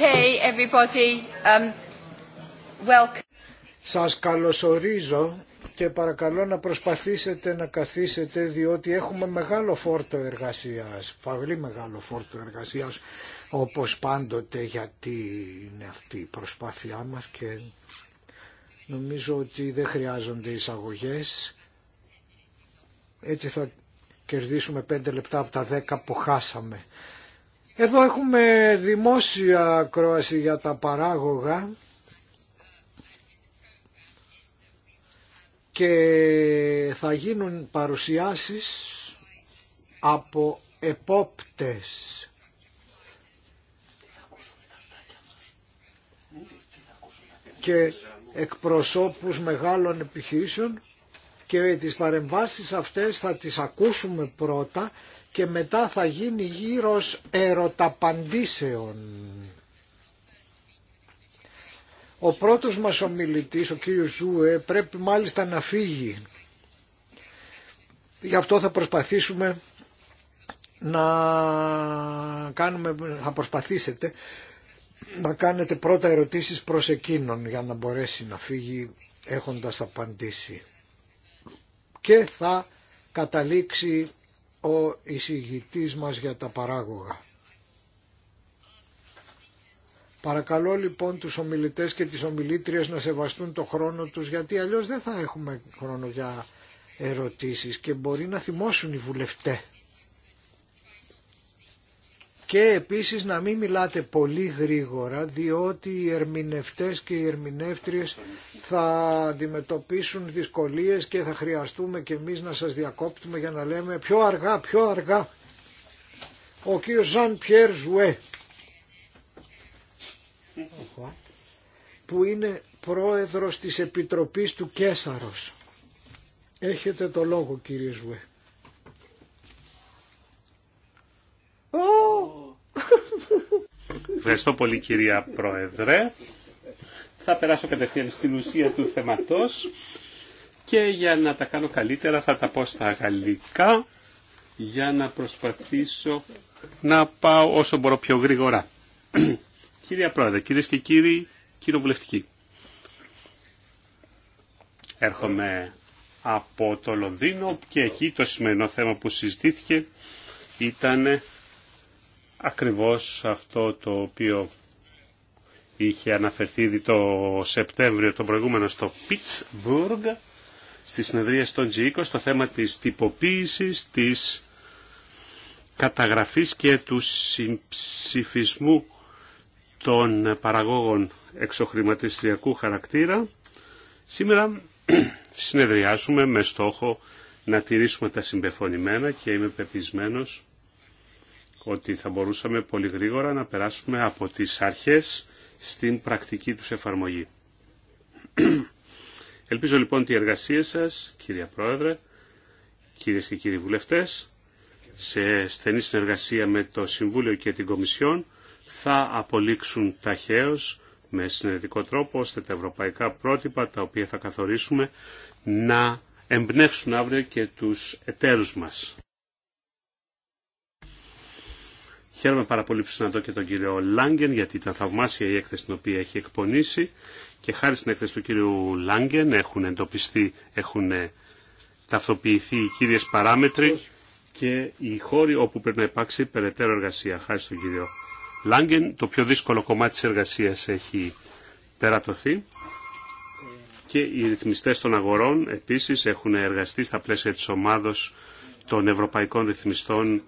Σα everybody. Um, Σας καλωσορίζω και παρακαλώ να προσπαθήσετε να καθίσετε διότι έχουμε μεγάλο φόρτο εργασίας, πολύ μεγάλο φόρτο εργασίας όπως πάντοτε γιατί είναι αυτή η προσπάθειά μας και νομίζω ότι δεν χρειάζονται εισαγωγές. Έτσι θα κερδίσουμε 5 λεπτά από τα 10 που χάσαμε. Εδώ έχουμε δημόσια κρόαση για τα παράγωγα και θα γίνουν παρουσιάσεις από επόπτες. και εκπροσώπους μεγάλων επιχειρήσεων και τις παρεμβάσεις αυτές θα τις ακούσουμε πρώτα και μετά θα γίνει γύρος ερωταπαντήσεων. Ο πρώτος μας ομιλητής, ο κύριος Ζούε, πρέπει μάλιστα να φύγει. Γι' αυτό θα προσπαθήσουμε να κάνουμε, θα προσπαθήσετε να κάνετε πρώτα ερωτήσεις προς εκείνον για να μπορέσει να φύγει έχοντας απαντήσει. Και θα καταλήξει ο εισηγητής μας για τα παράγωγα. Παρακαλώ λοιπόν τους ομιλητές και τις ομιλήτριες να σεβαστούν το χρόνο τους γιατί αλλιώς δεν θα έχουμε χρόνο για ερωτήσεις και μπορεί να θυμώσουν οι βουλευτές. Και επίσης να μην μιλάτε πολύ γρήγορα διότι οι ερμηνευτές και οι ερμηνεύτριες θα αντιμετωπίσουν δυσκολίες και θα χρειαστούμε και εμείς να σας διακόπτουμε για να λέμε πιο αργά, πιο αργά. Ο κύριος Ζαν Πιέρ Ζουέ που είναι πρόεδρος της Επιτροπής του Κέσαρος. Έχετε το λόγο κύριε Ζουέ. Ευχαριστώ πολύ κυρία Πρόεδρε. Θα περάσω κατευθείαν στην ουσία του θεματός και για να τα κάνω καλύτερα θα τα πω στα γαλλικά για να προσπαθήσω να πάω όσο μπορώ πιο γρήγορα. Κυρία Πρόεδρε, κυρίες και κύριοι κοινοβουλευτικοί, έρχομαι από το Λονδίνο και εκεί το σημερινό θέμα που συζητήθηκε ήταν ακριβώς αυτό το οποίο είχε αναφερθεί το Σεπτέμβριο το προηγούμενο στο Pittsburgh στις συνεδρίες των G20 το θέμα της τυποποίησης, της καταγραφής και του συμψηφισμού των παραγόγων εξοχρηματιστριακού χαρακτήρα. Σήμερα συνεδριάσουμε με στόχο να τηρήσουμε τα συμπεφωνημένα και είμαι πεπισμένος ότι θα μπορούσαμε πολύ γρήγορα να περάσουμε από τις αρχές στην πρακτική τους εφαρμογή. Ελπίζω λοιπόν ότι οι εργασίες σας, κυρία Πρόεδρε, κυρίες και κύριοι βουλευτές, σε στενή συνεργασία με το Συμβούλιο και την Κομισιόν, θα απολύξουν ταχαίως με συνεργατικό τρόπο, ώστε τα ευρωπαϊκά πρότυπα τα οποία θα καθορίσουμε να εμπνεύσουν αύριο και τους εταίρους μας. Χαίρομαι πάρα πολύ που συναντώ και τον κύριο Λάγκεν, γιατί ήταν θαυμάσια η έκθεση την οποία έχει εκπονήσει και χάρη στην έκθεση του κύριου Λάγκεν έχουν εντοπιστεί, έχουν ε, ταυτοποιηθεί οι κύριες παράμετροι και οι χώροι όπου πρέπει να υπάρξει περαιτέρω εργασία. Χάρη στον κύριο Λάγκεν, το πιο δύσκολο κομμάτι της εργασίας έχει περατωθεί και οι ρυθμιστές των αγορών επίσης έχουν εργαστεί στα πλαίσια της ομάδος των ευρωπαϊκών ρυθμιστών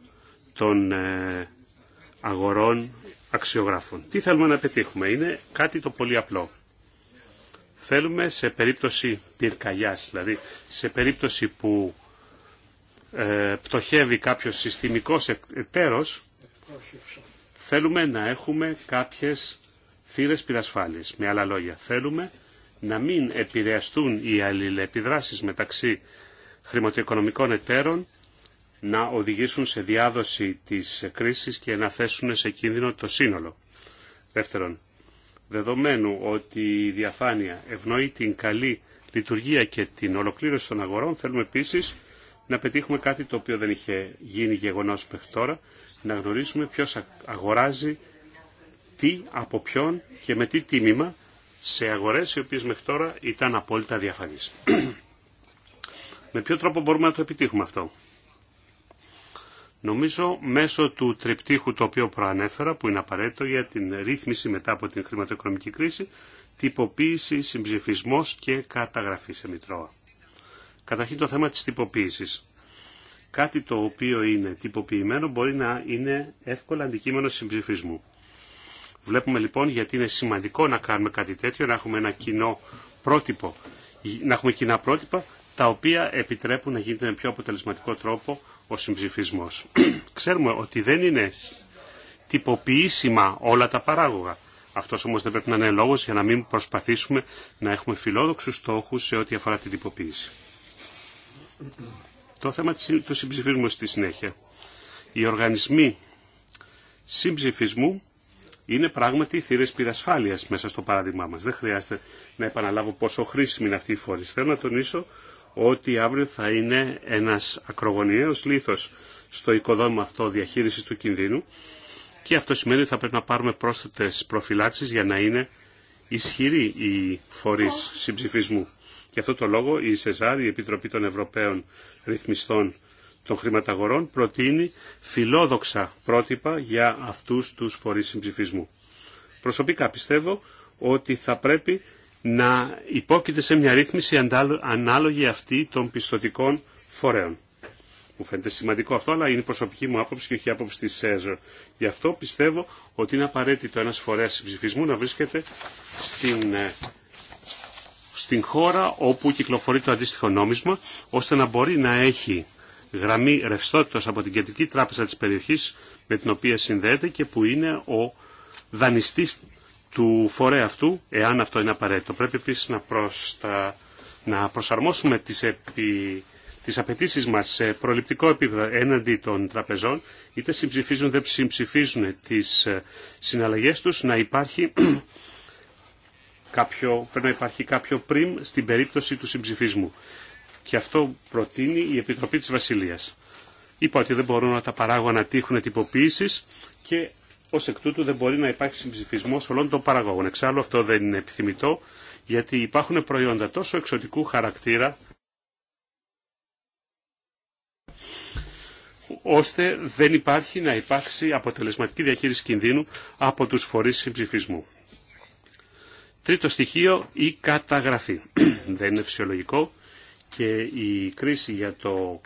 των ε, αγορών αξιογράφων. Τι θέλουμε να πετύχουμε. Είναι κάτι το πολύ απλό. Θέλουμε σε περίπτωση πυρκαγιάς, δηλαδή σε περίπτωση που ε, πτωχεύει κάποιος συστημικός εταίρος, θέλουμε να έχουμε κάποιες θύρες πυρασφάλειας. Με άλλα λόγια, θέλουμε να μην επηρεαστούν οι αλληλεπιδράσεις μεταξύ χρηματοοικονομικών εταίρων να οδηγήσουν σε διάδοση της κρίσης και να θέσουν σε κίνδυνο το σύνολο. Δεύτερον, δεδομένου ότι η διαφάνεια ευνοεί την καλή λειτουργία και την ολοκλήρωση των αγορών, θέλουμε επίσης να πετύχουμε κάτι το οποίο δεν είχε γίνει γεγονός μέχρι τώρα, να γνωρίσουμε ποιος αγοράζει τι, από ποιον και με τι τίμημα σε αγορές οι οποίες μέχρι τώρα ήταν απόλυτα διαφανείς. με ποιο τρόπο μπορούμε να το επιτύχουμε αυτό. Νομίζω μέσω του τριπτύχου το οποίο προανέφερα, που είναι απαραίτητο για την ρύθμιση μετά από την χρηματοοικονομική κρίση, τυποποίηση, συμψηφισμό και καταγραφή σε Μητρώα. Καταρχήν το θέμα της τυποποίησης. Κάτι το οποίο είναι τυποποιημένο μπορεί να είναι εύκολα αντικείμενο συμψηφισμού. Βλέπουμε λοιπόν γιατί είναι σημαντικό να κάνουμε κάτι τέτοιο, να έχουμε ένα κοινό πρότυπο, να έχουμε κοινά πρότυπα τα οποία επιτρέπουν να γίνεται με πιο αποτελεσματικό τρόπο ο συμψηφισμός. Ξέρουμε ότι δεν είναι τυποποιήσιμα όλα τα παράγωγα. Αυτό όμω δεν πρέπει να είναι λόγο για να μην προσπαθήσουμε να έχουμε φιλόδοξου στόχου σε ό,τι αφορά την τυποποίηση. Το θέμα του συμψηφισμού στη συνέχεια. Οι οργανισμοί συμψηφισμού είναι πράγματι θύρε πυρασφάλεια μέσα στο παράδειγμά μα. Δεν χρειάζεται να επαναλάβω πόσο χρήσιμη είναι αυτή η φόρηση. Θέλω να τονίσω ότι αύριο θα είναι ένας ακρογωνιαίος λίθος στο οικοδόμημα αυτό διαχείρισης του κινδύνου και αυτό σημαίνει ότι θα πρέπει να πάρουμε πρόσθετες προφυλάξεις για να είναι ισχυροί οι φορείς συμψηφισμού. Γι' αυτό το λόγο η ΣΕΖΑΡ, η Επιτροπή των Ευρωπαίων Ρυθμιστών των Χρηματαγορών, προτείνει φιλόδοξα πρότυπα για αυτούς τους φορείς συμψηφισμού. Προσωπικά πιστεύω ότι θα πρέπει να υπόκειται σε μια ρύθμιση ανάλογη αυτή των πιστοτικών φορέων. Μου φαίνεται σημαντικό αυτό, αλλά είναι η προσωπική μου άποψη και όχι η άποψη τη ΣΕΖΟ. Γι' αυτό πιστεύω ότι είναι απαραίτητο ένα φορέα συμψηφισμού να βρίσκεται στην, ε, στην χώρα όπου κυκλοφορεί το αντίστοιχο νόμισμα, ώστε να μπορεί να έχει γραμμή ρευστότητα από την κεντρική τράπεζα τη περιοχή με την οποία συνδέεται και που είναι ο δανειστή του φορέα αυτού, εάν αυτό είναι απαραίτητο. Πρέπει επίσης να, να προσαρμόσουμε τις, επι... τις απαιτήσεις μας σε προληπτικό επίπεδο έναντι των τραπεζών, είτε συμψηφίζουν δεν συμψηφίζουν τις ε, συναλλαγές τους, να υπάρχει κάποιο... πρέπει να υπάρχει κάποιο πριμ στην περίπτωση του συμψηφισμού. Και αυτό προτείνει η Επιτροπή της Βασιλείας. Είπα ότι δεν μπορούν να τα να τύχουν τυποποίησης και Ω εκ τούτου δεν μπορεί να υπάρχει συμψηφισμό όλων των παραγόγων. Εξάλλου αυτό δεν είναι επιθυμητό γιατί υπάρχουν προϊόντα τόσο εξωτικού χαρακτήρα ώστε δεν υπάρχει να υπάρξει αποτελεσματική διαχείριση κινδύνου από τους φορείς συμψηφισμού. Τρίτο στοιχείο, η καταγραφή. δεν είναι φυσιολογικό και η κρίση για το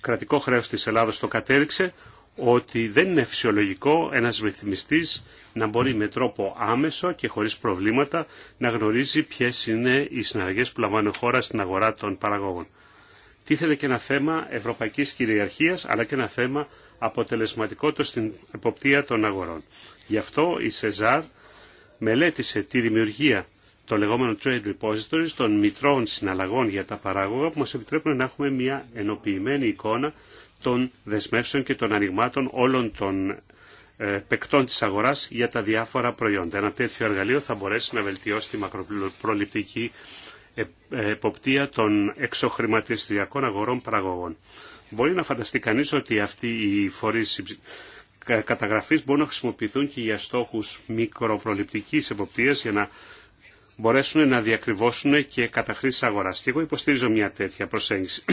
κρατικό χρέος της Ελλάδος το κατέριξε ότι δεν είναι φυσιολογικό ένας ρυθμιστής να μπορεί με τρόπο άμεσο και χωρίς προβλήματα να γνωρίζει ποιες είναι οι συναλλαγές που λαμβάνουν χώρα στην αγορά των παραγόγων. Τίθεται και ένα θέμα ευρωπαϊκής κυριαρχίας αλλά και ένα θέμα αποτελεσματικότητα στην εποπτεία των αγορών. Γι' αυτό η ΣΕΖΑΡ μελέτησε τη δημιουργία των λεγόμενων trade repositories, των μητρών συναλλαγών για τα παράγωγα που μας επιτρέπουν να έχουμε μια ενοποιημένη εικόνα των δεσμεύσεων και των ανοιγμάτων όλων των ε, παικτών της αγοράς για τα διάφορα προϊόντα. Ένα τέτοιο εργαλείο θα μπορέσει να βελτιώσει τη μακροπροληπτική ε, ε, εποπτεία των εξωχρηματιστριακών αγορών παραγωγών. Μπορεί να φανταστεί κανείς ότι αυτοί οι φορείς καταγραφής μπορούν να χρησιμοποιηθούν και για στόχους μικροπροληπτικής εποπτείας για να μπορέσουν να διακριβώσουν και καταχρήσεις αγοράς. Και εγώ υποστήριζω μια τέτοια προσέγγιση.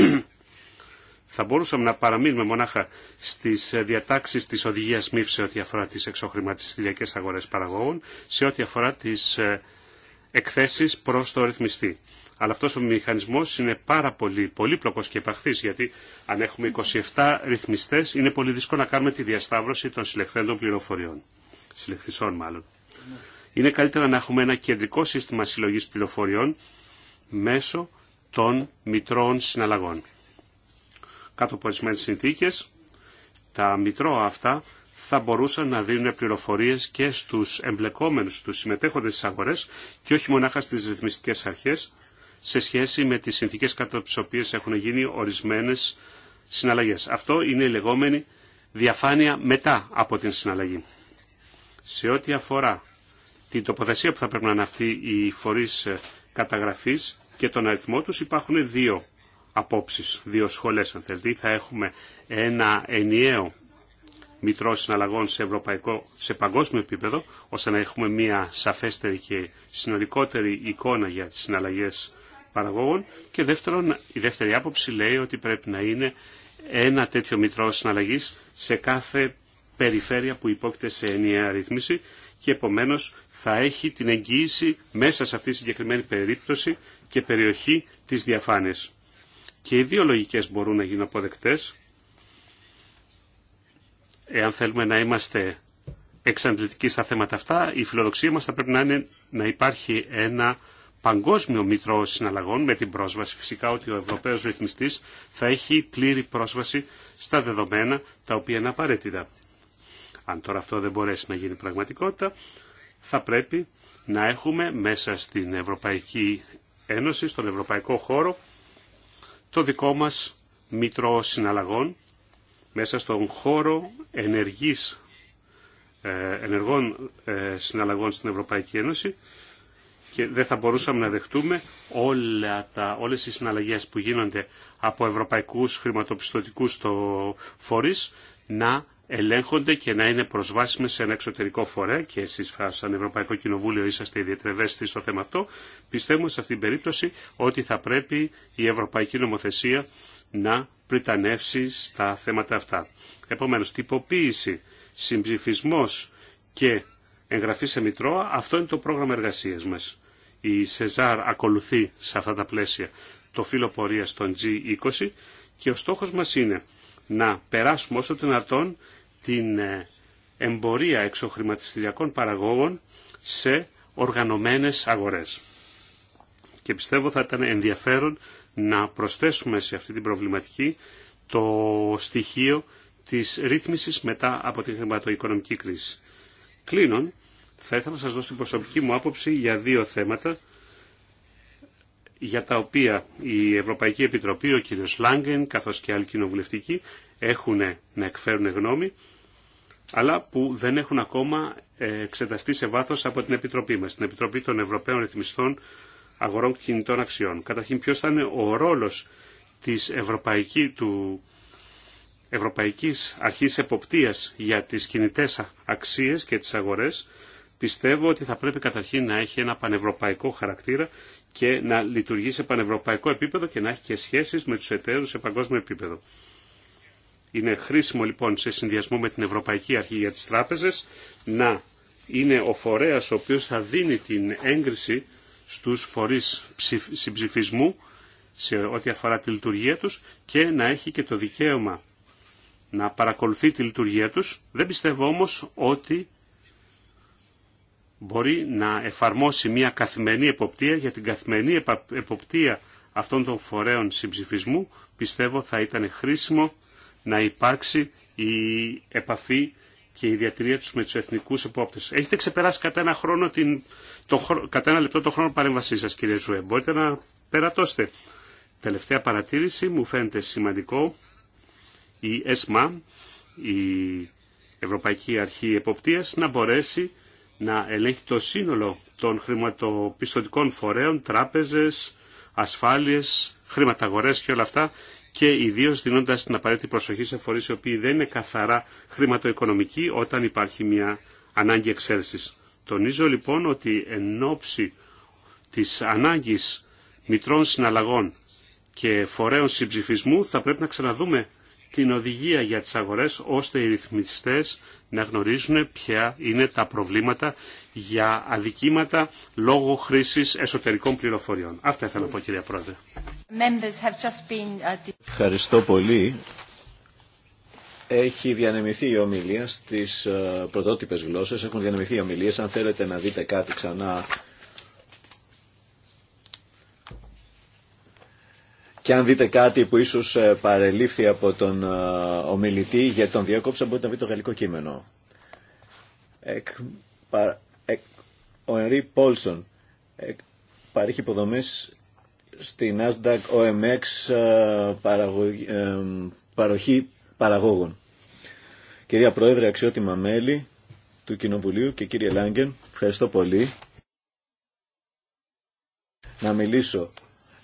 Θα μπορούσαμε να παραμείνουμε μονάχα στι ε, διατάξει τη οδηγία ΜΥΦ σε ό,τι αφορά τι εξωχρηματιστηριακέ αγορέ παραγωγών, σε ό,τι αφορά τι ε, εκθέσει προ το ρυθμιστή. Αλλά αυτό ο μηχανισμό είναι πάρα πολύ πολύπλοκο και επαχθή, γιατί αν έχουμε 27 ρυθμιστέ, είναι πολύ δύσκολο να κάνουμε τη διασταύρωση των συλλεχθέντων πληροφοριών. Συλλεχθισών, μάλλον. Είναι καλύτερα να έχουμε ένα κεντρικό σύστημα συλλογή πληροφοριών μέσω των μητρώων συναλλαγών κάτω από ορισμένε συνθήκε, τα μητρώα αυτά θα μπορούσαν να δίνουν πληροφορίες και στους εμπλεκόμενους, στου συμμετέχοντες στις αγορές και όχι μονάχα στις ρυθμιστικέ αρχές σε σχέση με τις συνθήκες κατά τι οποίε έχουν γίνει ορισμένες συναλλαγέ. Αυτό είναι η λεγόμενη διαφάνεια μετά από την συναλλαγή. Σε ό,τι αφορά την τοποθεσία που θα πρέπει να είναι αυτή οι φορεί ε, καταγραφή και τον αριθμό του, υπάρχουν δύο απόψεις, δύο σχολές αν θέλετε. Θα έχουμε ένα ενιαίο μητρό συναλλαγών σε, ευρωπαϊκό, σε παγκόσμιο επίπεδο, ώστε να έχουμε μια σαφέστερη και συνολικότερη εικόνα για τις συναλλαγές παραγόγων. Και δεύτερον, η δεύτερη άποψη λέει ότι πρέπει να είναι ένα τέτοιο μητρό συναλλαγής σε κάθε περιφέρεια που υπόκειται σε ενιαία ρύθμιση και επομένως θα έχει την εγγύηση μέσα σε αυτή τη συγκεκριμένη περίπτωση και περιοχή της διαφάνειας. Και οι δύο λογικές μπορούν να γίνουν αποδεκτές. Εάν θέλουμε να είμαστε εξαντλητικοί στα θέματα αυτά, η φιλοδοξία μας θα πρέπει να είναι να υπάρχει ένα παγκόσμιο μήτρο συναλλαγών με την πρόσβαση φυσικά ότι ο Ευρωπαίος ρυθμιστής θα έχει πλήρη πρόσβαση στα δεδομένα τα οποία είναι απαραίτητα. Αν τώρα αυτό δεν μπορέσει να γίνει πραγματικότητα, θα πρέπει να έχουμε μέσα στην Ευρωπαϊκή Ένωση, στον Ευρωπαϊκό χώρο, το δικό μας Μήτρο Συναλλαγών μέσα στον χώρο ενεργής, ε, ενεργών ε, συναλλαγών στην Ευρωπαϊκή Ένωση και δεν θα μπορούσαμε να δεχτούμε όλα τα, όλες οι συναλλαγές που γίνονται από ευρωπαϊκούς χρηματοπιστωτικούς το φορείς να ελέγχονται και να είναι προσβάσιμες σε ένα εξωτερικό φορέα και εσείς σαν Ευρωπαϊκό Κοινοβούλιο είσαστε ιδιαίτερα ευαίσθητοι στο θέμα αυτό, πιστεύουμε σε αυτήν την περίπτωση ότι θα πρέπει η Ευρωπαϊκή Νομοθεσία να πριτανεύσει στα θέματα αυτά. Επομένως, τυποποίηση, συμψηφισμός και εγγραφή σε Μητρώα, αυτό είναι το πρόγραμμα εργασίας μας. Η ΣΕΖΑΡ ακολουθεί σε αυτά τα πλαίσια το φύλλο πορείας των G20 και ο στόχος μας είναι να περάσουμε όσο το δυνατόν την ε, εμπορία εξωχρηματιστηριακών παραγόγων σε οργανωμένες αγορές. Και πιστεύω θα ήταν ενδιαφέρον να προσθέσουμε σε αυτή την προβληματική το στοιχείο της ρύθμισης μετά από την χρηματοοικονομική κρίση. Κλείνον, θα ήθελα να σας δώσω την προσωπική μου άποψη για δύο θέματα για τα οποία η Ευρωπαϊκή Επιτροπή, ο κ. Λάγκεν καθώς και άλλοι κοινοβουλευτικοί έχουν να εκφέρουν γνώμη αλλά που δεν έχουν ακόμα ε, εξεταστεί σε βάθος από την Επιτροπή μας, την Επιτροπή των Ευρωπαίων Ρυθμιστών Αγορών Κινητών Αξιών. Καταρχήν ποιος θα είναι ο ρόλος της Ευρωπαϊκή, του Ευρωπαϊκής Αρχής Εποπτείας για τις κινητές αξίες και τις αγορές πιστεύω ότι θα πρέπει καταρχήν να έχει ένα πανευρωπαϊκό χαρακτήρα και να λειτουργεί σε πανευρωπαϊκό επίπεδο και να έχει και σχέσεις με τους εταίρους σε παγκόσμιο επίπεδο. Είναι χρήσιμο λοιπόν σε συνδυασμό με την Ευρωπαϊκή Αρχή για τις Τράπεζες να είναι ο φορέας ο οποίος θα δίνει την έγκριση στους φορείς συμψηφισμού σε ό,τι αφορά τη λειτουργία τους και να έχει και το δικαίωμα να παρακολουθεί τη λειτουργία τους. Δεν πιστεύω όμως ότι μπορεί να εφαρμόσει μια καθημερινή εποπτεία για την καθημερινή εποπτεία αυτών των φορέων συμψηφισμού πιστεύω θα ήταν χρήσιμο να υπάρξει η επαφή και η διατηρία τους με τους εθνικούς επόπτες. Έχετε ξεπεράσει κατά ένα, χρόνο την, κατά ένα λεπτό το χρόνο παρέμβασή σας κύριε Ζουέ. Μπορείτε να περατώσετε. Τελευταία παρατήρηση μου φαίνεται σημαντικό η ΕΣΜΑ, η Ευρωπαϊκή Αρχή Εποπτείας, να μπορέσει να ελέγχει το σύνολο των χρηματοπιστωτικών φορέων, τράπεζες, ασφάλειες, χρηματαγορές και όλα αυτά και ιδίω δίνοντας την απαραίτητη προσοχή σε φορείς οι οποίοι δεν είναι καθαρά χρηματοοικονομικοί όταν υπάρχει μια ανάγκη εξαίρεσης. Τονίζω λοιπόν ότι εν ώψη της ανάγκης μητρών συναλλαγών και φορέων συμψηφισμού θα πρέπει να ξαναδούμε την οδηγία για τις αγορές ώστε οι ρυθμιστές να γνωρίζουν ποια είναι τα προβλήματα για αδικήματα λόγω χρήσης εσωτερικών πληροφοριών. Αυτά ήθελα να πω κυρία Πρόεδρε. Uh, Ευχαριστώ πολύ. Έχει διανεμηθεί η ομιλία στις ε, πρωτότυπες γλώσσες, έχουν διανεμηθεί οι ομιλίες. Αν θέλετε να δείτε κάτι ξανά Και αν δείτε κάτι που ίσως ε, παρελήφθη από τον ε, ομιλητή για τον διάκοψα μπορείτε να δείτε το γαλλικό κείμενο. Εκ, πα, ο Ενρή Πόλσον παρέχει υποδομές στη Nasdaq OMX ε, παροχή παραγόγων. Κυρία Πρόεδρε, αξιότιμα μέλη του Κοινοβουλίου και κύριε Λάγκεν, ευχαριστώ πολύ να μιλήσω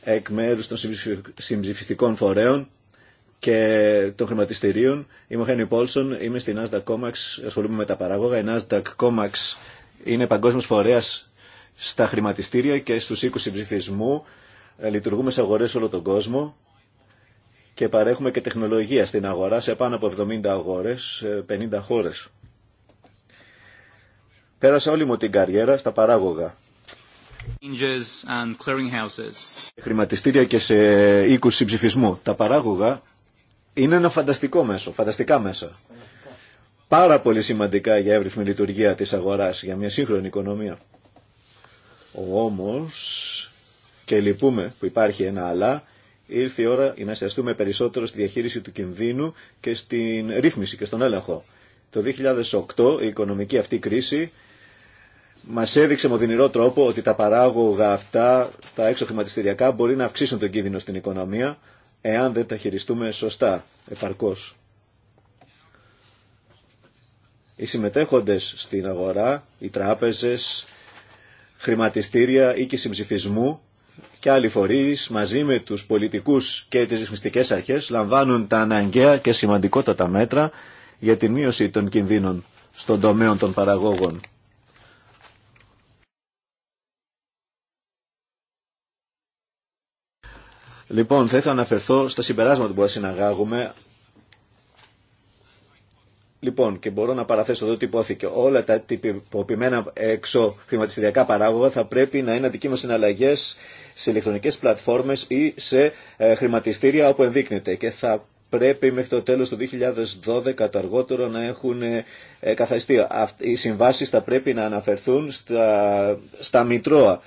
εκ μέρους των συμψηφιστικών φορέων και των χρηματιστηρίων. Είμαι ο Χένι Πόλσον, είμαι στην Nasdaq Comax, ασχολούμαι με τα παράγωγα. Η Nasdaq Comax είναι παγκόσμιος φορέας στα χρηματιστήρια και στους οίκους συμψηφισμού. Ε, λειτουργούμε σε αγορές όλο τον κόσμο και παρέχουμε και τεχνολογία στην αγορά σε πάνω από 70 αγορές, 50 χώρες. Πέρασα όλη μου την καριέρα στα παράγωγα χρηματιστήρια και σε οίκους συμψηφισμού. Τα παράγωγα είναι ένα φανταστικό μέσο, φανταστικά μέσα. Πάρα πολύ σημαντικά για εύρυθμη λειτουργία της αγοράς, για μια σύγχρονη οικονομία. Όμως, και λυπούμε που υπάρχει ένα αλλά, ήρθε η ώρα να εστιαστούμε περισσότερο στη διαχείριση του κινδύνου και στην ρύθμιση και στον έλεγχο. Το 2008 η οικονομική αυτή κρίση Μα έδειξε με οδυνηρό τρόπο ότι τα παράγωγα αυτά, τα έξω χρηματιστηριακά, μπορεί να αυξήσουν τον κίνδυνο στην οικονομία, εάν δεν τα χειριστούμε σωστά, επαρκώς. Οι συμμετέχοντες στην αγορά, οι τράπεζες, χρηματιστήρια, και συμψηφισμού και άλλοι φορεί μαζί με τους πολιτικούς και τις ρυθμιστικέ αρχές λαμβάνουν τα αναγκαία και σημαντικότατα μέτρα για τη μείωση των κινδύνων στον τομέα των παραγόγων. Λοιπόν, θα ήθελα να αναφερθώ στα συμπεράσματα που θα συναγάγουμε. Λοιπόν, και μπορώ να παραθέσω εδώ τι υπόθηκε. Όλα τα τυποποιημένα έξω χρηματιστηριακά παράγωγα θα πρέπει να είναι αντικείμενο συναλλαγέ σε ηλεκτρονικέ πλατφόρμε ή σε ε, χρηματιστήρια όπου ενδείκνεται. Και θα πρέπει μέχρι το τέλος του 2012 το αργότερο να έχουν ε, καθαριστεί. Οι συμβάσεις θα πρέπει να αναφερθούν στα, στα μητρώα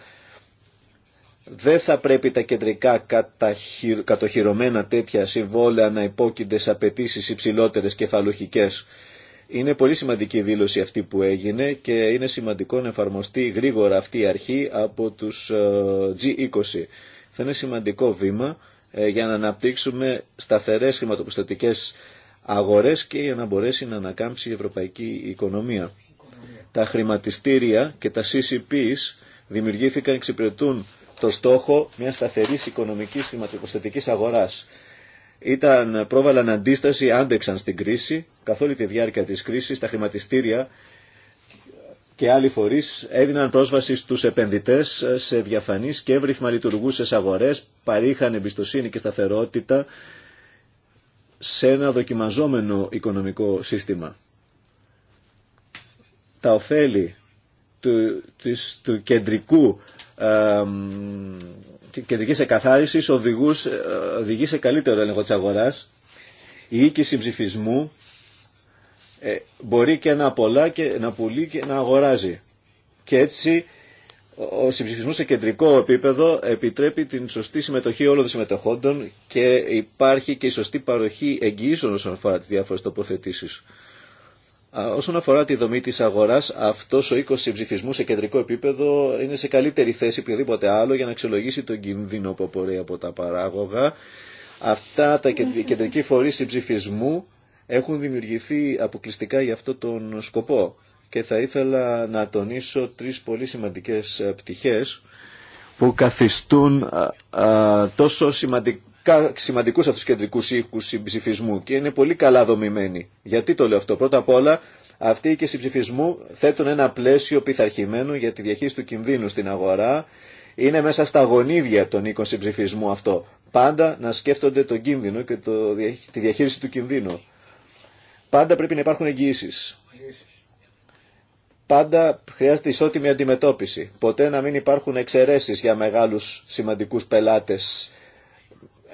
δεν θα πρέπει τα κεντρικά κατοχυρωμένα τέτοια συμβόλαια να υπόκεινται σε απαιτήσει υψηλότερε κεφαλουχικέ. Είναι πολύ σημαντική δήλωση αυτή που έγινε και είναι σημαντικό να εφαρμοστεί γρήγορα αυτή η αρχή από τους ε, G20. Θα είναι σημαντικό βήμα ε, για να αναπτύξουμε σταθερές χρηματοπιστωτικές αγορές και για να μπορέσει να ανακάμψει η ευρωπαϊκή οικονομία. Τα χρηματιστήρια και τα CCPs δημιουργήθηκαν εξυπηρετούν το στόχο μια σταθερή οικονομική χρηματοπροστατική αγορά. Ήταν πρόβαλαν αντίσταση, άντεξαν στην κρίση. Καθ' όλη τη διάρκεια τη κρίση τα χρηματιστήρια και άλλοι φορεί έδιναν πρόσβαση στου επενδυτέ σε διαφανεί και εύρυθμα λειτουργούσε αγορέ, παρήχαν εμπιστοσύνη και σταθερότητα σε ένα δοκιμαζόμενο οικονομικό σύστημα. Τα ωφέλη του, του κεντρικού κεντρικής εκαθάρισης οδηγούς, ε, οδηγεί σε καλύτερο έλεγχο τη αγορά ή ή Η οίκηση ψηφισμού ε, μπορεί και να πολλά και να πουλεί και να αγοράζει. Και έτσι ο συμψηφισμός σε κεντρικό επίπεδο επιτρέπει την σωστή συμμετοχή όλων των συμμετοχόντων και υπάρχει και η σωστή παροχή εγγυήσεων όσον αφορά τι διάφορε τοποθετήσει. Όσον αφορά τη δομή της αγοράς, αυτός ο οίκος συμψηφισμού σε κεντρικό επίπεδο είναι σε καλύτερη θέση οποιοδήποτε άλλο για να αξιολογήσει τον κινδύνο που απορρέει από τα παράγωγα. Αυτά τα κεντρικοί φορείς συμψηφισμού έχουν δημιουργηθεί αποκλειστικά για αυτό τον σκοπό και θα ήθελα να τονίσω τρεις πολύ σημαντικές ε, πτυχές που καθιστούν τόσο σημαντικό σημαντικούς αυτούς τους κεντρικούς οίκους συμψηφισμού και είναι πολύ καλά δομημένοι. Γιατί το λέω αυτό. Πρώτα απ' όλα αυτοί και συμψηφισμού θέτουν ένα πλαίσιο πειθαρχημένο για τη διαχείριση του κινδύνου στην αγορά. Είναι μέσα στα γονίδια των οίκων συμψηφισμού αυτό. Πάντα να σκέφτονται τον κίνδυνο και το, τη διαχείριση του κινδύνου. Πάντα πρέπει να υπάρχουν εγγυήσει. Πάντα χρειάζεται ισότιμη αντιμετώπιση. Ποτέ να μην υπάρχουν εξαιρέσει για μεγάλου σημαντικού πελάτε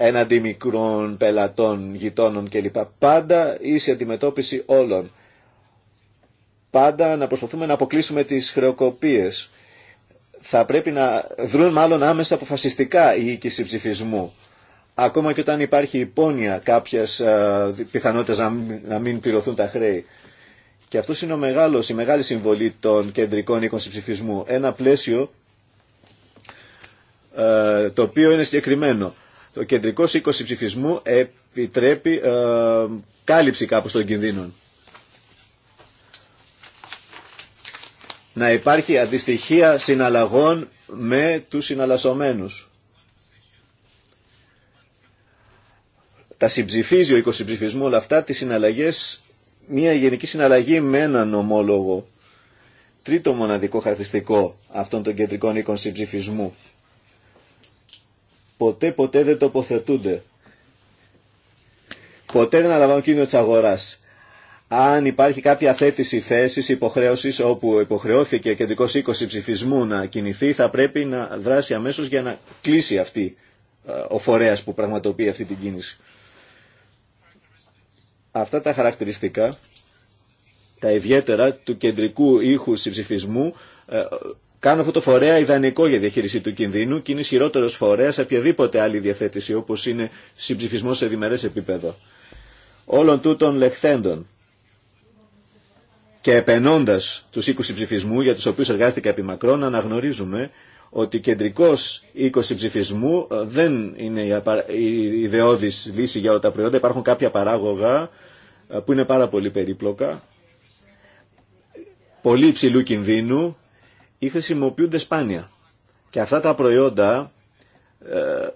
έναντι μικρών πελατών, γειτόνων κλπ. Πάντα ίση αντιμετώπιση όλων. Πάντα να προσπαθούμε να αποκλείσουμε τις χρεοκοπίες. Θα πρέπει να δρουν μάλλον άμεσα αποφασιστικά η οίκηση ψηφισμού. Ακόμα και όταν υπάρχει υπόνοια κάποιες ε, πιθανότητες να μην πληρωθούν τα χρέη. Και αυτό είναι ο μεγάλος, η μεγάλη συμβολή των κεντρικών οίκων ψηφισμού. Ένα πλαίσιο ε, το οποίο είναι συγκεκριμένο το κεντρικό οικό ψηφισμού επιτρέπει ε, κάλυψη κάπως των κινδύνων. Να υπάρχει αντιστοιχεία συναλλαγών με τους συναλλασσομένους. Τα συμψηφίζει ο ψηφισμού όλα αυτά, τις συναλλαγές, μια γενική συναλλαγή με έναν ομόλογο. Τρίτο μοναδικό χαρακτηριστικό αυτών των κεντρικών οίκων συμψηφισμού ποτέ ποτέ δεν τοποθετούνται. Ποτέ δεν αναλαμβάνουν κίνδυνο τη αγορά. Αν υπάρχει κάποια θέτηση θέση υποχρέωση όπου υποχρεώθηκε κεντρικό 20 ψηφισμού να κινηθεί θα πρέπει να δράσει αμέσως για να κλείσει αυτή ε, ο φορέας που πραγματοποιεί αυτή την κίνηση. Αυτά τα χαρακτηριστικά, τα ιδιαίτερα του κεντρικού ήχου συμψηφισμού ε, Κάνω αυτό το φορέα ιδανικό για διαχείριση του κινδύνου και είναι ισχυρότερο φορέα σε οποιαδήποτε άλλη διαθέτηση όπω είναι συμψηφισμό σε διμερέ επίπεδο. Όλων τούτων λεχθέντων και επενώντα του οίκου συμψηφισμού για του οποίου εργάστηκα επί μακρόν, αναγνωρίζουμε ότι κεντρικό οίκο συμψηφισμού ε, δεν είναι η ιδεώδη λύση για όλα τα προϊόντα. Υπάρχουν κάποια παράγωγα ε, που είναι πάρα πολύ περίπλοκα, πολύ υψηλού κινδύνου ή χρησιμοποιούνται σπάνια. Και αυτά τα προϊόντα ε,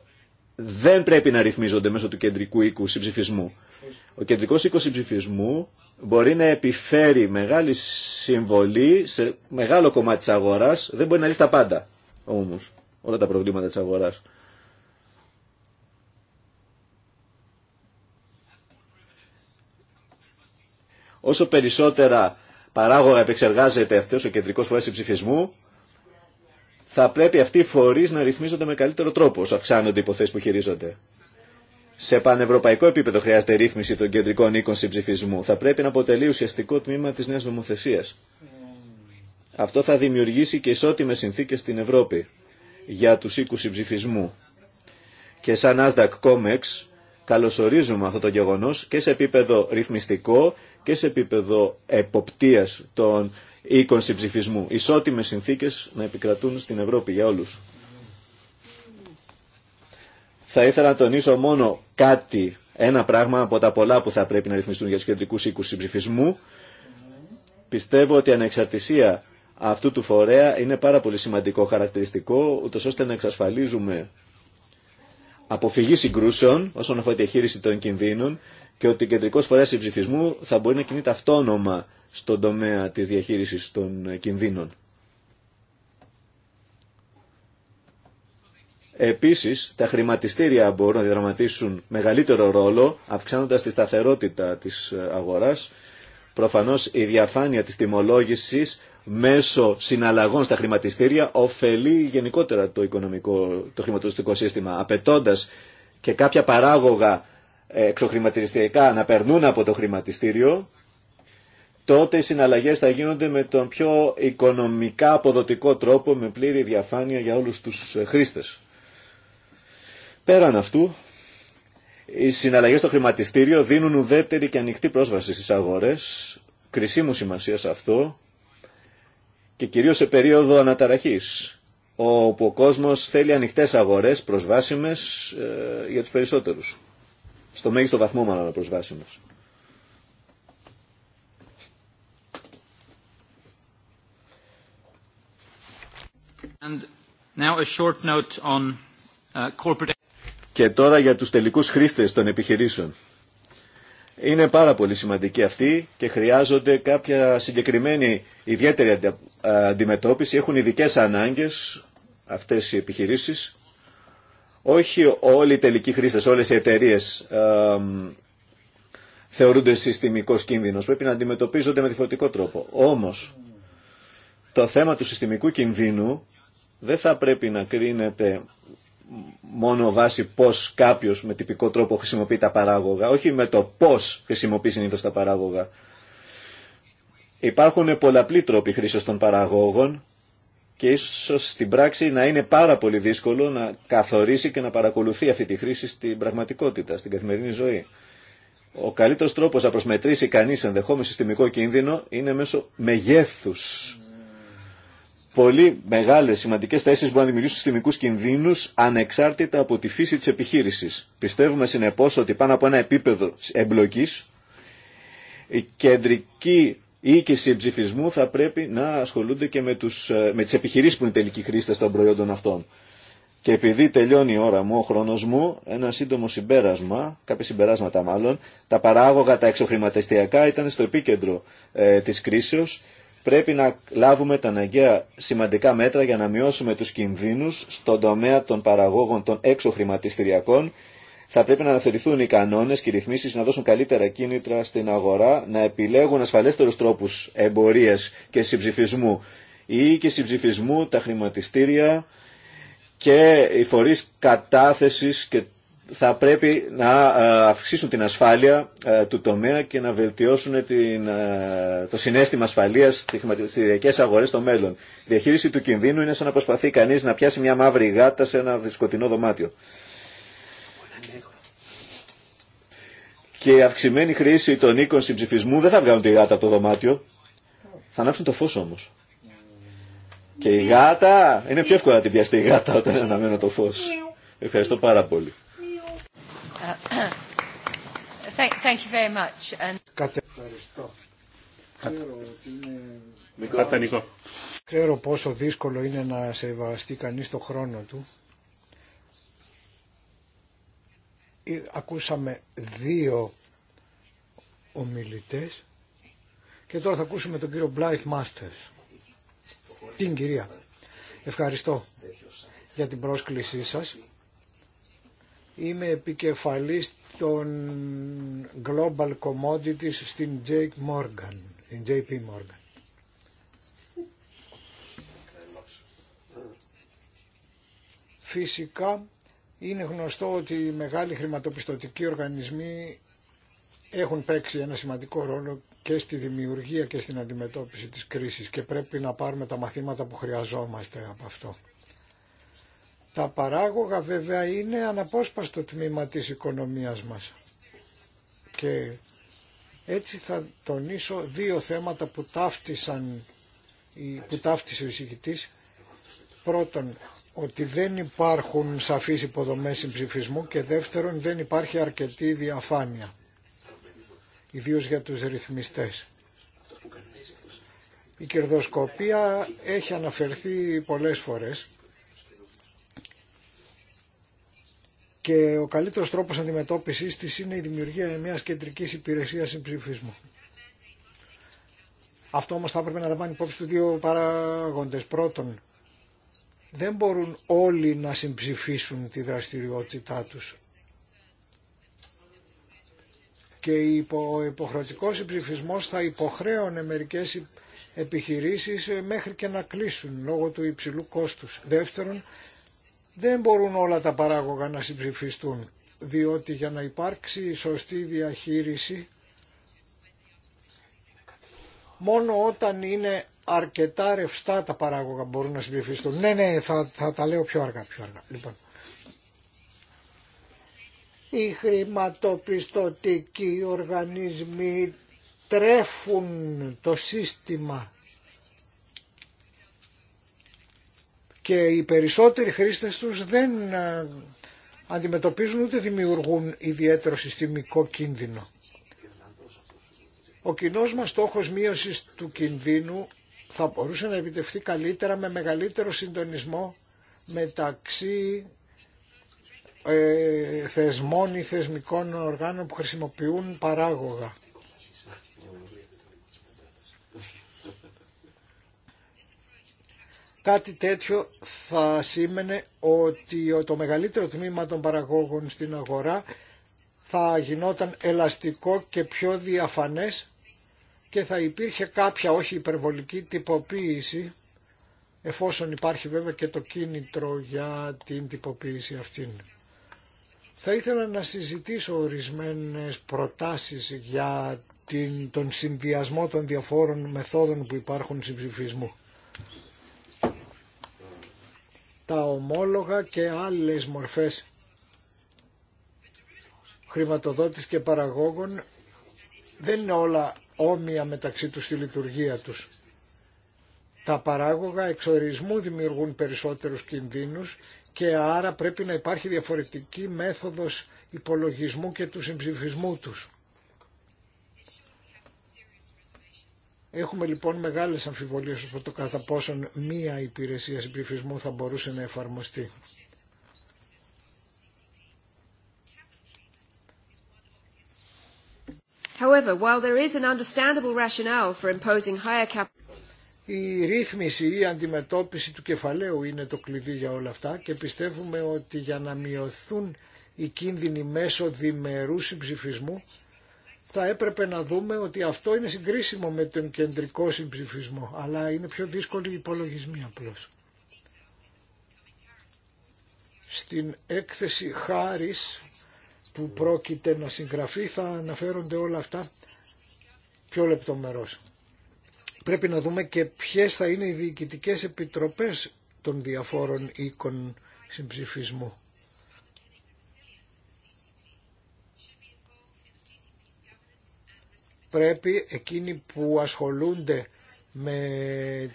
δεν πρέπει να ρυθμίζονται μέσω του κεντρικού οίκου συμψηφισμού. Ο κεντρικός οίκος συμψηφισμού μπορεί να επιφέρει μεγάλη συμβολή σε μεγάλο κομμάτι της αγοράς, δεν μπορεί να λύσει τα πάντα όμως, όλα τα προβλήματα της αγοράς. Όσο περισσότερα παράγωγα επεξεργάζεται αυτό ο κεντρικό φορέα ψηφισμού, θα πρέπει αυτοί οι φορεί να ρυθμίζονται με καλύτερο τρόπο όσο αυξάνονται οι υποθέσει που χειρίζονται. Σε πανευρωπαϊκό επίπεδο χρειάζεται ρύθμιση των κεντρικών οίκων συμψηφισμού. Θα πρέπει να αποτελεί ουσιαστικό τμήμα τη νέα νομοθεσία. Αυτό θα δημιουργήσει και ισότιμε συνθήκε στην Ευρώπη για του οίκου συμψηφισμού. Και σαν Nasdaq Comex καλωσορίζουμε αυτό το γεγονό και σε επίπεδο ρυθμιστικό και σε επίπεδο εποπτείας των οίκων συμψηφισμού. Ισότιμες συνθήκες να επικρατούν στην Ευρώπη για όλους. Θα ήθελα να τονίσω μόνο κάτι, ένα πράγμα από τα πολλά που θα πρέπει να ρυθμιστούν για τους κεντρικούς οίκους συμψηφισμού. Πιστεύω ότι η ανεξαρτησία αυτού του φορέα είναι πάρα πολύ σημαντικό χαρακτηριστικό, ούτως ώστε να εξασφαλίζουμε αποφυγή συγκρούσεων όσον αφορά τη διαχείριση των κινδύνων και ότι ο κεντρικό φορέα συμψηφισμού θα μπορεί να κινείται αυτόνομα στον τομέα της διαχείρισης των κινδύνων. Επίση, τα χρηματιστήρια μπορούν να διαδραματίσουν μεγαλύτερο ρόλο, αυξάνοντα τη σταθερότητα της αγοράς. Προφανώ η διαφάνεια της τιμολόγησης μέσω συναλλαγών στα χρηματιστήρια ωφελεί γενικότερα το, οικονομικό, το χρηματοδοτικό σύστημα, απαιτώντα και κάποια παράγωγα εξοχρηματιστηριακά να περνούν από το χρηματιστήριο, τότε οι συναλλαγές θα γίνονται με τον πιο οικονομικά αποδοτικό τρόπο, με πλήρη διαφάνεια για όλους τους χρήστες. Πέραν αυτού, οι συναλλαγές στο χρηματιστήριο δίνουν ουδέτερη και ανοιχτή πρόσβαση στις αγορές, κρισίμου σημασία σε αυτό και κυρίως σε περίοδο αναταραχής, όπου ο κόσμος θέλει ανοιχτές αγορές προσβάσιμες ε, για τους περισσότερους στο μέγιστο βαθμό μάλλον προσβάσιμος. And now a short note on uh, corporate... Και τώρα για τους τελικούς χρήστες των επιχειρήσεων. Είναι πάρα πολύ σημαντική αυτή και χρειάζονται κάποια συγκεκριμένη ιδιαίτερη αντιμετώπιση. Έχουν ειδικέ ανάγκες αυτές οι επιχειρήσεις όχι όλοι οι τελικοί χρήστες, όλες οι εταιρείε θεωρούνται συστημικός κίνδυνος. Πρέπει να αντιμετωπίζονται με διαφορετικό τρόπο. Όμως, το θέμα του συστημικού κινδύνου δεν θα πρέπει να κρίνεται μόνο βάσει πώ κάποιο με τυπικό τρόπο χρησιμοποιεί τα παράγωγα, όχι με το πώ χρησιμοποιεί συνήθως τα παράγωγα. Υπάρχουν πολλαπλοί τρόποι χρήση των παραγόγων και ίσως στην πράξη να είναι πάρα πολύ δύσκολο να καθορίσει και να παρακολουθεί αυτή τη χρήση στην πραγματικότητα, στην καθημερινή ζωή. Ο καλύτερος τρόπος να προσμετρήσει κανείς ενδεχόμενο συστημικό κίνδυνο είναι μέσω μεγέθους. Πολύ μεγάλες σημαντικές θέσεις μπορούν να δημιουργήσουν συστημικούς κινδύνους ανεξάρτητα από τη φύση της επιχείρησης. Πιστεύουμε συνεπώς ότι πάνω από ένα επίπεδο εμπλοκής η κεντρική οι οίκοι συμψηφισμού θα πρέπει να ασχολούνται και με, τους, ε, με τις επιχειρήσεις που είναι τελικοί χρήστες των προϊόντων αυτών. Και επειδή τελειώνει η ώρα μου, ο χρόνος μου, ένα σύντομο συμπέρασμα, κάποια συμπεράσματα μάλλον, τα παράγωγα, τα εξοχρηματιστιακά ήταν στο επίκεντρο ε, της κρίσεως. Πρέπει να λάβουμε τα αναγκαία σημαντικά μέτρα για να μειώσουμε τους κινδύνους στον τομέα των παραγώγων των εξοχρηματιστηριακών θα πρέπει να αναθεωρηθούν οι κανόνε και οι ρυθμίσει να δώσουν καλύτερα κίνητρα στην αγορά, να επιλέγουν ασφαλέστερου τρόπου εμπορία και συμψηφισμού ή και συμψηφισμού τα χρηματιστήρια και οι φορείς κατάθεσης και θα πρέπει να ε, αυξήσουν την ασφάλεια ε, του τομέα και να βελτιώσουν την, ε, το συνέστημα ασφαλείας στις χρηματιστηριακές αγορές στο μέλλον. Η διαχείριση του κινδύνου είναι σαν να προσπαθεί κανείς να πιάσει μια μαύρη γάτα σε ένα δυσκοτεινό δωμάτιο. Και η αυξημένη χρήση των οίκων συμψηφισμού δεν θα βγάλουν τη γάτα από το δωμάτιο. Θα ανάψουν το φως όμως. Και η γάτα, είναι πιο εύκολα να την πιαστεί η γάτα όταν αναμένω το φως. Ευχαριστώ πάρα πολύ. Thank ευχαριστώ. Ξέρω πόσο δύσκολο είναι να σεβαστεί κανείς το χρόνο του. ακούσαμε δύο ομιλητές και τώρα θα ακούσουμε τον κύριο Blythe Masters. Την κυρία. Ευχαριστώ για την πρόσκλησή σας. Είμαι επικεφαλής των Global Commodities στην Jake Morgan, στην JP Morgan. Φυσικά είναι γνωστό ότι οι μεγάλοι χρηματοπιστωτικοί οργανισμοί έχουν παίξει ένα σημαντικό ρόλο και στη δημιουργία και στην αντιμετώπιση της κρίσης και πρέπει να πάρουμε τα μαθήματα που χρειαζόμαστε από αυτό. Τα παράγωγα βέβαια είναι αναπόσπαστο τμήμα της οικονομίας μας. Και έτσι θα τονίσω δύο θέματα που, ταύτισαν, που ταύτισε ο εισηγητής. Πρώτον, ότι δεν υπάρχουν σαφείς υποδομές συμψηφισμού και δεύτερον δεν υπάρχει αρκετή διαφάνεια, ιδίως για τους ρυθμιστές. Η κερδοσκοπία έχει αναφερθεί πολλές φορές και ο καλύτερος τρόπος αντιμετώπισης της είναι η δημιουργία μιας κεντρικής υπηρεσίας συμψηφισμού. Αυτό όμως θα έπρεπε να λαμβάνει υπόψη του δύο παράγοντες. Πρώτον, δεν μπορούν όλοι να συμψηφίσουν τη δραστηριότητά τους. Και ο υποχρεωτικός συμψηφισμός θα υποχρέωνε μερικές επιχειρήσεις ε, μέχρι και να κλείσουν λόγω του υψηλού κόστους. Δεύτερον, δεν μπορούν όλα τα παράγωγα να συμψηφιστούν, διότι για να υπάρξει σωστή διαχείριση μόνο όταν είναι αρκετά ρευστά τα παράγωγα μπορούν να συμπληφιστούν. Ναι, ναι, θα, θα τα λέω πιο αργά, πιο αργά. Λοιπόν. Οι χρηματοπιστωτικοί οργανισμοί τρέφουν το σύστημα και οι περισσότεροι χρήστες τους δεν ε, αντιμετωπίζουν ούτε δημιουργούν ιδιαίτερο συστημικό κίνδυνο. Ο κοινό μας στόχο μείωση του κινδύνου θα μπορούσε να επιτευχθεί καλύτερα με μεγαλύτερο συντονισμό μεταξύ ε, θεσμών ή θεσμικών οργάνων που χρησιμοποιούν παράγωγα. Κάτι τέτοιο θα σήμαινε ότι το μεγαλύτερο τμήμα των παραγόγων στην αγορά θα γινόταν ελαστικό και πιο διαφανές και θα υπήρχε κάποια όχι υπερβολική τυποποίηση εφόσον υπάρχει βέβαια και το κίνητρο για την τυποποίηση αυτήν. Θα ήθελα να συζητήσω ορισμένες προτάσεις για την, τον συνδυασμό των διαφόρων μεθόδων που υπάρχουν ψηφισμού. Τα ομόλογα και άλλες μορφές χρηματοδότης και παραγόγων δεν είναι όλα όμοια μεταξύ τους στη λειτουργία τους. Τα παράγωγα εξορισμού δημιουργούν περισσότερους κινδύνους και άρα πρέπει να υπάρχει διαφορετική μέθοδος υπολογισμού και του συμψηφισμού τους. Έχουμε λοιπόν μεγάλες αμφιβολίες από το κατά πόσον μία υπηρεσία συμψηφισμού θα μπορούσε να εφαρμοστεί. However, while there is an understandable rationale for imposing higher η ρύθμιση, η αντιμετώπιση του κεφαλαίου είναι το κλειδί για όλα αυτά και πιστεύουμε ότι για να μειωθούν οι κίνδυνοι μέσω διμερού συμψηφισμού θα έπρεπε να δούμε ότι αυτό είναι συγκρίσιμο με τον κεντρικό συμψηφισμό αλλά είναι πιο δύσκολη η υπολογισμή απλώς. Στην έκθεση Χάρης που πρόκειται να συγγραφεί θα αναφέρονται όλα αυτά πιο λεπτομερώς. Πρέπει να δούμε και ποιες θα είναι οι διοικητικές επιτροπές των διαφόρων οίκων συμψηφισμού. Πρέπει εκείνοι που ασχολούνται με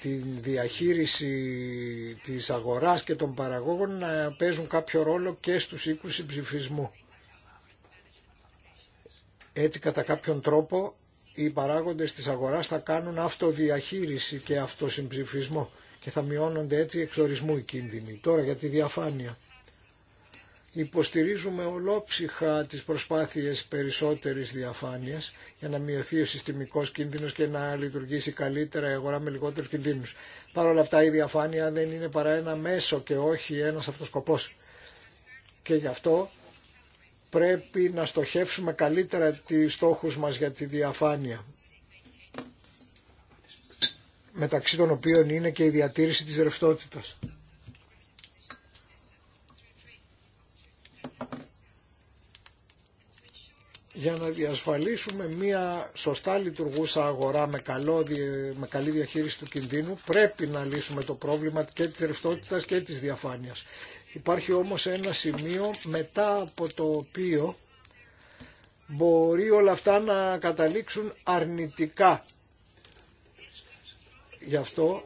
τη διαχείριση της αγοράς και των παραγόγων να παίζουν κάποιο ρόλο και στους οίκους συμψηφισμού. Έτσι κατά κάποιον τρόπο οι παράγοντες της αγοράς θα κάνουν αυτοδιαχείριση και αυτοσυμψηφισμό και θα μειώνονται έτσι εξορισμού οι κίνδυνοι. Τώρα για τη διαφάνεια. Υποστηρίζουμε ολόψυχα τις προσπάθειες περισσότερης διαφάνειας για να μειωθεί ο συστημικός κίνδυνος και να λειτουργήσει καλύτερα η αγορά με λιγότερους κινδύνους. Παρ' όλα αυτά η διαφάνεια δεν είναι παρά ένα μέσο και όχι ένας αυτοσκοπός. Και γι' αυτό πρέπει να στοχεύσουμε καλύτερα τις στόχους μας για τη διαφάνεια μεταξύ των οποίων είναι και η διατήρηση της ρευστότητας. για να διασφαλίσουμε μια σωστά λειτουργούσα αγορά με, καλό, με καλή διαχείριση του κινδύνου πρέπει να λύσουμε το πρόβλημα και της ρευστότητας και της διαφάνειας. Υπάρχει όμως ένα σημείο μετά από το οποίο μπορεί όλα αυτά να καταλήξουν αρνητικά. Γι' αυτό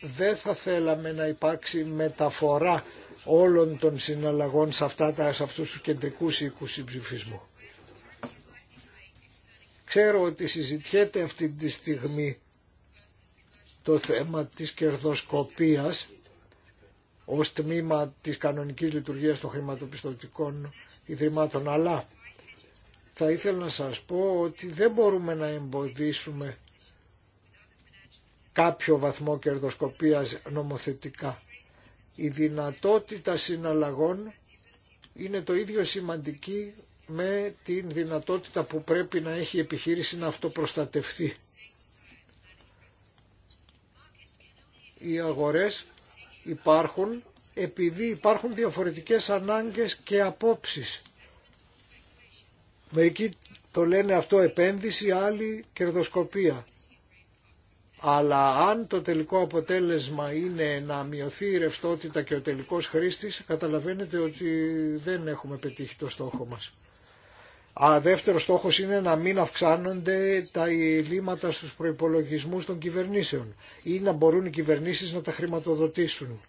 δεν θα θέλαμε να υπάρξει μεταφορά όλων των συναλλαγών σε, αυτά τα, σε αυτούς τους κεντρικούς οίκους συμψηφισμού. Ξέρω ότι συζητιέται αυτή τη στιγμή το θέμα της κερδοσκοπίας ως τμήμα της κανονικής λειτουργίας των χρηματοπιστωτικών ιδρυμάτων. Αλλά θα ήθελα να σας πω ότι δεν μπορούμε να εμποδίσουμε κάποιο βαθμό κερδοσκοπίας νομοθετικά. Η δυνατότητα συναλλαγών είναι το ίδιο σημαντική με την δυνατότητα που πρέπει να έχει η επιχείρηση να αυτοπροστατευτεί. οι αγορές υπάρχουν επειδή υπάρχουν διαφορετικές ανάγκες και απόψεις. Μερικοί το λένε αυτό επένδυση, άλλοι κερδοσκοπία. Αλλά αν το τελικό αποτέλεσμα είναι να μειωθεί η ρευστότητα και ο τελικός χρήστης, καταλαβαίνετε ότι δεν έχουμε πετύχει το στόχο μας. Α, δεύτερος στόχος είναι να μην αυξάνονται τα ελλείμματα στου προπολογισμού των κυβερνήσεων ή να μπορούν οι κυβερνήσεις να τα χρηματοδοτήσουν.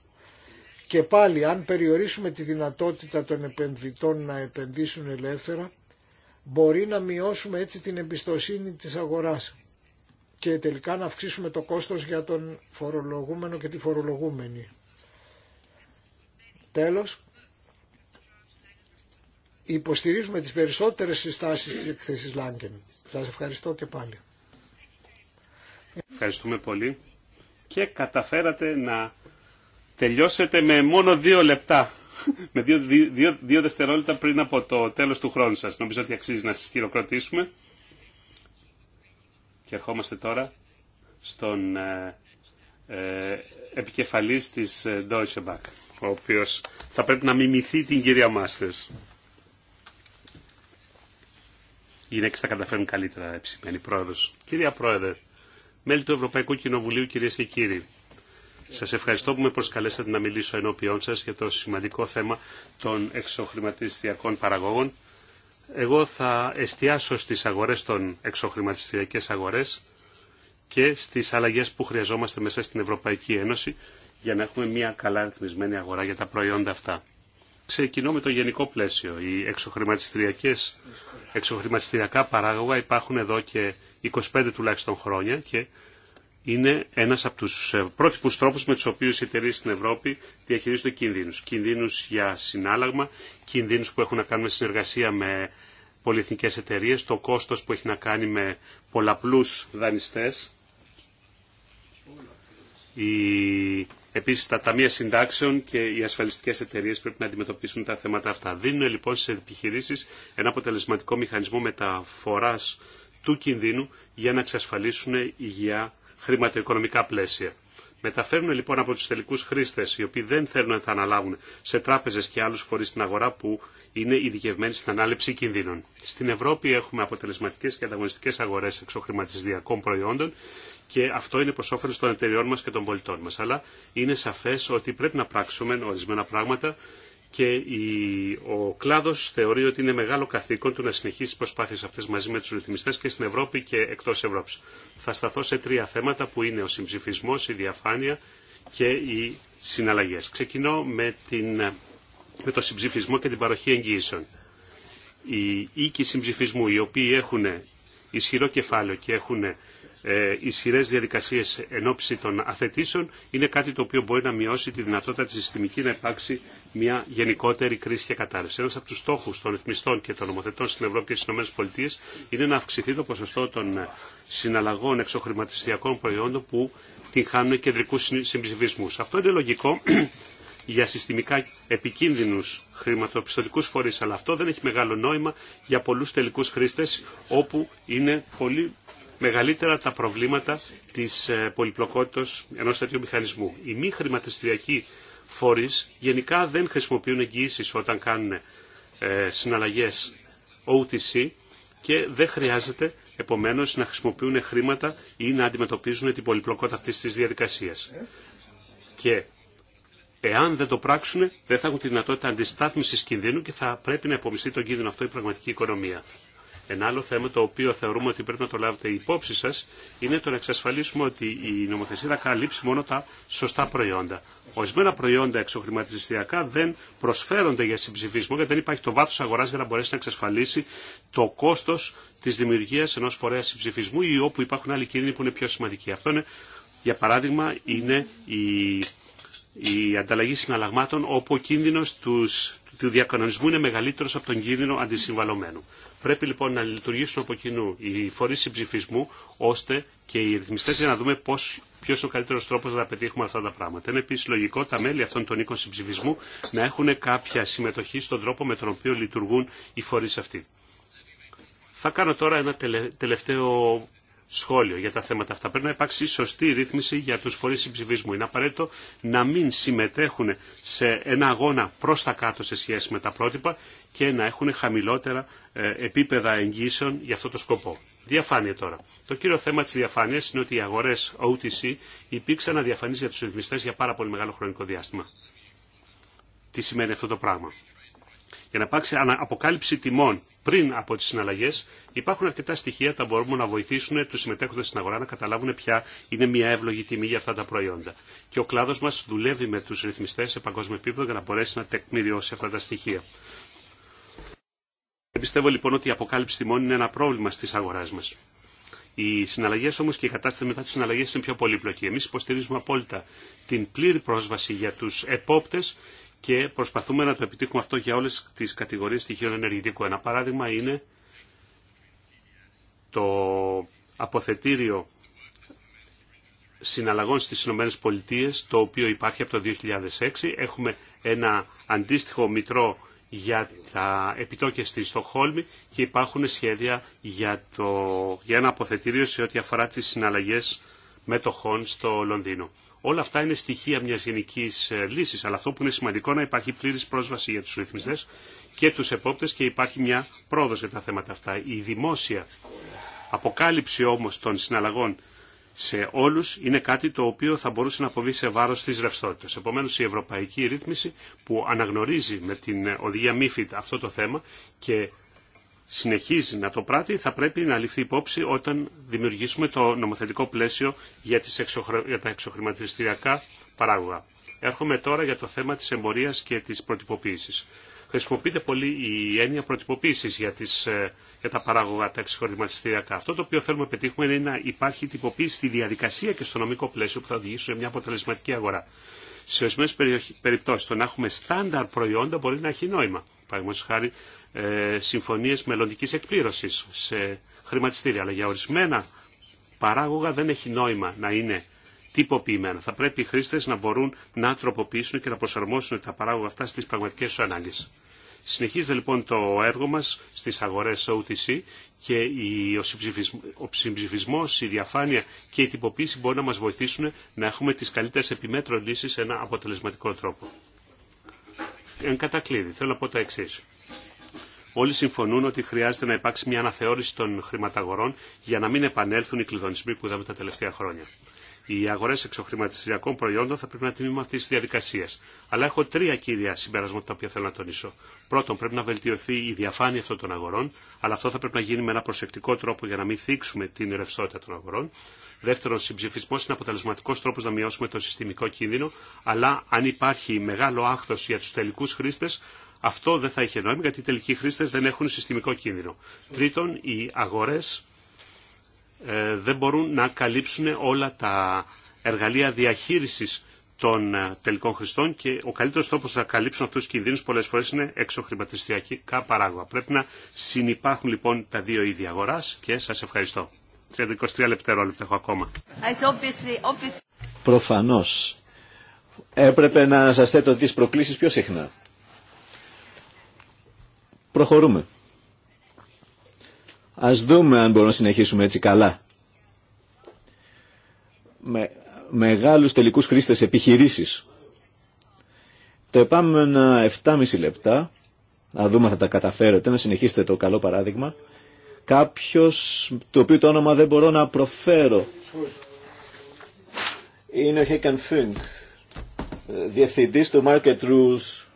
Και πάλι, αν περιορίσουμε τη δυνατότητα των επενδυτών να επενδύσουν ελεύθερα, μπορεί να μειώσουμε έτσι την εμπιστοσύνη της αγοράς και τελικά να αυξήσουμε το κόστος για τον φορολογούμενο και τη φορολογούμενη. Τέλος, υποστηρίζουμε τις περισσότερες συστάσεις της εκθέσης Λάγκεν. Σας ευχαριστώ και πάλι. Ευχαριστούμε πολύ και καταφέρατε να τελειώσετε με μόνο δύο λεπτά. Με δύο, δευτερόλεπτα πριν από το τέλος του χρόνου σας. Νομίζω ότι αξίζει να σας χειροκροτήσουμε. Και ερχόμαστε τώρα στον ε, ε, επικεφαλής της ε, Deutsche Bank, ο οποίος θα πρέπει να μιμηθεί την κυρία Μάστερς γυναίκε θα καταφέρουν καλύτερα, επισημαίνει πρόεδρο. Κυρία Πρόεδρε, μέλη του Ευρωπαϊκού Κοινοβουλίου, κυρίε και κύριοι, σα ευχαριστώ που με προσκαλέσατε να μιλήσω ενώπιον σα για το σημαντικό θέμα των εξοχρηματιστιακών παραγόγων. Εγώ θα εστιάσω στις αγορές των εξωχρηματιστιακέ αγορές και στι αλλαγέ που χρειαζόμαστε μέσα στην Ευρωπαϊκή Ένωση για να έχουμε μια καλά ρυθμισμένη αγορά για τα προϊόντα αυτά ξεκινώ με το γενικό πλαίσιο. Οι εξωχρηματιστηριακές, εξωχρηματιστηριακά παράγωγα υπάρχουν εδώ και 25 τουλάχιστον χρόνια και είναι ένας από τους ε, πρότυπους τρόπους με τους οποίους οι εταιρείε στην Ευρώπη διαχειρίζονται κινδύνους. Κινδύνους για συνάλλαγμα, κινδύνους που έχουν να κάνουν με συνεργασία με πολυεθνικές εταιρείε, το κόστος που έχει να κάνει με πολλαπλούς δανειστές, η Επίση, τα ταμεία συντάξεων και οι ασφαλιστικέ εταιρείε πρέπει να αντιμετωπίσουν τα θέματα αυτά. Δίνουν λοιπόν στι επιχειρήσει ένα αποτελεσματικό μηχανισμό μεταφορά του κινδύνου για να εξασφαλίσουν υγεία χρηματοοικονομικά πλαίσια. Μεταφέρουν λοιπόν από του τελικού χρήστε, οι οποίοι δεν θέλουν να τα αναλάβουν, σε τράπεζε και άλλου φορεί στην αγορά που είναι ειδικευμένοι στην ανάληψη κινδύνων. Στην Ευρώπη έχουμε αποτελεσματικέ και ανταγωνιστικέ αγορέ εξοχρηματιστικών προϊόντων και αυτό είναι προς όφελος των εταιριών μας και των πολιτών μας. Αλλά είναι σαφές ότι πρέπει να πράξουμε ορισμένα πράγματα και η, ο κλάδος θεωρεί ότι είναι μεγάλο καθήκον του να συνεχίσει τις προσπάθειες αυτές μαζί με τους ρυθμιστές και στην Ευρώπη και εκτός Ευρώπης. Θα σταθώ σε τρία θέματα που είναι ο συμψηφισμός, η διαφάνεια και οι συναλλαγέ. Ξεκινώ με, την, με το συμψηφισμό και την παροχή εγγύησεων. Οι οίκοι συμψηφισμού, οι οποίοι έχουν ισχυρό κεφάλαιο και έχουν ε, ισχυρέ διαδικασίε ενόψη των αθετήσεων είναι κάτι το οποίο μπορεί να μειώσει τη δυνατότητα τη συστημική να υπάρξει μια γενικότερη κρίση και κατάρρευση. Ένα από του στόχου των ρυθμιστών και των νομοθετών στην Ευρώπη και στι ΗΠΑ είναι να αυξηθεί το ποσοστό των συναλλαγών εξοχρηματιστιακών προϊόντων που την χάνουν κεντρικού συμψηφισμού. Αυτό είναι λογικό για συστημικά επικίνδυνου χρηματοπιστωτικού φορεί, αλλά αυτό δεν έχει μεγάλο νόημα για πολλού τελικού χρήστε όπου είναι πολύ μεγαλύτερα τα προβλήματα τη ε, πολυπλοκότητα ενό τέτοιου μηχανισμού. Οι μη χρηματιστηριακοί φορεί γενικά δεν χρησιμοποιούν εγγύησει όταν κάνουν ε, συναλλαγέ OTC και δεν χρειάζεται επομένω να χρησιμοποιούν χρήματα ή να αντιμετωπίζουν την πολυπλοκότητα αυτή τη διαδικασία. Και εάν δεν το πράξουν, δεν θα έχουν τη δυνατότητα αντισταθμιση κινδύνου και θα πρέπει να υπομειστεί τον κίνδυνο αυτό η πραγματική οικονομία. Ένα άλλο θέμα το οποίο θεωρούμε ότι πρέπει να το λάβετε υπόψη σα είναι το να εξασφαλίσουμε ότι η νομοθεσία θα καλύψει μόνο τα σωστά προϊόντα. Ορισμένα προϊόντα εξοχρηματιστιακά δεν προσφέρονται για συμψηφισμό γιατί δεν υπάρχει το βάθο αγορά για να μπορέσει να εξασφαλίσει το κόστο τη δημιουργία ενό φορέα συμψηφισμού ή όπου υπάρχουν άλλοι κίνδυνοι που είναι πιο σημαντικοί. Αυτό είναι, για παράδειγμα, είναι η, η ανταλλαγή συναλλαγμάτων όπου ο κίνδυνο του διακανονισμού είναι μεγαλύτερο από τον κίνδυνο αντισυμβαλωμένου. Πρέπει λοιπόν να λειτουργήσουν από κοινού οι φορεί συμψηφισμού, ώστε και οι ρυθμιστέ για να δούμε ποιο είναι ο καλύτερο τρόπο να πετύχουμε αυτά τα πράγματα. Είναι επίση λογικό τα μέλη αυτών των οίκων συμψηφισμού να έχουν κάποια συμμετοχή στον τρόπο με τον οποίο λειτουργούν οι φορεί αυτοί. Θα κάνω τώρα ένα τελευταίο σχόλιο για τα θέματα αυτά. Πρέπει να υπάρξει σωστή ρύθμιση για τους φορείς συμψηφίσμου. Είναι απαραίτητο να μην συμμετέχουν σε ένα αγώνα προς τα κάτω σε σχέση με τα πρότυπα και να έχουν χαμηλότερα ε, επίπεδα εγγύσεων για αυτό το σκοπό. Διαφάνεια τώρα. Το κύριο θέμα τη διαφάνεια είναι ότι οι αγορέ OTC υπήρξαν αδιαφανεί για του ρυθμιστέ για πάρα πολύ μεγάλο χρονικό διάστημα. Τι σημαίνει αυτό το πράγμα. Για να υπάρξει αποκάλυψη τιμών πριν από τι συναλλαγέ, υπάρχουν αρκετά στοιχεία τα μπορούμε να βοηθήσουν του συμμετέχοντες στην αγορά να καταλάβουν ποια είναι μια εύλογη τιμή για αυτά τα προϊόντα. Και ο κλάδο μα δουλεύει με του ρυθμιστέ σε παγκόσμιο επίπεδο για να μπορέσει να τεκμηριώσει αυτά τα στοιχεία. Πιστεύω λοιπόν ότι η αποκάλυψη τιμών είναι ένα πρόβλημα στις αγοράς μα. Οι συναλλαγέ όμω και η κατάσταση μετά τι συναλλαγέ είναι πιο πολύπλοκη. Εμεί υποστηρίζουμε απόλυτα την πλήρη πρόσβαση για του επόπτε και προσπαθούμε να το επιτύχουμε αυτό για όλες τις κατηγορίες στοιχείων ενεργητικού. Ένα παράδειγμα είναι το αποθετήριο συναλλαγών στις Ηνωμένες Πολιτείες, το οποίο υπάρχει από το 2006. Έχουμε ένα αντίστοιχο μητρό για τα επιτόκια στη Στοχόλμη και υπάρχουν σχέδια για, το, για ένα αποθετήριο σε ό,τι αφορά τις συναλλαγές μετοχών στο Λονδίνο. Όλα αυτά είναι στοιχεία μιας γενική ε, λύσης, αλλά αυτό που είναι σημαντικό να υπάρχει πλήρης πρόσβαση για τους ρυθμιστές και τους επόπτες και υπάρχει μια πρόοδος για τα θέματα αυτά. Η δημόσια αποκάλυψη όμως των συναλλαγών σε όλους είναι κάτι το οποίο θα μπορούσε να αποβεί σε βάρος της ρευστότητα. Επομένω η ευρωπαϊκή ρύθμιση που αναγνωρίζει με την ε, οδηγία MIFID αυτό το θέμα και συνεχίζει να το πράττει θα πρέπει να ληφθεί υπόψη όταν δημιουργήσουμε το νομοθετικό πλαίσιο για, τις για τα εξοχρηματιστηριακά παράγωγα. Έρχομαι τώρα για το θέμα της εμπορίας και της προτυποποίησης. Χρησιμοποιείται πολύ η έννοια προτυποποίησης για, τις, ε, για τα παράγωγα τα εξοχρηματιστηριακά. Αυτό το οποίο θέλουμε να πετύχουμε είναι να υπάρχει τυποποίηση στη διαδικασία και στο νομικό πλαίσιο που θα οδηγήσουν σε μια αποτελεσματική αγορά. Σε ορισμένε περιπτώσει το να έχουμε στάνταρ προϊόντα μπορεί να έχει νόημα. Παραδείγματο χάρη, ε, συμφωνίες μελλοντικής εκπλήρωσης σε χρηματιστήρια. Αλλά για ορισμένα παράγωγα δεν έχει νόημα να είναι τυποποιημένα. Θα πρέπει οι χρήστες να μπορούν να τροποποιήσουν και να προσαρμόσουν τα παράγωγα αυτά στις πραγματικές τους ανάγκες. Συνεχίζεται λοιπόν το έργο μας στις αγορές OTC και ο συμψηφισμός, η διαφάνεια και η τυποποίηση μπορεί να μας βοηθήσουν να έχουμε τις καλύτερες επιμέτρων λύσεις σε ένα αποτελεσματικό τρόπο. Εν κατακλείδη, θέλω να πω τα εξής. Όλοι συμφωνούν ότι χρειάζεται να υπάρξει μια αναθεώρηση των χρηματαγορών για να μην επανέλθουν οι κλειδονισμοί που είδαμε τα τελευταία χρόνια. Οι αγορέ εξοχρηματιστηριακών προϊόντων θα πρέπει να τιμήμα αυτή τη διαδικασία. Αλλά έχω τρία κύρια συμπεράσματα τα οποία θέλω να τονίσω. Πρώτον, πρέπει να βελτιωθεί η διαφάνεια αυτών των αγορών, αλλά αυτό θα πρέπει να γίνει με ένα προσεκτικό τρόπο για να μην θίξουμε την ρευστότητα των αγορών. Δεύτερον, συμψηφισμό είναι αποτελεσματικό τρόπο να μειώσουμε το συστημικό κίνδυνο, αλλά αν υπάρχει μεγάλο άχθο για του τελικού χρήστε, αυτό δεν θα είχε νόημα γιατί οι τελικοί χρήστε δεν έχουν συστημικό κίνδυνο. Τρίτον, οι αγορέ ε, δεν μπορούν να καλύψουν όλα τα εργαλεία διαχείριση των ε, τελικών χρηστών και ο καλύτερο τρόπο να καλύψουν αυτού του κινδύνου πολλέ φορέ είναι εξωχρηματιστιακά παράγωγα. Πρέπει να συνεπάρχουν λοιπόν τα δύο είδη αγορά και σα ευχαριστω 33 λεπτά έχω ακόμα. Προφανώ. Έπρεπε να σα θέτω τι προκλήσει πιο συχνά. Προχωρούμε. Ας δούμε αν μπορούμε να συνεχίσουμε έτσι καλά. Με μεγάλους τελικούς χρήστες επιχειρήσεις. Το επόμενα 7,5 λεπτά, να δούμε αν θα τα καταφέρετε, να συνεχίσετε το καλό παράδειγμα, κάποιος το οποίο το όνομα δεν μπορώ να προφέρω. Είναι ο Χέκαν Φινκ, ε, διευθυντής του Market Rules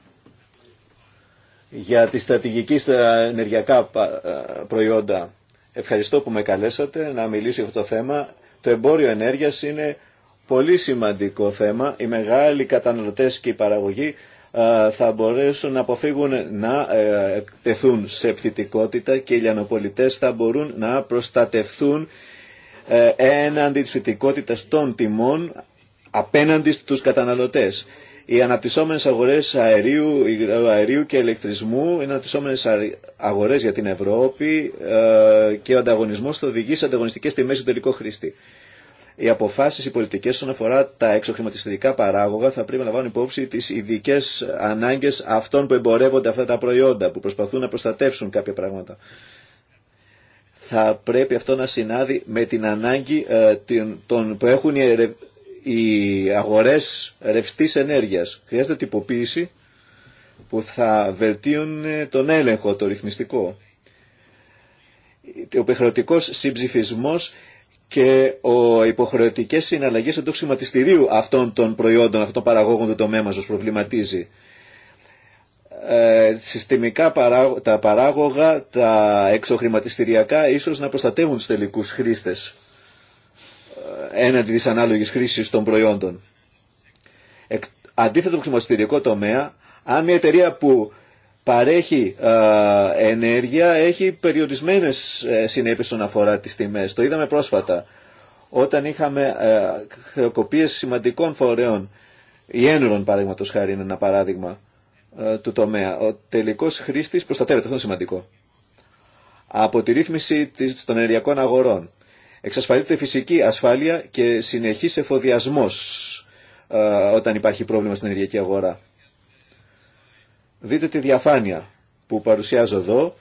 για τη στρατηγική στα ενεργειακά προϊόντα. Ευχαριστώ που με καλέσατε να μιλήσω για αυτό το θέμα. Το εμπόριο ενέργειας είναι πολύ σημαντικό θέμα. Οι μεγάλοι καταναλωτές και οι παραγωγοί θα μπορέσουν να αποφύγουν να πεθούν ε, σε πτυτικότητα και οι λιανοπολιτές θα μπορούν να προστατευθούν ε, έναντι της πτυτικότητας των τιμών απέναντι στους καταναλωτές. Οι αναπτυσσόμενες αγορές αερίου, αερίου και ηλεκτρισμού είναι αναπτυσσόμενες αγορές για την Ευρώπη ε, και ο ανταγωνισμός θα οδηγεί σε ανταγωνιστικές τιμές στον τελικό χρήστη. Οι αποφάσεις, οι πολιτικές όσον αφορά τα εξοχρηματιστικά παράγωγα θα πρέπει να λαμβάνουν υπόψη τις ειδικέ ανάγκες αυτών που εμπορεύονται αυτά τα προϊόντα, που προσπαθούν να προστατεύσουν κάποια πράγματα. Θα πρέπει αυτό να συνάδει με την ανάγκη ε, την, τον, που έχουν οι οι αγορές ρευστής ενέργειας. Χρειάζεται τυποποίηση που θα βελτίουν ε, τον έλεγχο, το ρυθμιστικό. Ε, ο υποχρεωτικός συμψηφισμός και ο υποχρεωτικές συναλλαγές εντός χρηματιστηρίου αυτών των προϊόντων, αυτών των παραγόγων του τομέα μας προβληματίζει. Ε, συστημικά τα παράγωγα, τα εξωχρηματιστηριακά ίσως να προστατεύουν τους τελικούς χρήστες έναντι της ανάλογης χρήσης των προϊόντων. Εκ, αντίθετα το χρηματιστηριακό τομέα, αν μια εταιρεία που παρέχει ενέργεια έχει περιορισμένες ε, συνέπειες όσον αφορά τις τιμές. Το είδαμε πρόσφατα όταν είχαμε ε, χρεοκοπίες σημαντικών φορέων. Η ένωρων παραδείγματος χάρη είναι ένα παράδειγμα ε, του τομέα. Ο τελικός χρήστης προστατεύεται, αυτό είναι σημαντικό. Από τη ρύθμιση των ενεργειακών αγορών. Εξασφαλείται φυσική ασφάλεια και συνεχής εφοδιασμός ε, όταν υπάρχει πρόβλημα στην ενεργειακή αγορά. Δείτε τη διαφάνεια που παρουσιάζω εδώ,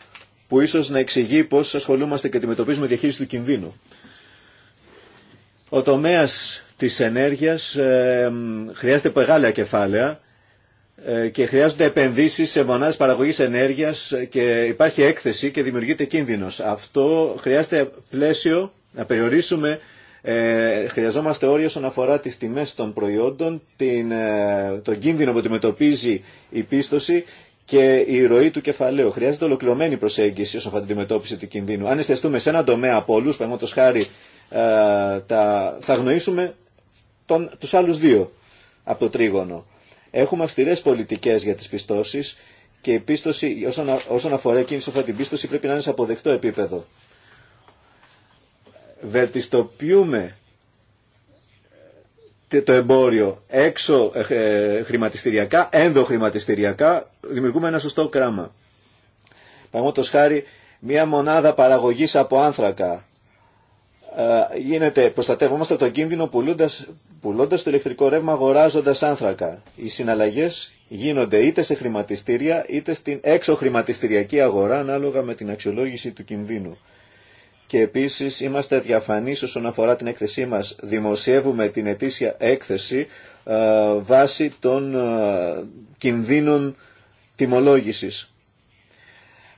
που ίσως να εξηγεί πώς ασχολούμαστε και αντιμετωπίζουμε διαχείριση του κινδύνου. Ο τομέας της ενέργειας ε, χρειάζεται μεγάλα κεφάλαια ε, και χρειάζονται επενδύσεις σε μονάδες παραγωγής ενέργειας και υπάρχει έκθεση και δημιουργείται κίνδυνος. Αυτό χρειάζεται πλαίσιο να περιορίσουμε ε, χρειαζόμαστε όρια όσον αφορά τις τιμές των προϊόντων, την, ε, τον κίνδυνο που αντιμετωπίζει η πίστοση και η ροή του κεφαλαίου. Χρειάζεται ολοκληρωμένη προσέγγιση όσον αφορά την αντιμετώπιση του κινδύνου. Αν εστιαστούμε σε έναν τομέα από όλου, παραδείγματο χάρη, ε, τα, θα γνωρίσουμε τον, τους άλλους δύο από το τρίγωνο. Έχουμε αυστηρέ πολιτικές για τις πιστώσεις και η πίστοση, όσον, όσον αφορά εκείνη την πίστοση, πρέπει να είναι σε αποδεκτό επίπεδο βελτιστοποιούμε το εμπόριο έξω ε, ε, χρηματιστηριακά, χρηματιστηριακά δημιουργούμε ένα σωστό κράμα. Παραδείγματο χάρη, μία μονάδα παραγωγής από άνθρακα ε, γίνεται, προστατεύομαστε τον κίνδυνο πουλώντας, πουλώντας το ηλεκτρικό ρεύμα αγοράζοντας άνθρακα. Οι συναλλαγές γίνονται είτε σε χρηματιστήρια είτε στην έξω χρηματιστηριακή αγορά ανάλογα με την αξιολόγηση του κινδύνου και επίσης είμαστε διαφανείς όσον αφορά την έκθεσή μας. Δημοσιεύουμε την ετήσια έκθεση ε, βάσει των ε, κινδύνων τιμολόγησης.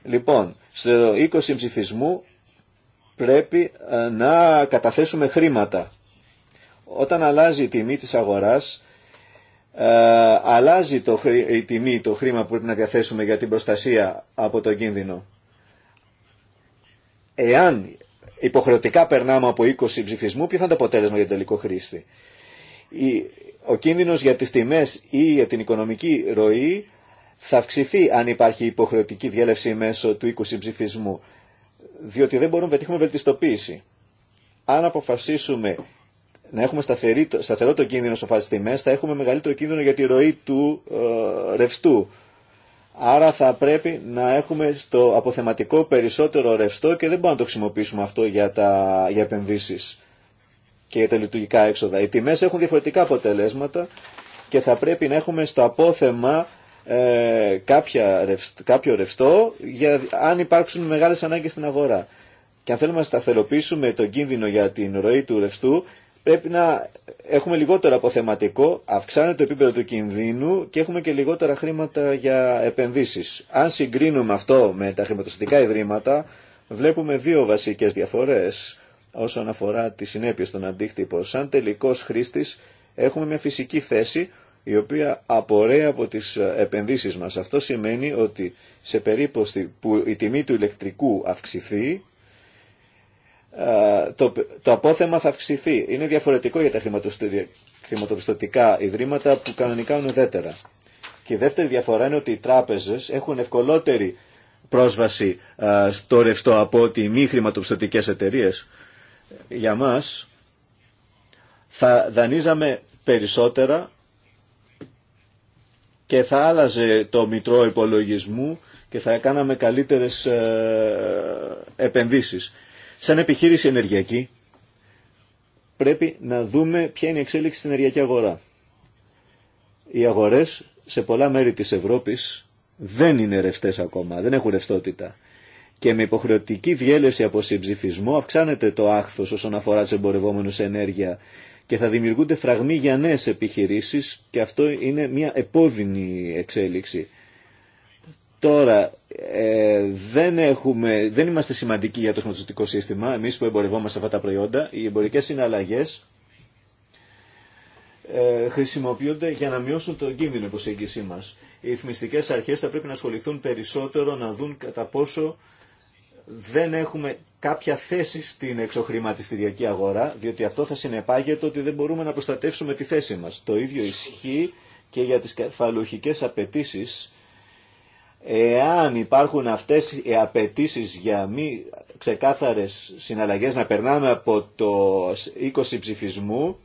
Λοιπόν, στο 20 ψηφισμού πρέπει ε, να καταθέσουμε χρήματα. Όταν αλλάζει η τιμή της αγοράς, αλλάζει το, η τιμή, το χρήμα που πρέπει να διαθέσουμε για την προστασία από τον κίνδυνο. Εάν υποχρεωτικά περνάμε από 20 ψηφισμού, ποιο θα είναι το αποτέλεσμα για τον τελικό χρήστη. Ο κίνδυνος για τις τιμές ή για την οικονομική ροή θα αυξηθεί αν υπάρχει υποχρεωτική διέλευση μέσω του 20 ψηφισμού, διότι δεν μπορούμε να πετύχουμε βελτιστοποίηση. Αν αποφασίσουμε να έχουμε σταθερό το κίνδυνο στο φάση τιμές, θα έχουμε μεγαλύτερο κίνδυνο για τη ροή του ε, ρευστού Άρα θα πρέπει να έχουμε στο αποθεματικό περισσότερο ρευστό και δεν μπορούμε να το χρησιμοποιήσουμε αυτό για, τα, για επενδύσεις και για τα λειτουργικά έξοδα. Οι τιμές έχουν διαφορετικά αποτελέσματα και θα πρέπει να έχουμε στο απόθεμα ε, κάποια, κάποιο ρευστό για, αν υπάρξουν μεγάλες ανάγκες στην αγορά. Και αν θέλουμε να σταθεροποιήσουμε τον κίνδυνο για την ροή του ρευστού πρέπει να έχουμε λιγότερο αποθεματικό, αυξάνεται το επίπεδο του κινδύνου και έχουμε και λιγότερα χρήματα για επενδύσεις. Αν συγκρίνουμε αυτό με τα χρηματοστατικά ιδρύματα, βλέπουμε δύο βασικές διαφορές όσον αφορά τις συνέπειες των αντίκτυπων. Σαν τελικός χρήστης έχουμε μια φυσική θέση η οποία απορρέει από τις επενδύσεις μας. Αυτό σημαίνει ότι σε περίπτωση που η τιμή του ηλεκτρικού αυξηθεί, ε, το, το απόθεμα θα αυξηθεί. Είναι διαφορετικό για τα χρηματοπιστωτικά ιδρύματα που κανονικά είναι ουδέτερα. Και η δεύτερη διαφορά είναι ότι οι τράπεζες έχουν ευκολότερη πρόσβαση ε, στο ρευστό από ότι οι μη χρηματοπιστωτικέ εταιρείε. Για μα. θα δανείζαμε περισσότερα και θα άλλαζε το μητρό υπολογισμού και θα κάναμε καλύτερες ε, επενδύσεις. Σαν επιχείρηση ενεργειακή πρέπει να δούμε ποια είναι η εξέλιξη στην ενεργειακή αγορά. Οι αγορές σε πολλά μέρη της Ευρώπης δεν είναι ρευστέ ακόμα, δεν έχουν ρευστότητα. Και με υποχρεωτική διέλευση από συμψηφισμό αυξάνεται το άχθος όσον αφορά του εμπορευόμενους ενέργεια και θα δημιουργούνται φραγμοί για νέες επιχειρήσεις και αυτό είναι μια επώδυνη εξέλιξη. Τώρα, ε, δεν, έχουμε, δεν είμαστε σημαντικοί για το χρηματοδοτικό σύστημα, εμείς που εμπορευόμαστε αυτά τα προϊόντα, οι εμπορικές συναλλαγές ε, χρησιμοποιούνται για να μειώσουν τον κίνδυνο προσέγγιση μας. Οι ρυθμιστικές αρχές θα πρέπει να ασχοληθούν περισσότερο να δουν κατά πόσο δεν έχουμε κάποια θέση στην εξωχρηματιστηριακή αγορά, διότι αυτό θα συνεπάγεται ότι δεν μπορούμε να προστατεύσουμε τη θέση μας. Το ίδιο ισχύει και για τις κεφαλουχικές απαιτήσει Εάν υπάρχουν αυτές οι απαιτήσει για μη ξεκάθαρες συναλλαγές να περνάμε από το 20 ψηφισμού,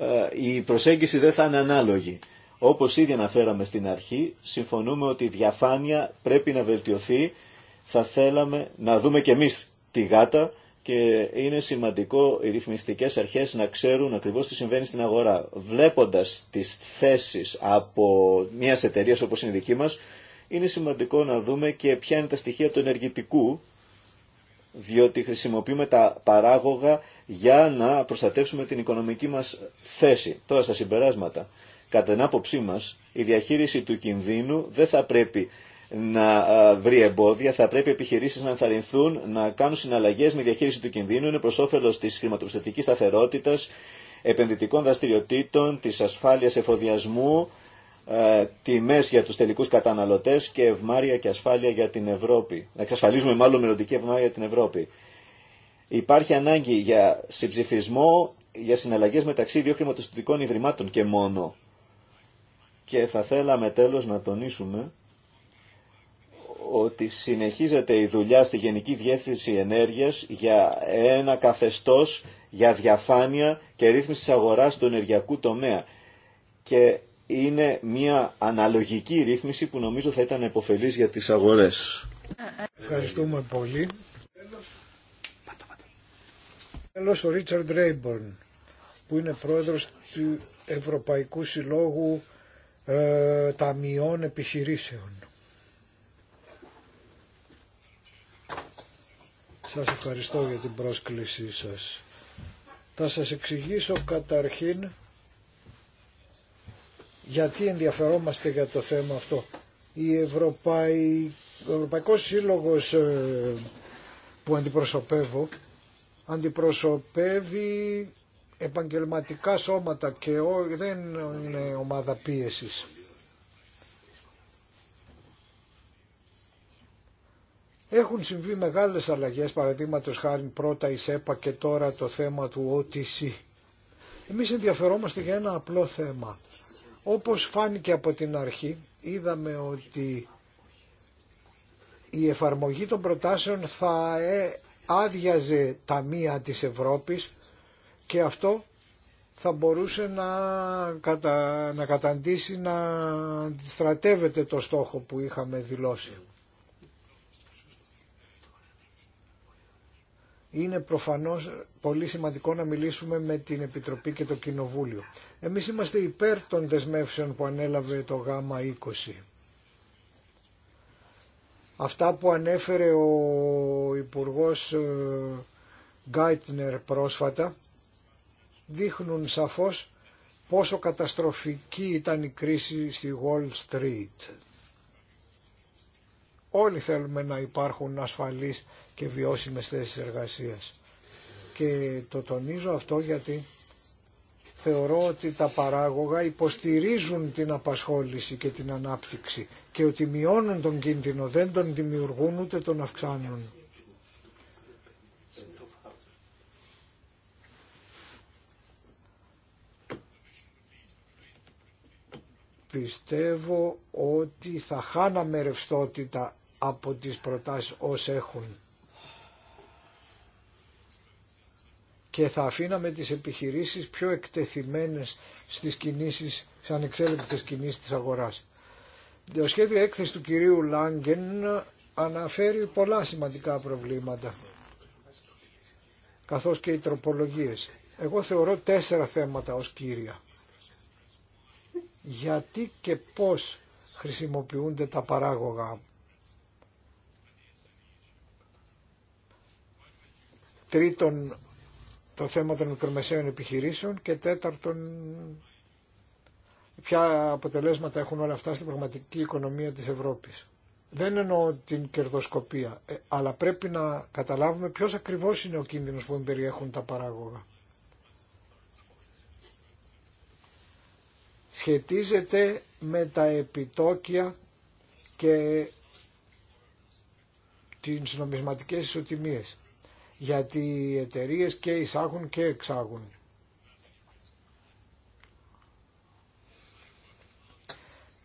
ε, η προσέγγιση δεν θα είναι ανάλογη. Όπως ήδη αναφέραμε στην αρχή, συμφωνούμε ότι η διαφάνεια πρέπει να βελτιωθεί. Θα θέλαμε να δούμε και εμείς τη γάτα και είναι σημαντικό οι ρυθμιστικές αρχές να ξέρουν ακριβώ τι συμβαίνει στην αγορά. Βλέποντας τις θέσεις από μια εταιρεία όπως είναι η δική μα, είναι σημαντικό να δούμε και ποια είναι τα στοιχεία του ενεργητικού, διότι χρησιμοποιούμε τα παράγωγα για να προστατεύσουμε την οικονομική μας θέση. Τώρα στα συμπεράσματα. Κατά την άποψή μα η διαχείριση του κινδύνου δεν θα πρέπει να βρει εμπόδια, θα πρέπει επιχειρήσει να ενθαρρυνθούν να κάνουν συναλλαγέ με διαχείριση του κινδύνου, είναι προ όφελο τη χρηματοπιστωτική σταθερότητα, επενδυτικών δραστηριοτήτων, τη ασφάλεια εφοδιασμού, τιμέ για του τελικού καταναλωτέ και ευμάρεια και ασφάλεια για την Ευρώπη. Να εξασφαλίζουμε μάλλον μελλοντική ευμάρεια για την Ευρώπη. Υπάρχει ανάγκη για συμψηφισμό για συναλλαγές μεταξύ δύο χρηματοστατικών ιδρυμάτων και μόνο. Και θα θέλαμε τέλος να τονίσουμε ότι συνεχίζεται η δουλειά στη Γενική Διεύθυνση Ενέργειας για ένα καθεστώς για διαφάνεια και ρύθμιση της αγοράς του ενεργειακού τομέα. Και είναι μια αναλογική ρύθμιση που νομίζω θα ήταν επωφελής για τις αγορές. Ευχαριστούμε πολύ. Τέλος ο Ρίτσαρντ Ρέιμπορν που είναι πρόεδρος του Ευρωπαϊκού Συλλόγου ε, Ταμιών Επιχειρήσεων. Σας ευχαριστώ για την πρόσκλησή σας. Θα σας εξηγήσω καταρχήν γιατί ενδιαφερόμαστε για το θέμα αυτό. Η Ευρωπαϊ... Ο Ευρωπαϊκός Σύλλογος ε, που αντιπροσωπεύω αντιπροσωπεύει επαγγελματικά σώματα και δεν είναι ομάδα πίεσης. Έχουν συμβεί μεγάλες αλλαγές, παραδείγματος χάρη πρώτα η ΣΕΠΑ και τώρα το θέμα του OTC. Εμείς ενδιαφερόμαστε για ένα απλό θέμα. Όπως φάνηκε από την αρχή, είδαμε ότι η εφαρμογή των προτάσεων θα ε, άδειαζε τα μία της Ευρώπης και αυτό θα μπορούσε να, κατα... να καταντήσει να αντιστρατεύεται το στόχο που είχαμε δηλώσει. είναι προφανώς πολύ σημαντικό να μιλήσουμε με την Επιτροπή και το Κοινοβούλιο. Εμείς είμαστε υπέρ των δεσμεύσεων που ανέλαβε το ΓΑΜΑ 20. Αυτά που ανέφερε ο Υπουργός ε, Γκάιτνερ πρόσφατα δείχνουν σαφώς πόσο καταστροφική ήταν η κρίση στη Wall Street. Όλοι θέλουμε να υπάρχουν ασφαλείς και βιώσιμες θέσεις εργασίας. Και το τονίζω αυτό γιατί θεωρώ ότι τα παράγωγα υποστηρίζουν την απασχόληση και την ανάπτυξη και ότι μειώνουν τον κίνδυνο, δεν τον δημιουργούν ούτε τον αυξάνουν. Πιστεύω ότι θα χάναμε ρευστότητα από τις προτάσεις ως έχουν. Και θα αφήναμε τις επιχειρήσεις πιο εκτεθειμένες στις κινήσεις, σαν ανεξέλεγκτες κινήσεις της αγοράς. Το σχέδιο έκθεση του κυρίου Λάγκεν αναφέρει πολλά σημαντικά προβλήματα, καθώς και οι τροπολογίες. Εγώ θεωρώ τέσσερα θέματα ως κύρια. Γιατί και πώς χρησιμοποιούνται τα παράγωγα τρίτον το θέμα των μικρομεσαίων επιχειρήσεων και τέταρτον ποια αποτελέσματα έχουν όλα αυτά στην πραγματική οικονομία της Ευρώπης. Δεν εννοώ την κερδοσκοπία, ε, αλλά πρέπει να καταλάβουμε ποιος ακριβώς είναι ο κίνδυνος που περιέχουν τα παράγωγα. Σχετίζεται με τα επιτόκια και τις νομισματικές ισοτιμίες γιατί οι εταιρείε και εισάγουν και εξάγουν.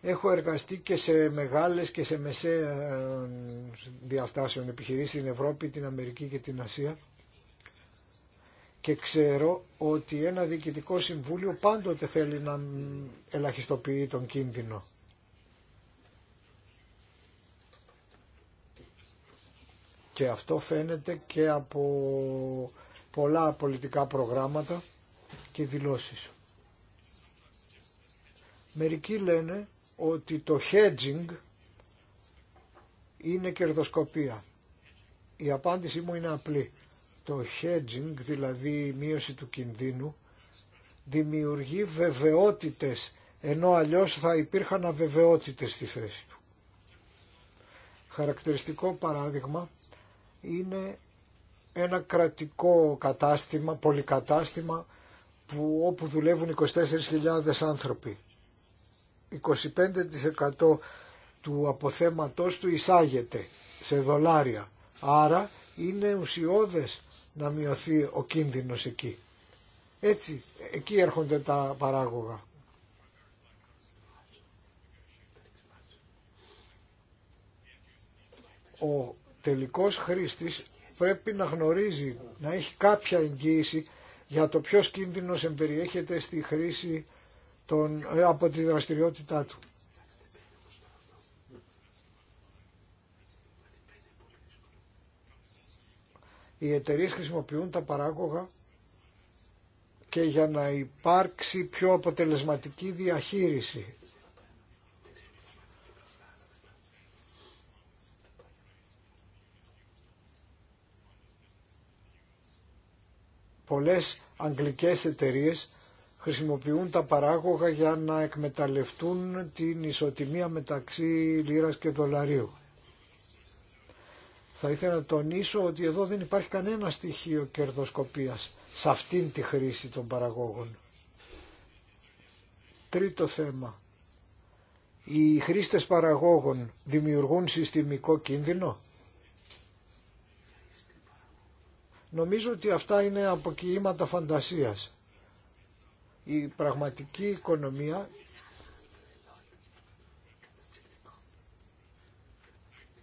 Έχω εργαστεί και σε μεγάλες και σε μεσαία διαστάσεων επιχειρήσεις στην Ευρώπη, την Αμερική και την Ασία και ξέρω ότι ένα διοικητικό συμβούλιο πάντοτε θέλει να ελαχιστοποιεί τον κίνδυνο. Και αυτό φαίνεται και από πολλά πολιτικά προγράμματα και δηλώσεις. Μερικοί λένε ότι το hedging είναι κερδοσκοπία. Η απάντησή μου είναι απλή. Το hedging, δηλαδή η μείωση του κινδύνου, δημιουργεί βεβαιότητες, ενώ αλλιώς θα υπήρχαν αβεβαιότητες στη θέση του. Χαρακτηριστικό παράδειγμα είναι ένα κρατικό κατάστημα, πολυκατάστημα που όπου δουλεύουν 24.000 άνθρωποι. 25% του αποθέματός του εισάγεται σε δολάρια. Άρα είναι ουσιώδες να μειωθεί ο κίνδυνος εκεί. Έτσι, εκεί έρχονται τα παράγωγα. Ο τελικός χρήστης πρέπει να γνωρίζει, να έχει κάποια εγγύηση για το ποιο κίνδυνο εμπεριέχεται στη χρήση των, ε, από τη δραστηριότητά του. Οι εταιρείε χρησιμοποιούν τα παράγωγα και για να υπάρξει πιο αποτελεσματική διαχείριση πολλές αγγλικές εταιρείες χρησιμοποιούν τα παράγωγα για να εκμεταλλευτούν την ισοτιμία μεταξύ λίρας και δολαρίου. Θα ήθελα να τονίσω ότι εδώ δεν υπάρχει κανένα στοιχείο κερδοσκοπίας σε αυτήν τη χρήση των παραγόγων. Τρίτο θέμα. Οι χρήστες παραγόγων δημιουργούν συστημικό κίνδυνο. Νομίζω ότι αυτά είναι αποκοιήματα φαντασίας. Η πραγματική οικονομία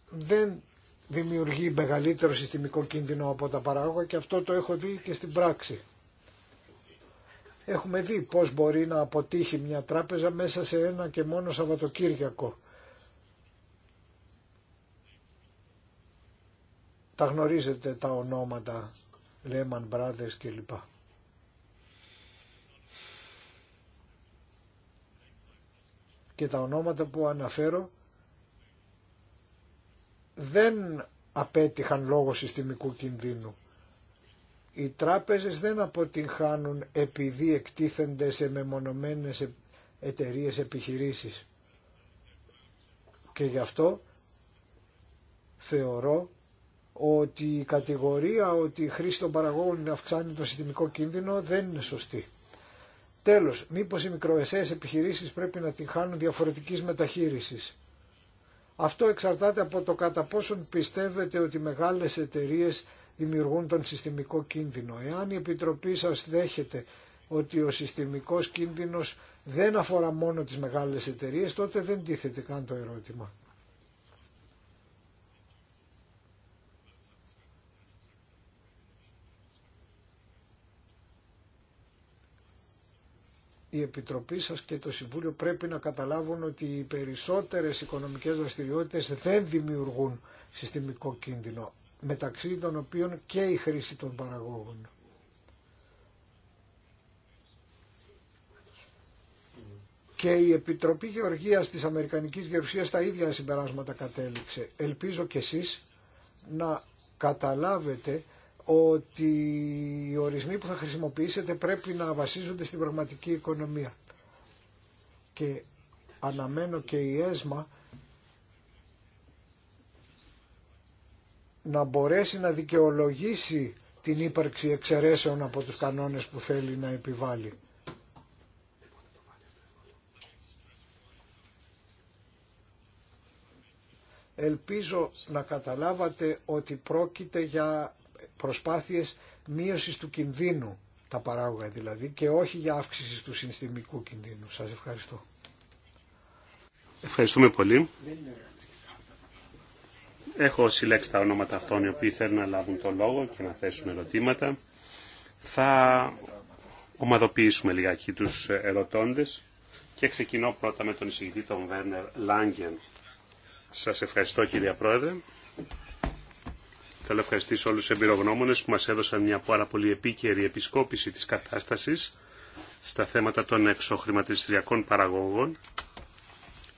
δεν δημιουργεί μεγαλύτερο συστημικό κίνδυνο από τα παράγωγα και αυτό το έχω δει και στην πράξη. Έχουμε δει πώς μπορεί να αποτύχει μια τράπεζα μέσα σε ένα και μόνο Σαββατοκύριακο Τα γνωρίζετε τα ονόματα Lehman Brothers κλπ. Και τα ονόματα που αναφέρω δεν απέτυχαν λόγω συστημικού κινδύνου. Οι τράπεζες δεν αποτυγχάνουν επειδή εκτίθενται σε μεμονωμένες εταιρείες επιχειρήσεις. Και γι' αυτό θεωρώ ότι η κατηγορία ότι η χρήση των παραγόγων αυξάνει το συστημικό κίνδυνο δεν είναι σωστή. Τέλος, μήπως οι μικροεσαίες επιχειρήσεις πρέπει να την χάνουν διαφορετικής μεταχείρισης. Αυτό εξαρτάται από το κατά πόσον πιστεύετε ότι μεγάλες εταιρείες δημιουργούν τον συστημικό κίνδυνο. Εάν η Επιτροπή σας δέχεται ότι ο συστημικός κίνδυνος δεν αφορά μόνο τις μεγάλες εταιρείες, τότε δεν τίθεται καν το ερώτημα. η Επιτροπή σας και το Συμβούλιο πρέπει να καταλάβουν ότι οι περισσότερες οικονομικές δραστηριότητες δεν δημιουργούν συστημικό κίνδυνο, μεταξύ των οποίων και η χρήση των παραγόγων. Και η Επιτροπή Γεωργίας της Αμερικανικής Γερουσίας τα ίδια συμπεράσματα κατέληξε. Ελπίζω κι εσείς να καταλάβετε ότι οι ορισμοί που θα χρησιμοποιήσετε πρέπει να βασίζονται στην πραγματική οικονομία. Και αναμένω και η ΕΣΜΑ να μπορέσει να δικαιολογήσει την ύπαρξη εξαιρέσεων από τους κανόνες που θέλει να επιβάλλει. Ελπίζω να καταλάβατε ότι πρόκειται για προσπάθειες μείωσης του κινδύνου τα παράγωγα δηλαδή και όχι για αύξηση του συστημικού κινδύνου. Σας ευχαριστώ. Ευχαριστούμε πολύ. Έχω συλλέξει τα ονόματα αυτών οι οποίοι θέλουν να λάβουν το λόγο και να θέσουν ερωτήματα. Θα ομαδοποιήσουμε λιγάκι τους ερωτώντες και ξεκινώ πρώτα με τον εισηγητή τον Βέρνερ Λάγκεν. Σας ευχαριστώ κύριε Πρόεδρε. Θέλω να ευχαριστήσω όλους τους εμπειρογνώμονες που μας έδωσαν μια πάρα πολύ επίκαιρη επισκόπηση της κατάστασης στα θέματα των εξοχρηματιστριακών παραγόγων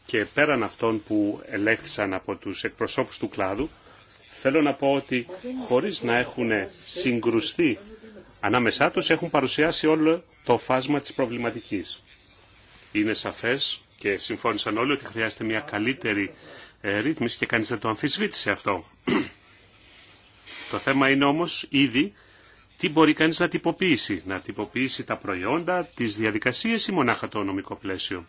και πέραν αυτών που ελέγχθησαν από τους εκπροσώπους του κλάδου, θέλω να πω ότι χωρίς να έχουν συγκρουστεί ανάμεσά τους, έχουν παρουσιάσει όλο το φάσμα της προβληματικής. Είναι σαφές και συμφώνησαν όλοι ότι χρειάζεται μια καλύτερη ε, ρύθμιση και κανείς δεν το αμφισβήτησε αυτό. Το θέμα είναι όμως ήδη τι μπορεί κανείς να τυποποιήσει. Να τυποποιήσει τα προϊόντα, τις διαδικασίες ή μονάχα το νομικό πλαίσιο.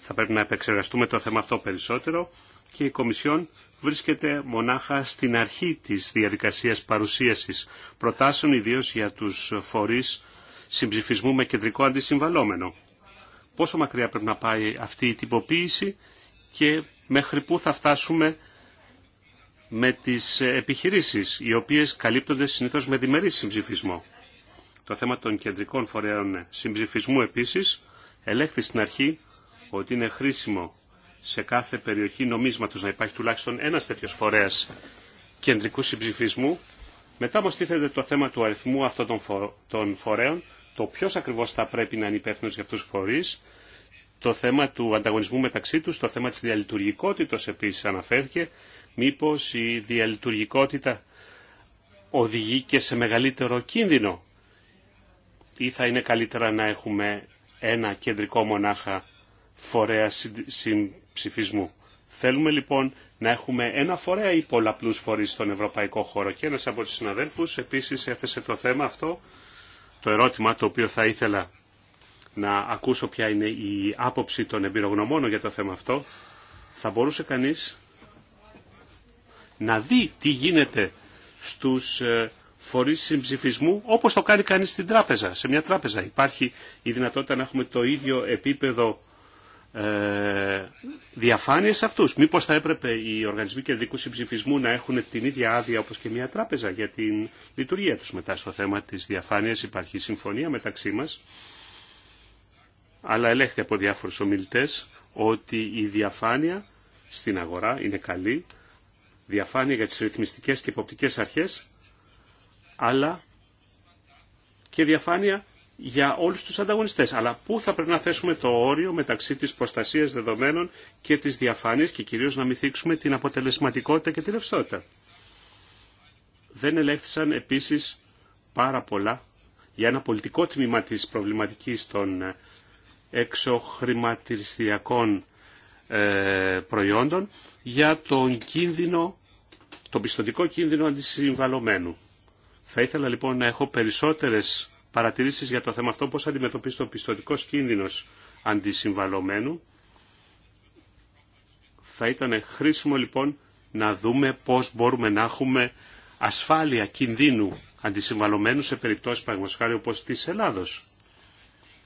Θα πρέπει να επεξεργαστούμε το θέμα αυτό περισσότερο και η Κομισιόν βρίσκεται μονάχα στην αρχή της διαδικασίας παρουσίασης προτάσεων ιδίως για τους φορείς συμψηφισμού με κεντρικό αντισυμβαλόμενο. Πόσο μακριά πρέπει να πάει αυτή η τυποποίηση και μέχρι πού θα φτάσουμε με τις επιχειρήσεις, οι οποίες καλύπτονται συνήθως με διμερή συμψηφισμό. Το θέμα των κεντρικών φορέων συμψηφισμού επίσης ελέγχθη στην αρχή ότι είναι χρήσιμο σε κάθε περιοχή νομίσματος να υπάρχει τουλάχιστον ένας τέτοιος φορέας κεντρικού συμψηφισμού. Μετά όμως τίθεται το θέμα του αριθμού αυτών των, φορέων, το ποιο ακριβώς θα πρέπει να είναι υπεύθυνο για αυτούς τους φορείς, το θέμα του ανταγωνισμού μεταξύ τους, το θέμα της διαλειτουργικότητας επίσης αναφέρθηκε, Μήπως η διαλειτουργικότητα οδηγεί και σε μεγαλύτερο κίνδυνο ή θα είναι καλύτερα να έχουμε ένα κεντρικό μονάχα φορέα συμψηφισμού. Θέλουμε λοιπόν να έχουμε ένα φορέα ή πολλαπλούς φορείς στον ευρωπαϊκό χώρο και ένας από τους συναδέλφους επίσης έθεσε το θέμα αυτό, το ερώτημα το οποίο θα ήθελα να ακούσω ποια είναι η άποψη των εμπειρογνωμόνων για το θέμα αυτό. Θα μπορούσε κανείς να δει τι γίνεται στους ε, φορείς συμψηφισμού όπως το κάνει κανείς στην τράπεζα, σε μια τράπεζα. Υπάρχει η δυνατότητα να έχουμε το ίδιο επίπεδο ε, διαφάνειες αυτούς. Μήπως θα έπρεπε οι οργανισμοί κεντρικού συμψηφισμού να έχουν την ίδια άδεια όπως και μια τράπεζα για την λειτουργία τους μετά στο θέμα της διαφάνειας. Υπάρχει συμφωνία μεταξύ μας, αλλά ελέγχεται από διάφορους ομιλητές ότι η διαφάνεια στην αγορά είναι καλή, διαφάνεια για τις ρυθμιστικές και υποπτικές αρχές, αλλά και διαφάνεια για όλους τους ανταγωνιστές. Αλλά πού θα πρέπει να θέσουμε το όριο μεταξύ της προστασίας δεδομένων και της διαφάνειας και κυρίως να μην θίξουμε την αποτελεσματικότητα και τη ρευστότητα. Δεν ελέγχθησαν επίσης πάρα πολλά για ένα πολιτικό τμήμα της προβληματικής των ε, εξοχρηματιστιακών ε, προϊόντων για τον κίνδυνο, τον πιστοτικό κίνδυνο αντισυμβαλωμένου. Θα ήθελα λοιπόν να έχω περισσότερες παρατηρήσεις για το θέμα αυτό, πώς αντιμετωπίζει το πιστοτικό κίνδυνος αντισυμβαλωμένου. Θα ήταν χρήσιμο λοιπόν να δούμε πώς μπορούμε να έχουμε ασφάλεια κινδύνου αντισυμβαλωμένου σε περιπτώσεις παραγματικά όπως της Ελλάδος.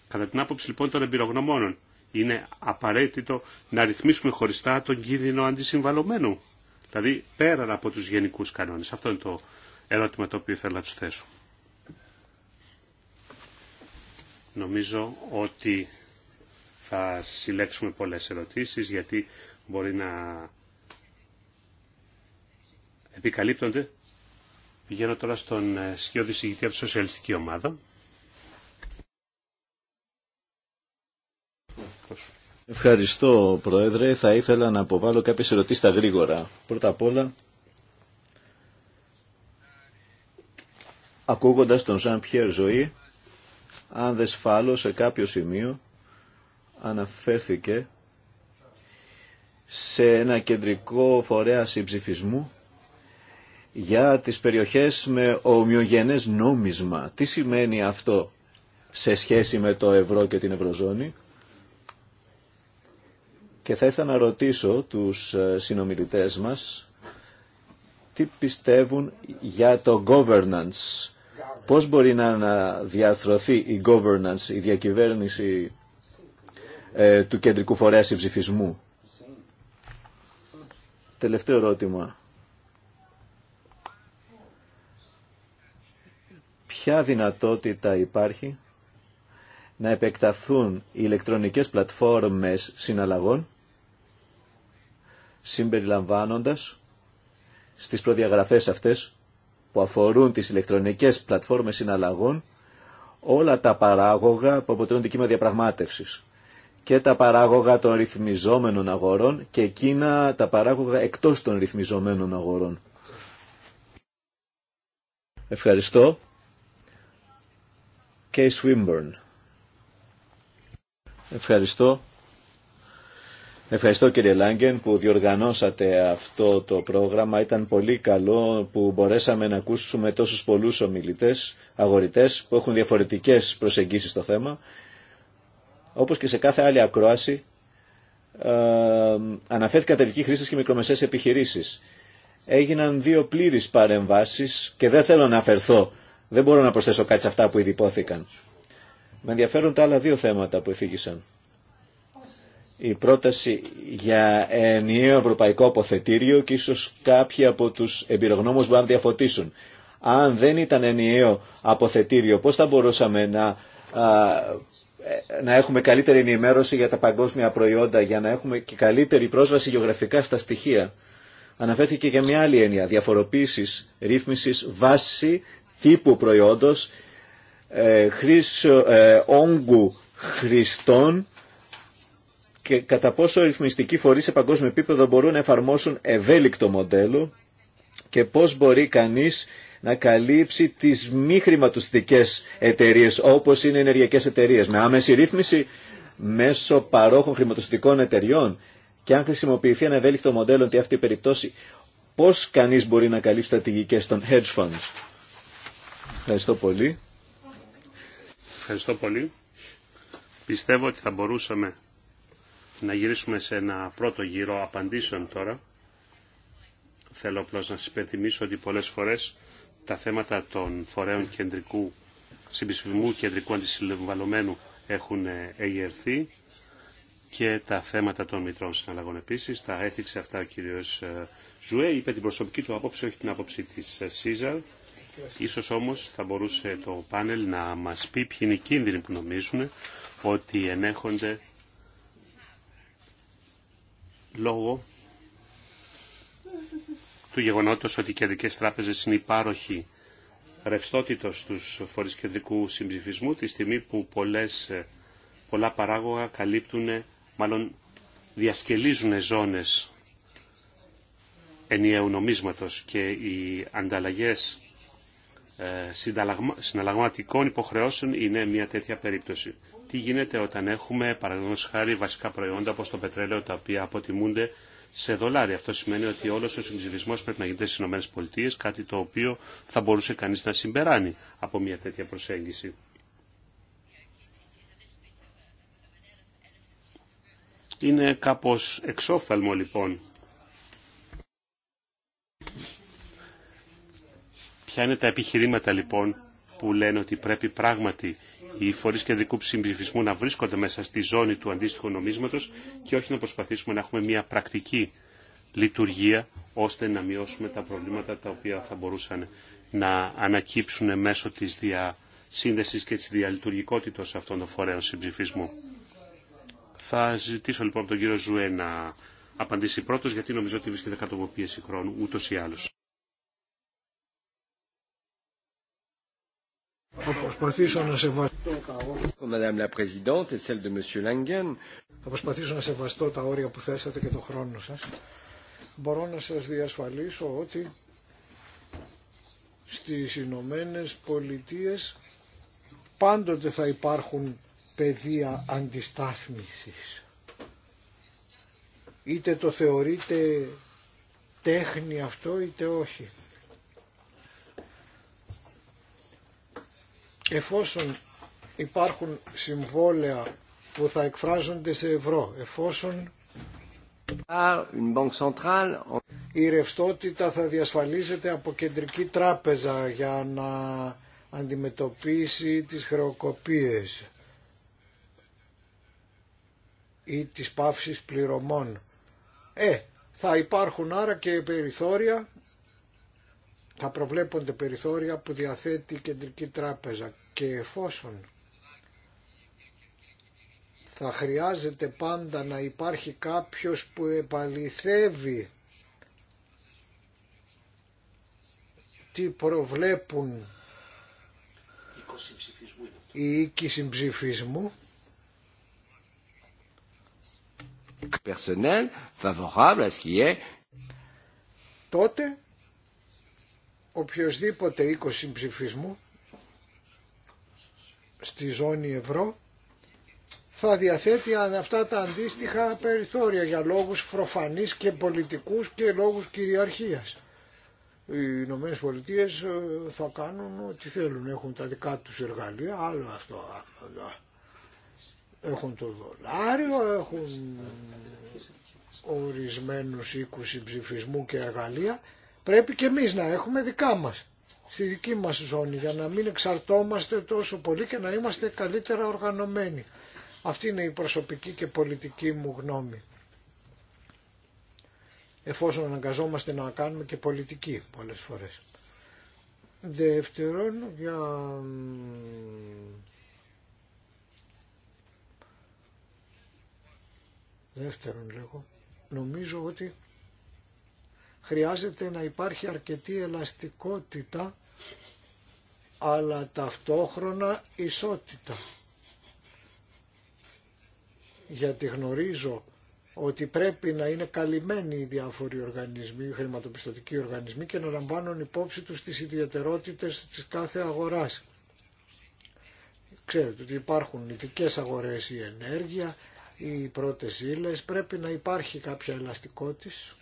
Κατά την άποψη λοιπόν των εμπειρογνωμόνων, είναι απαραίτητο να ρυθμίσουμε χωριστά τον κίνδυνο αντισυμβαλωμένου. Δηλαδή πέραν από τους γενικούς κανόνες. Αυτό είναι το ερώτημα το οποίο ήθελα να τους θέσω. Νομίζω ότι θα συλλέξουμε πολλές ερωτήσεις γιατί μπορεί να επικαλύπτονται. Πηγαίνω τώρα στον ε, σκιώδη συγητή από τη Σοσιαλιστική Ομάδα. Ευχαριστώ, Πρόεδρε. Θα ήθελα να αποβάλω κάποιες ερωτήσεις τα γρήγορα. Πρώτα απ' όλα, ακούγοντας τον Ζαν Πιέρ Ζωή, αν δεν σφάλω σε κάποιο σημείο, αναφέρθηκε σε ένα κεντρικό φορέα συμψηφισμού για τις περιοχές με ομοιογενές νόμισμα. Τι σημαίνει αυτό σε σχέση με το ευρώ και την ευρωζώνη. Και θα ήθελα να ρωτήσω τους ε, συνομιλητές μας τι πιστεύουν για το governance. Πώς μπορεί να διαρθρωθεί η governance, η διακυβέρνηση ε, του κεντρικού φορέα συμψηφισμού. Τελευταίο ερώτημα. Ποια δυνατότητα υπάρχει να επεκταθούν οι ηλεκτρονικές πλατφόρμες συναλλαγών συμπεριλαμβάνοντας στις προδιαγραφές αυτές που αφορούν τις ηλεκτρονικές πλατφόρμες συναλλαγών όλα τα παράγωγα που αποτελούν το διαπραγμάτευσης και τα παράγωγα των ρυθμιζόμενων αγορών και εκείνα τα παράγωγα εκτός των ρυθμιζόμενων αγορών. Ευχαριστώ. Και Swinburne. Ευχαριστώ. Ευχαριστώ κύριε Λάγκεν που διοργανώσατε αυτό το πρόγραμμα. Ήταν πολύ καλό που μπορέσαμε να ακούσουμε τόσους πολλούς ομιλητές, αγορητές που έχουν διαφορετικές προσεγγίσεις στο θέμα. Όπως και σε κάθε άλλη ακρόαση ε, αναφέρθηκαν τελικοί τελική χρήση και μικρομεσαίες επιχειρήσεις. Έγιναν δύο πλήρεις παρεμβάσεις και δεν θέλω να αφαιρθώ. Δεν μπορώ να προσθέσω κάτι σε αυτά που ειδηπόθηκαν. Με ενδιαφέρουν τα άλλα δύο θέματα που εφήγησαν η πρόταση για ενιαίο ευρωπαϊκό αποθετήριο και ίσως κάποιοι από τους εμπειρογνώμους μπορούν να διαφωτίσουν. Αν δεν ήταν ενιαίο αποθετήριο, πώς θα μπορούσαμε να, να έχουμε καλύτερη ενημέρωση για τα παγκόσμια προϊόντα, για να έχουμε και καλύτερη πρόσβαση γεωγραφικά στα στοιχεία. Αναφέρθηκε και μια άλλη έννοια, διαφοροποίησης, ρύθμισης βάση τύπου προϊόντος, ε, ε όγκου χρηστών και κατά πόσο ρυθμιστικοί φορείς σε παγκόσμιο επίπεδο μπορούν να εφαρμόσουν ευέλικτο μοντέλο και πώς μπορεί κανείς να καλύψει τις μη χρηματοστικές εταιρείες όπως είναι οι ενεργειακές εταιρείες με άμεση ρύθμιση μέσω παρόχων χρηματοστικών εταιριών και αν χρησιμοποιηθεί ένα ευέλικτο μοντέλο ότι αυτή η περιπτώση πώς κανείς μπορεί να καλύψει στρατηγικές των hedge funds. Ευχαριστώ πολύ. Ευχαριστώ πολύ. Πιστεύω ότι θα μπορούσαμε να γυρίσουμε σε ένα πρώτο γύρο απαντήσεων τώρα. Θέλω απλώς να σας υπενθυμίσω ότι πολλές φορές τα θέματα των φορέων κεντρικού συμπισφυμού κεντρικού αντισυλλεμβαλωμένου έχουν ε, εγερθεί και τα θέματα των μητρών συναλλαγών επίση. Τα έθιξε αυτά ο κύριος ε, Ζουέ, είπε την προσωπική του άποψη, όχι την άποψη τη ε, Σίζαρ. Ίσως όμως θα μπορούσε το πάνελ να μας πει ποιοι είναι οι κίνδυνοι που νομίζουν ότι ενέχονται λόγω του γεγονότος ότι οι κεντρικές τράπεζες είναι υπάροχοι ρευστότητα στους φορείς κεντρικού συμψηφισμού τη στιγμή που πολλές, πολλά παράγωγα καλύπτουν, μάλλον διασκελίζουν ζώνες ενιαίου νομίσματος και οι ανταλλαγές ε, συναλλαγματικών υποχρεώσεων είναι μια τέτοια περίπτωση τι γίνεται όταν έχουμε παραδείγματος χάρη βασικά προϊόντα όπως το πετρέλαιο τα οποία αποτιμούνται σε δολάρια. Αυτό σημαίνει ότι όλος ο συντηρησμός πρέπει να γίνεται στις ΗΠΑ, κάτι το οποίο θα μπορούσε κανείς να συμπεράνει από μια τέτοια προσέγγιση. Είναι κάπως εξόφθαλμο λοιπόν. Ποια είναι τα επιχειρήματα λοιπόν που λένε ότι πρέπει πράγματι οι φορείς κεντρικού συμψηφισμού να βρίσκονται μέσα στη ζώνη του αντίστοιχου νομίσματος και όχι να προσπαθήσουμε να έχουμε μια πρακτική λειτουργία ώστε να μειώσουμε τα προβλήματα τα οποία θα μπορούσαν να ανακύψουν μέσω της διασύνδεσης και της διαλειτουργικότητας αυτών των φορέων συμψηφισμού. Θα ζητήσω λοιπόν τον κύριο Ζουέ να απαντήσει πρώτος γιατί νομίζω ότι βρίσκεται πίεση χρόνου ούτως ή άλλως. Θα προσπαθήσω να σεβαστώ τα όρια. τα όρια που θέσατε και το χρόνο σας. Μπορώ να σας διασφαλίσω ότι στις Ηνωμένε Πολιτείες πάντοτε θα υπάρχουν πεδία αντιστάθμισης. Είτε το θεωρείτε τέχνη αυτό είτε όχι. εφόσον υπάρχουν συμβόλαια που θα εκφράζονται σε ευρώ, εφόσον η ρευστότητα θα διασφαλίζεται από κεντρική τράπεζα για να αντιμετωπίσει τις χρεοκοπίες ή τις παύσεις πληρωμών. Ε, θα υπάρχουν άρα και περιθώρια θα προβλέπονται περιθώρια που διαθέτει η Κεντρική Τράπεζα και εφόσον θα χρειάζεται πάντα να υπάρχει κάποιος που επαληθεύει τι προβλέπουν οι οίκοι συμψηφισμού τότε οποιοδήποτε οίκος συμψηφισμού στη ζώνη ευρώ θα διαθέτει αυτά τα αντίστοιχα περιθώρια για λόγους προφανής και πολιτικούς και λόγους κυριαρχίας. Οι Ηνωμένε Πολιτείε ε, θα κάνουν ό,τι θέλουν. Έχουν τα δικά τους εργαλεία, άλλο αυτό. Έχουν το δολάριο, έχουν ορισμένους οίκους συμψηφισμού και εργαλεία πρέπει και εμείς να έχουμε δικά μας, στη δική μας ζώνη, για να μην εξαρτώμαστε τόσο πολύ και να είμαστε καλύτερα οργανωμένοι. Αυτή είναι η προσωπική και πολιτική μου γνώμη. Εφόσον αναγκαζόμαστε να κάνουμε και πολιτική πολλές φορές. Δεύτερον, για... Δεύτερον, λέγω, νομίζω ότι χρειάζεται να υπάρχει αρκετή ελαστικότητα αλλά ταυτόχρονα ισότητα. Γιατί γνωρίζω ότι πρέπει να είναι καλυμμένοι οι διάφοροι οργανισμοί, οι χρηματοπιστωτικοί οργανισμοί και να λαμβάνουν υπόψη τους τις ιδιαιτερότητες της κάθε αγοράς. Ξέρετε ότι υπάρχουν ειδικές αγορές η ενέργεια, οι πρώτες ύλες, πρέπει να υπάρχει κάποια ελαστικότης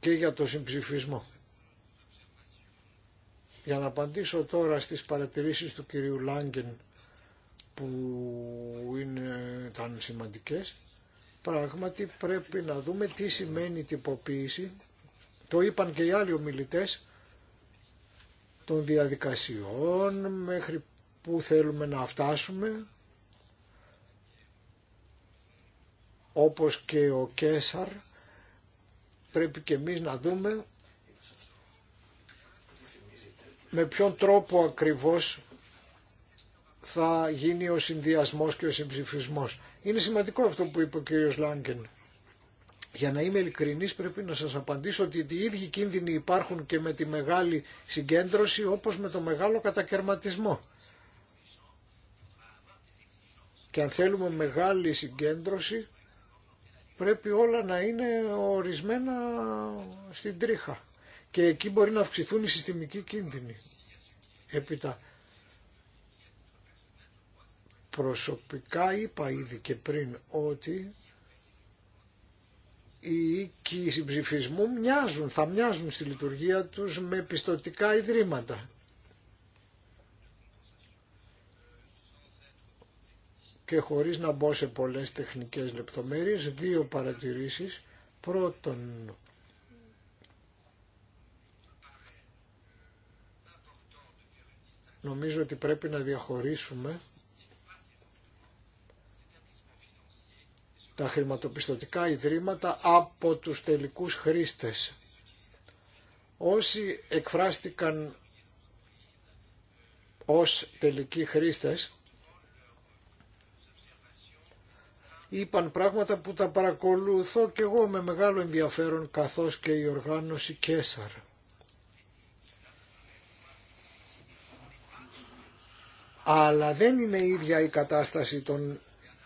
και για το συμψηφισμό. Για να απαντήσω τώρα στις παρατηρήσεις του κυρίου Λάγκεν που είναι, ήταν σημαντικές, πράγματι πρέπει να δούμε τι σημαίνει τυποποίηση, το είπαν και οι άλλοι ομιλητές, των διαδικασιών μέχρι που θέλουμε να φτάσουμε, όπως και ο Κέσαρ πρέπει και εμείς να δούμε με ποιον τρόπο ακριβώς θα γίνει ο συνδυασμός και ο συμψηφισμός. Είναι σημαντικό αυτό που είπε ο κύριος Λάγκεν. Για να είμαι ειλικρινής πρέπει να σας απαντήσω ότι οι ίδιοι κίνδυνοι υπάρχουν και με τη μεγάλη συγκέντρωση όπως με το μεγάλο κατακαιρματισμό. Και αν θέλουμε μεγάλη συγκέντρωση πρέπει όλα να είναι ορισμένα στην τρίχα και εκεί μπορεί να αυξηθούν οι συστημικοί κίνδυνοι. Έπειτα, προσωπικά είπα ήδη και πριν ότι οι οίκοι συμψηφισμού μοιάζουν, θα μοιάζουν στη λειτουργία τους με πιστοτικά ιδρύματα. και χωρίς να μπω σε πολλές τεχνικές λεπτομέρειες, δύο παρατηρήσεις. Πρώτον, νομίζω ότι πρέπει να διαχωρίσουμε τα χρηματοπιστωτικά ιδρύματα από τους τελικούς χρήστες. Όσοι εκφράστηκαν ως τελικοί χρήστες είπαν πράγματα που τα παρακολουθώ και εγώ με μεγάλο ενδιαφέρον καθώς και η οργάνωση Κέσαρ. Αλλά δεν είναι η ίδια η κατάσταση των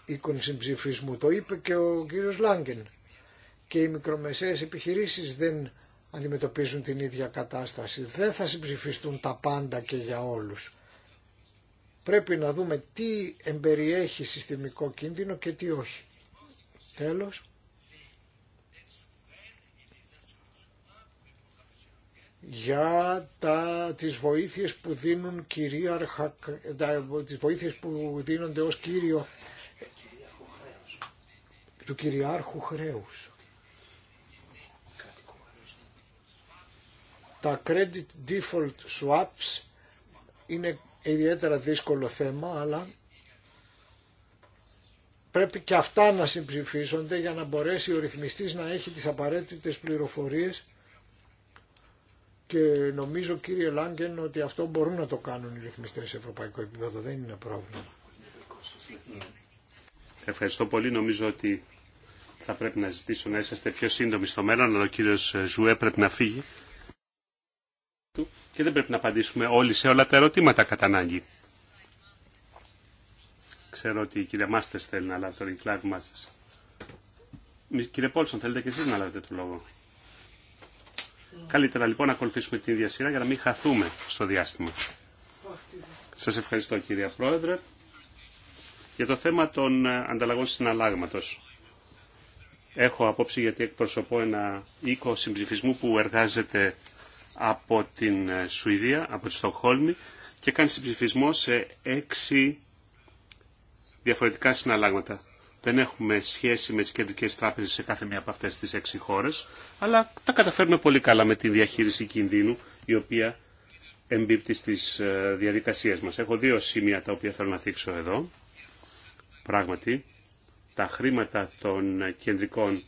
οίκων συμψηφισμού. Το είπε και ο κύριος Λάγκεν. Και οι μικρομεσαίες επιχειρήσεις δεν αντιμετωπίζουν την ίδια κατάσταση. Δεν θα συμψηφιστούν τα πάντα και για όλους. Πρέπει να δούμε τι εμπεριέχει συστημικό κίνδυνο και τι όχι. Τέλος. για τα, τις βοήθειες που δίνουν κυρίαρχα, τις βοήθειες που δίνονται ως κύριο του κυριάρχου χρέους. Τα credit default swaps είναι ιδιαίτερα δύσκολο θέμα, αλλά πρέπει και αυτά να συμψηφίσονται για να μπορέσει ο ρυθμιστής να έχει τις απαραίτητες πληροφορίες και νομίζω κύριε Λάγκεν ότι αυτό μπορούν να το κάνουν οι ρυθμιστές σε ευρωπαϊκό επίπεδο, δεν είναι πρόβλημα. Ευχαριστώ πολύ. Νομίζω ότι θα πρέπει να ζητήσω να είσαστε πιο σύντομοι στο μέλλον, αλλά ο κύριος Ζουέ πρέπει να φύγει και δεν πρέπει να απαντήσουμε όλοι σε όλα τα ερωτήματα κατά ανάγκη. Ξέρω ότι η κυρία Μάστες θέλει να λάβει το λόγο Μάστες. Κύριε Πόλσον, θέλετε και εσείς να λάβετε το λόγο. Καλύτερα λοιπόν να ακολουθήσουμε την ίδια σειρά για να μην χαθούμε στο διάστημα. Σας ευχαριστώ κυρία Πρόεδρε για το θέμα των ε, ανταλλαγών συναλλάγματος. Έχω απόψη γιατί εκπροσωπώ ένα οίκο συμψηφισμού που εργάζεται από την ε, Σουηδία, από τη Στοκχόλμη και κάνει συμψηφισμό σε έξι διαφορετικά συναλλάγματα. Δεν έχουμε σχέση με τις κεντρικές τράπεζες σε κάθε μία από αυτές τις έξι χώρες, αλλά τα καταφέρνουμε πολύ καλά με τη διαχείριση κινδύνου, η οποία εμπίπτει στις ε, διαδικασίες μας. Έχω δύο σημεία τα οποία θέλω να θίξω εδώ. Πράγματι, τα χρήματα των κεντρικών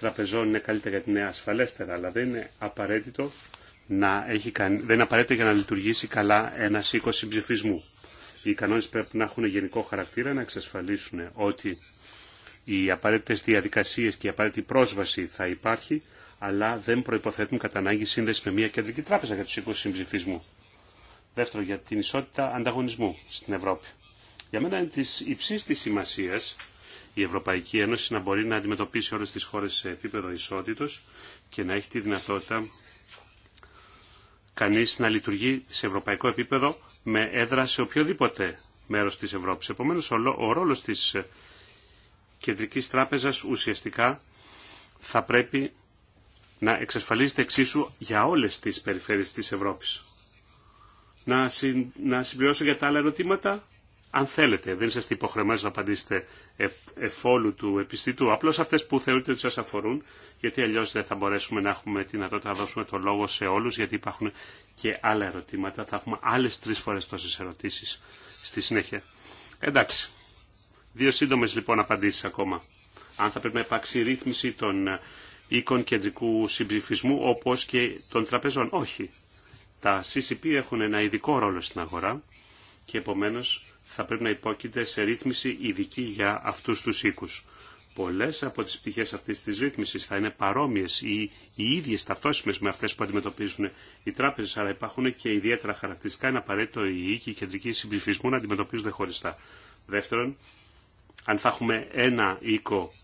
τραπεζών είναι καλύτερα την νέα ασφαλέστερα, αλλά δεν είναι απαραίτητο να έχει, δεν είναι απαραίτητο για να λειτουργήσει καλά ένα οίκο συμψηφισμού. Οι κανόνες πρέπει να έχουν γενικό χαρακτήρα, να εξασφαλίσουν ότι οι απαραίτητες διαδικασίες και η απαραίτητη πρόσβαση θα υπάρχει, αλλά δεν προϋποθέτουν κατά ανάγκη σύνδεση με μια κεντρική τράπεζα για τους οίκους συμψηφισμού. Δεύτερο, για την ισότητα ανταγωνισμού στην Ευρώπη. Για μένα είναι της υψής της σημασίας η Ευρωπαϊκή Ένωση να μπορεί να αντιμετωπίσει όλε τις χώρες σε επίπεδο ισότητος και να έχει τη δυνατότητα κανείς να λειτουργεί σε ευρωπαϊκό επίπεδο με έδρα σε οποιοδήποτε μέρος της Ευρώπης. Επομένως, ο ρόλος της Κεντρικής Τράπεζας ουσιαστικά θα πρέπει να εξασφαλίζεται εξίσου για όλες τις περιφέρειες της Ευρώπης. Να, να συμπληρώσω για τα άλλα ερωτήματα αν θέλετε, δεν είστε υποχρεωμένοι να απαντήσετε εφόλου του επιστητού. Απλώς αυτές που θεωρείτε ότι σας αφορούν, γιατί αλλιώς δεν θα μπορέσουμε να έχουμε τη δυνατότητα να δώσουμε το λόγο σε όλους, γιατί υπάρχουν και άλλα ερωτήματα. Θα έχουμε άλλες τρεις φορές τόσες ερωτήσεις στη συνέχεια. Εντάξει. Δύο σύντομε λοιπόν απαντήσεις ακόμα. Αν θα πρέπει να υπάρξει ρύθμιση των ε, οίκων κεντρικού συμψηφισμού όπως και των τραπεζών. Όχι. Τα CCP έχουν ένα ειδικό ρόλο στην αγορά και επομένως θα πρέπει να υπόκειται σε ρύθμιση ειδική για αυτούς τους οίκους. Πολλές από τις πτυχές αυτής της ρύθμισης θα είναι παρόμοιες ή οι ίδιες ταυτόσιμες με αυτές που αντιμετωπίζουν οι τράπεζες, αλλά υπάρχουν και ιδιαίτερα χαρακτηριστικά. Είναι απαραίτητο οι οίκοι κεντρικοί συμπληφισμού να αντιμετωπίζονται χωριστά. Δεύτερον, αν θα έχουμε ένα οίκο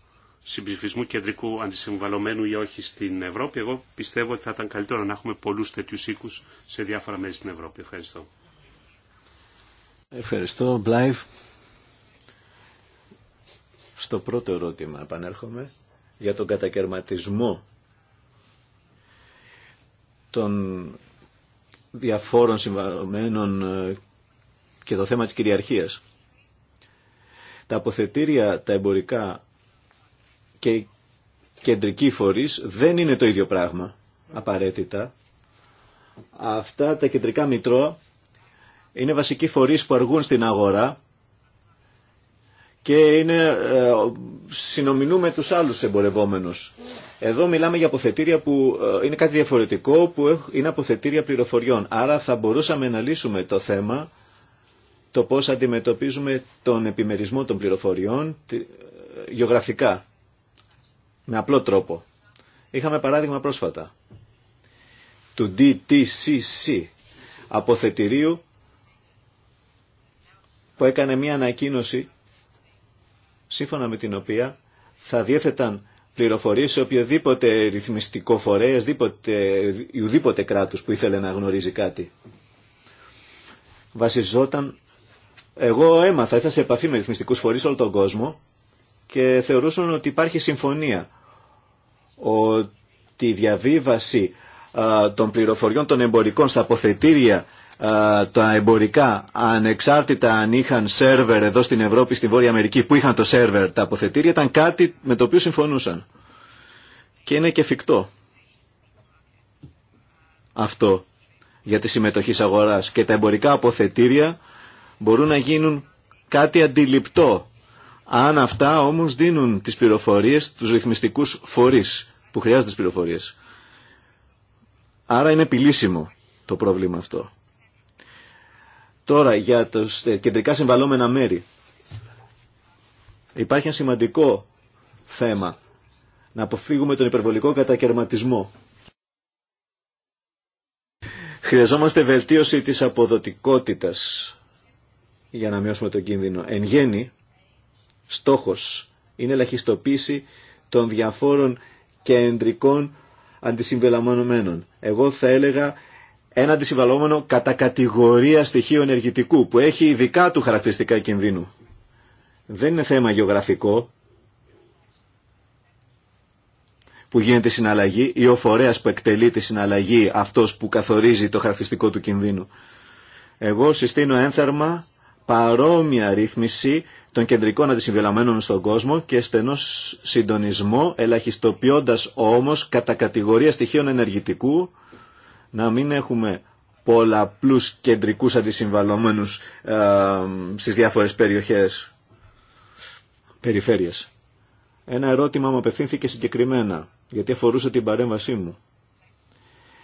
συμπληφισμού κεντρικού αντισυμβαλωμένου ή όχι στην Ευρώπη, εγώ πιστεύω ότι θα ήταν καλύτερο να έχουμε πολλούς τέτοιους οίκους σε διάφορα μέρη στην Ευρώπη. Ευχαριστώ. Ευχαριστώ, Μπλάιβ. Στο πρώτο ερώτημα επανέρχομαι για τον κατακαιρματισμό των διαφόρων συμβαλωμένων ε, και το θέμα της κυριαρχίας. Τα αποθετήρια, τα εμπορικά και κεντρικοί φορείς δεν είναι το ίδιο πράγμα απαραίτητα. Αυτά τα κεντρικά μητρώα είναι βασικοί φορείς που αργούν στην αγορά και είναι, ε, συνομιλούν με τους άλλους εμπορευόμενους. Εδώ μιλάμε για αποθετήρια που ε, είναι κάτι διαφορετικό, που είναι αποθετήρια πληροφοριών. Άρα θα μπορούσαμε να λύσουμε το θέμα, το πώς αντιμετωπίζουμε τον επιμερισμό των πληροφοριών ε, γεωγραφικά, με απλό τρόπο. Είχαμε παράδειγμα πρόσφατα του DTCC, αποθετηρίου που έκανε μια ανακοίνωση σύμφωνα με την οποία θα διέθεταν πληροφορίες σε οποιοδήποτε ρυθμιστικό δίποτε ουδήποτε κράτους που ήθελε να γνωρίζει κάτι. Βασιζόταν, εγώ έμαθα, ήρθα σε επαφή με ρυθμιστικούς φορείς όλο τον κόσμο και θεωρούσαν ότι υπάρχει συμφωνία ότι η διαβίβαση των πληροφοριών των εμπορικών στα αποθετήρια ε, τα εμπορικά, ανεξάρτητα αν είχαν σερβερ εδώ στην Ευρώπη, στη Βόρεια Αμερική, που είχαν το σερβερ, τα αποθετήρια, ήταν κάτι με το οποίο συμφωνούσαν. Και είναι και εφικτό αυτό για τη συμμετοχή αγοράς. Και τα εμπορικά αποθετήρια μπορούν να γίνουν κάτι αντιληπτό. Αν αυτά όμως δίνουν τις πληροφορίες, τους ρυθμιστικούς φορείς που χρειάζονται τις πληροφορίες. Άρα είναι επιλύσιμο το πρόβλημα αυτό. Τώρα για τα κεντρικά συμβαλόμενα μέρη. Υπάρχει ένα σημαντικό θέμα. Να αποφύγουμε τον υπερβολικό κατακαιρματισμό. Χρειαζόμαστε βελτίωση της αποδοτικότητας για να μειώσουμε τον κίνδυνο. Εν γέννη, στόχος είναι ελαχιστοποίηση των διαφόρων κεντρικών αντισυμβελαμμένων. Εγώ θα έλεγα ένα αντισυμβαλόμενο κατά κατηγορία στοιχείου ενεργητικού που έχει ειδικά του χαρακτηριστικά κινδύνου. Δεν είναι θέμα γεωγραφικό που γίνεται συναλλαγή ή ο φορέας που εκτελεί τη συναλλαγή αυτός που καθορίζει το χαρακτηριστικό του κινδύνου. Εγώ συστήνω ένθερμα παρόμοια ρύθμιση των κεντρικών αντισυμβελαμένων στον κόσμο και στενό συντονισμό, ελαχιστοποιώντας όμως κατά κατηγορία στοιχείων ενεργητικού να μην έχουμε πολλαπλούς κεντρικούς αντισυμβαλλομένους ε, στις διάφορες περιοχές, περιφέρειες. Ένα ερώτημα μου απευθύνθηκε συγκεκριμένα, γιατί αφορούσε την παρέμβασή μου,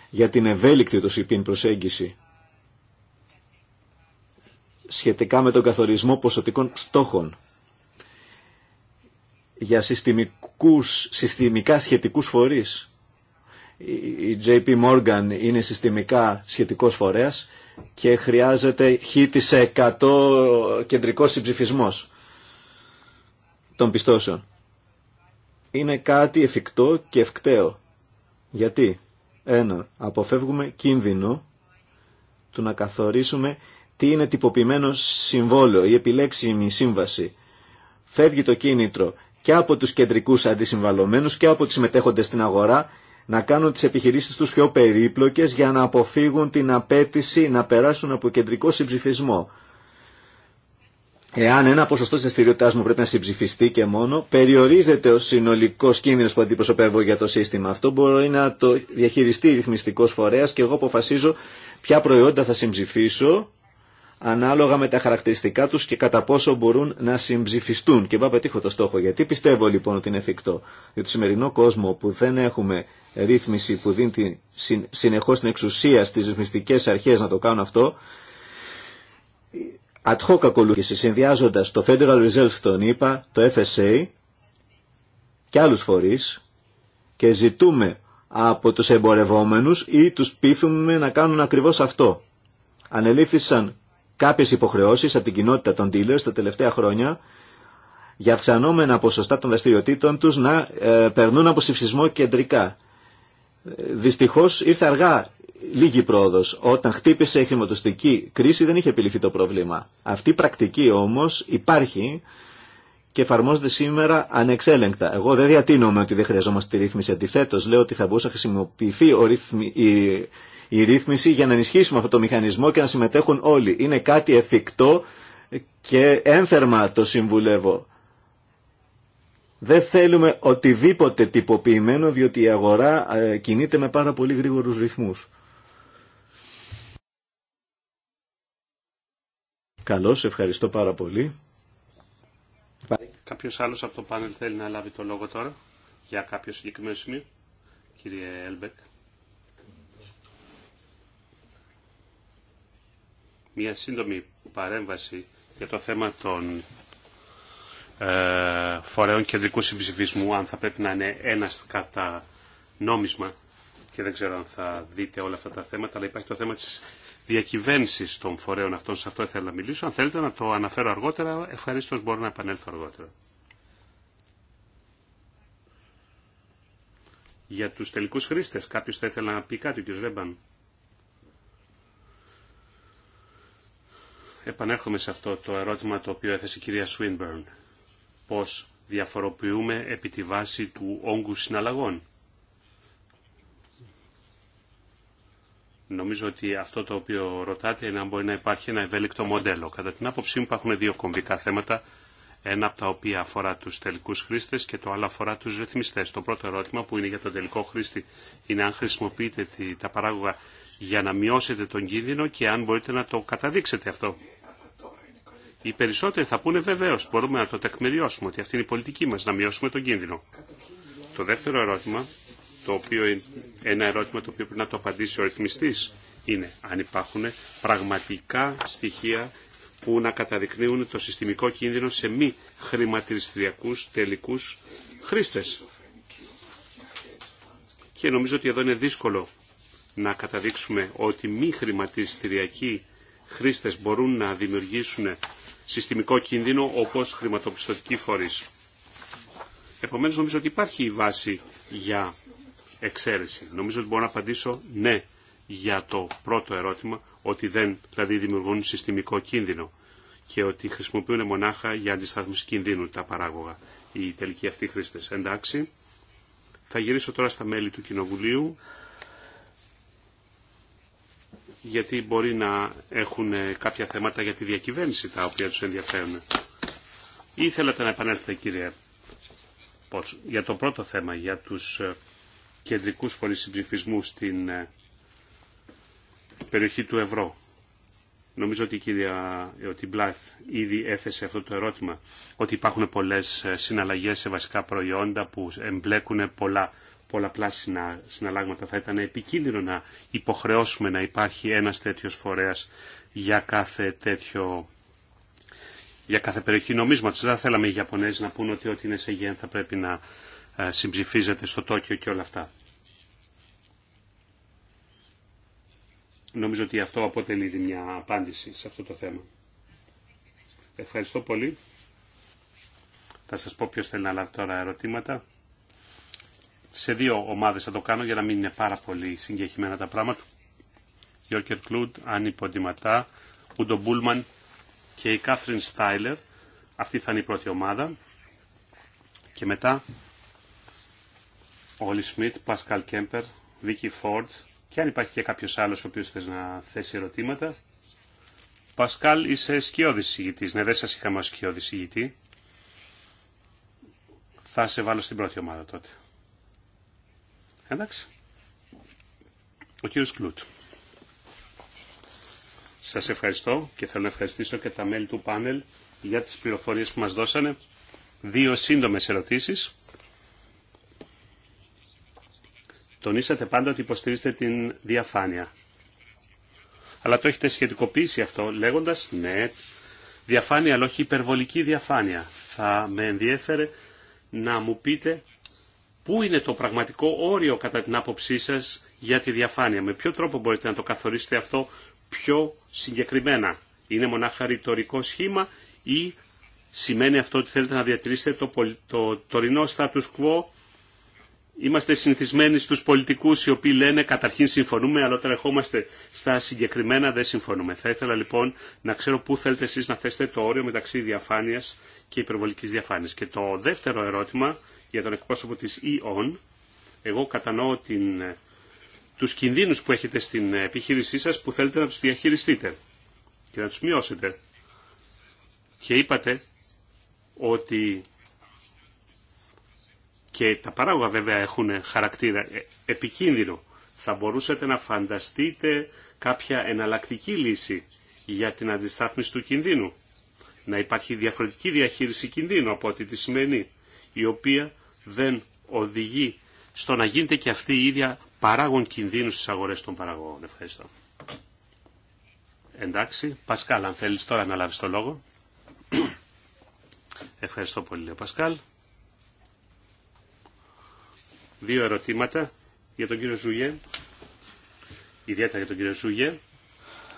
για την ευέλικτη το ΣΥΠΗΝ προσέγγιση σχετικά με τον καθορισμό ποσοτικών στόχων για συστημικούς, συστημικά σχετικούς φορείς η JP Morgan είναι συστημικά σχετικός φορέας και χρειάζεται χ της 100 κεντρικός συμψηφισμός των πιστώσεων. Είναι κάτι εφικτό και ευκταίο. Γιατί, ένα, αποφεύγουμε κίνδυνο του να καθορίσουμε τι είναι τυποποιημένο συμβόλαιο ή επιλέξιμη σύμβαση. Φεύγει το κίνητρο και από τους κεντρικούς αντισυμβαλωμένους και από τις συμμετέχοντες στην αγορά να κάνουν τις επιχειρήσεις τους πιο περίπλοκες για να αποφύγουν την απέτηση να περάσουν από κεντρικό συμψηφισμό. Εάν ένα ποσοστό της δραστηριότητάς μου πρέπει να συμψηφιστεί και μόνο, περιορίζεται ο συνολικός κίνδυνος που αντιπροσωπεύω για το σύστημα. Αυτό μπορεί να το διαχειριστεί ρυθμιστικός φορέας και εγώ αποφασίζω ποια προϊόντα θα συμψηφίσω ανάλογα με τα χαρακτηριστικά τους και κατά πόσο μπορούν να συμψηφιστούν. Και είπα πετύχω το στόχο. Γιατί πιστεύω λοιπόν ότι είναι εφικτό. Για το σημερινό κόσμο που δεν έχουμε ρύθμιση που δίνει συνεχώς την εξουσία στις ρυθμιστικές αρχές να το κάνουν αυτό, ad hoc ακολούθηση συνδυάζοντας το Federal Reserve τον είπα, το FSA και άλλους φορείς και ζητούμε από τους εμπορευόμενους ή τους πείθουμε να κάνουν ακριβώς αυτό. Ανελήφθησαν κάποιες υποχρεώσεις από την κοινότητα των dealers τα τελευταία χρόνια για αυξανόμενα ποσοστά των δραστηριοτήτων τους να ε, περνούν από συμφισμό κεντρικά. Ε, δυστυχώς ήρθε αργά λίγη πρόοδος. Όταν χτύπησε η χρηματοστική κρίση δεν είχε επιληθεί το πρόβλημα. Αυτή η πρακτική όμως υπάρχει και εφαρμόζεται σήμερα ανεξέλεγκτα. Εγώ δεν διατείνομαι ότι δεν χρειαζόμαστε τη ρύθμιση. Αντιθέτω, λέω ότι θα μπορούσε να χρησιμοποιηθεί ο ρυθμι... η η ρύθμιση για να ενισχύσουμε αυτό το μηχανισμό και να συμμετέχουν όλοι. Είναι κάτι εφικτό και ένθερμα το συμβουλεύω. Δεν θέλουμε οτιδήποτε τυποποιημένο διότι η αγορά ε, κινείται με πάρα πολύ γρήγορους ρυθμούς. Καλώς, ευχαριστώ πάρα πολύ. Κάποιος άλλος από το πάνελ θέλει να λάβει το λόγο τώρα για κάποιο συγκεκριμένο σημείο. Κύριε Έλμπεκ. μια σύντομη παρέμβαση για το θέμα των ε, φορέων κεντρικού συμψηφισμού, αν θα πρέπει να είναι ένα κατά νόμισμα και δεν ξέρω αν θα δείτε όλα αυτά τα θέματα, αλλά υπάρχει το θέμα της διακυβέρνησης των φορέων αυτών, σε αυτό ήθελα να μιλήσω. Αν θέλετε να το αναφέρω αργότερα, ευχαρίστως μπορώ να επανέλθω αργότερα. Για τους τελικούς χρήστες, κάποιος θα ήθελε να πει κάτι, κ. Ρέμπαν. επανέρχομαι σε αυτό το ερώτημα το οποίο έθεσε η κυρία Σουίνμπερν. Πώς διαφοροποιούμε επί τη βάση του όγκου συναλλαγών. Νομίζω ότι αυτό το οποίο ρωτάτε είναι αν μπορεί να υπάρχει ένα ευέλικτο μοντέλο. Κατά την άποψή μου υπάρχουν δύο κομβικά θέματα. Ένα από τα οποία αφορά τους τελικούς χρήστες και το άλλο αφορά τους ρυθμιστές. Το πρώτο ερώτημα που είναι για τον τελικό χρήστη είναι αν χρησιμοποιείτε τα παράγωγα για να μειώσετε τον κίνδυνο και αν μπορείτε να το καταδείξετε αυτό. Οι περισσότεροι θα πούνε βεβαίω, μπορούμε να το τεκμηριώσουμε ότι αυτή είναι η πολιτική μα, να μειώσουμε τον κίνδυνο. Το δεύτερο ερώτημα, το οποίο ένα ερώτημα το οποίο πρέπει να το απαντήσει ο ρυθμιστή, είναι αν υπάρχουν πραγματικά στοιχεία που να καταδεικνύουν το συστημικό κίνδυνο σε μη χρηματιστριακού τελικού χρήστε. Και νομίζω ότι εδώ είναι δύσκολο να καταδείξουμε ότι μη χρηματιστηριακοί χρήστες μπορούν να δημιουργήσουν συστημικό κίνδυνο όπως χρηματοπιστωτικοί φορείς. Επομένως νομίζω ότι υπάρχει η βάση για εξαίρεση. Νομίζω ότι μπορώ να απαντήσω ναι για το πρώτο ερώτημα, ότι δεν δηλαδή δημιουργούν συστημικό κίνδυνο και ότι χρησιμοποιούν μονάχα για αντιστάθμιση κινδύνου τα παράγωγα οι τελικοί αυτοί χρήστες. Εντάξει, θα γυρίσω τώρα στα μέλη του Κοινοβουλίου γιατί μπορεί να έχουν ε, κάποια θέματα για τη διακυβέρνηση τα οποία τους ενδιαφέρουν. Ήθελατε να επανέλθετε κύριε για το πρώτο θέμα, για τους ε, κεντρικούς φορείς στην ε, περιοχή του ευρώ. Νομίζω ότι η κυρία ότι Μπλάθ ήδη έθεσε αυτό το ερώτημα, ότι υπάρχουν πολλές συναλλαγές σε βασικά προϊόντα που εμπλέκουν πολλά πολλαπλά συναλλάγματα. Θα ήταν επικίνδυνο να υποχρεώσουμε να υπάρχει ένας τέτοιος φορέας για κάθε τέτοιο για κάθε περιοχή νομίσματος. Δεν θα θέλαμε οι Ιαπωνέζοι να πούνε ότι ό,τι είναι σε γέν θα πρέπει να ε, συμψηφίζεται στο Τόκιο και όλα αυτά. Νομίζω ότι αυτό αποτελεί μια απάντηση σε αυτό το θέμα. Ευχαριστώ πολύ. Θα σας πω ποιος θέλει να λάβει τώρα ερωτήματα σε δύο ομάδες θα το κάνω για να μην είναι πάρα πολύ συγκεκριμένα τα πράγματα. Γιώκερ Κλούντ, Άννη Ποντιματά, Ούντο Μπούλμαν και η Κάθριν Στάιλερ. Αυτή θα είναι η πρώτη ομάδα. Και μετά Όλι Σμιτ, Πασκαλ Κέμπερ, Βίκυ Φόρτ και αν υπάρχει και κάποιος άλλος ο οποίος θες να θέσει ερωτήματα. Πασκάλ, είσαι σκιώδης συγητής. Ναι, δεν σας είχαμε ως σκιώδης συγητή. Θα σε βάλω στην πρώτη ομάδα τότε. Εντάξει. Ο κύριος Κλούτ. Σας ευχαριστώ και θέλω να ευχαριστήσω και τα μέλη του πάνελ για τις πληροφορίες που μας δώσανε. Δύο σύντομες ερωτήσεις. Τονίσατε πάντα ότι υποστηρίζετε την διαφάνεια. Αλλά το έχετε σχετικοποιήσει αυτό λέγοντας ναι, διαφάνεια αλλά όχι υπερβολική διαφάνεια. Θα με ενδιέφερε να μου πείτε Πού είναι το πραγματικό όριο κατά την άποψή σας για τη διαφάνεια. Με ποιο τρόπο μπορείτε να το καθορίσετε αυτό πιο συγκεκριμένα. Είναι μονάχα ρητορικό σχήμα ή σημαίνει αυτό ότι θέλετε να διατηρήσετε το, το, το τωρινό status quo. Είμαστε συνηθισμένοι στους πολιτικούς οι οποίοι λένε καταρχήν συμφωνούμε, αλλά όταν ερχόμαστε στα συγκεκριμένα δεν συμφωνούμε. Θα ήθελα λοιπόν να ξέρω πού θέλετε εσείς να θέσετε το όριο μεταξύ διαφάνειας και υπερβολικής διαφάνειας. Και το δεύτερο ερώτημα για τον εκπρόσωπο της E.ON. Εγώ κατανοώ την, τους κινδύνους που έχετε στην επιχείρησή σας που θέλετε να τους διαχειριστείτε και να τους μειώσετε. Και είπατε ότι και τα παράγωγα βέβαια έχουν χαρακτήρα ε, επικίνδυνο. Θα μπορούσατε να φανταστείτε κάποια εναλλακτική λύση για την αντιστάθμιση του κινδύνου. Να υπάρχει διαφορετική διαχείριση κινδύνου από ό,τι τη σημαίνει, η οποία δεν οδηγεί στο να γίνεται και αυτή η ίδια παράγον κινδύνου στις αγορές των παραγωγών. Ευχαριστώ. Εντάξει. Πασκάλ, αν θέλεις τώρα να λάβεις το λόγο. Ευχαριστώ πολύ, ο Πασκάλ. Δύο ερωτήματα για τον κύριο Ζουγέ. Ιδιαίτερα για τον κύριο Ζουγέ.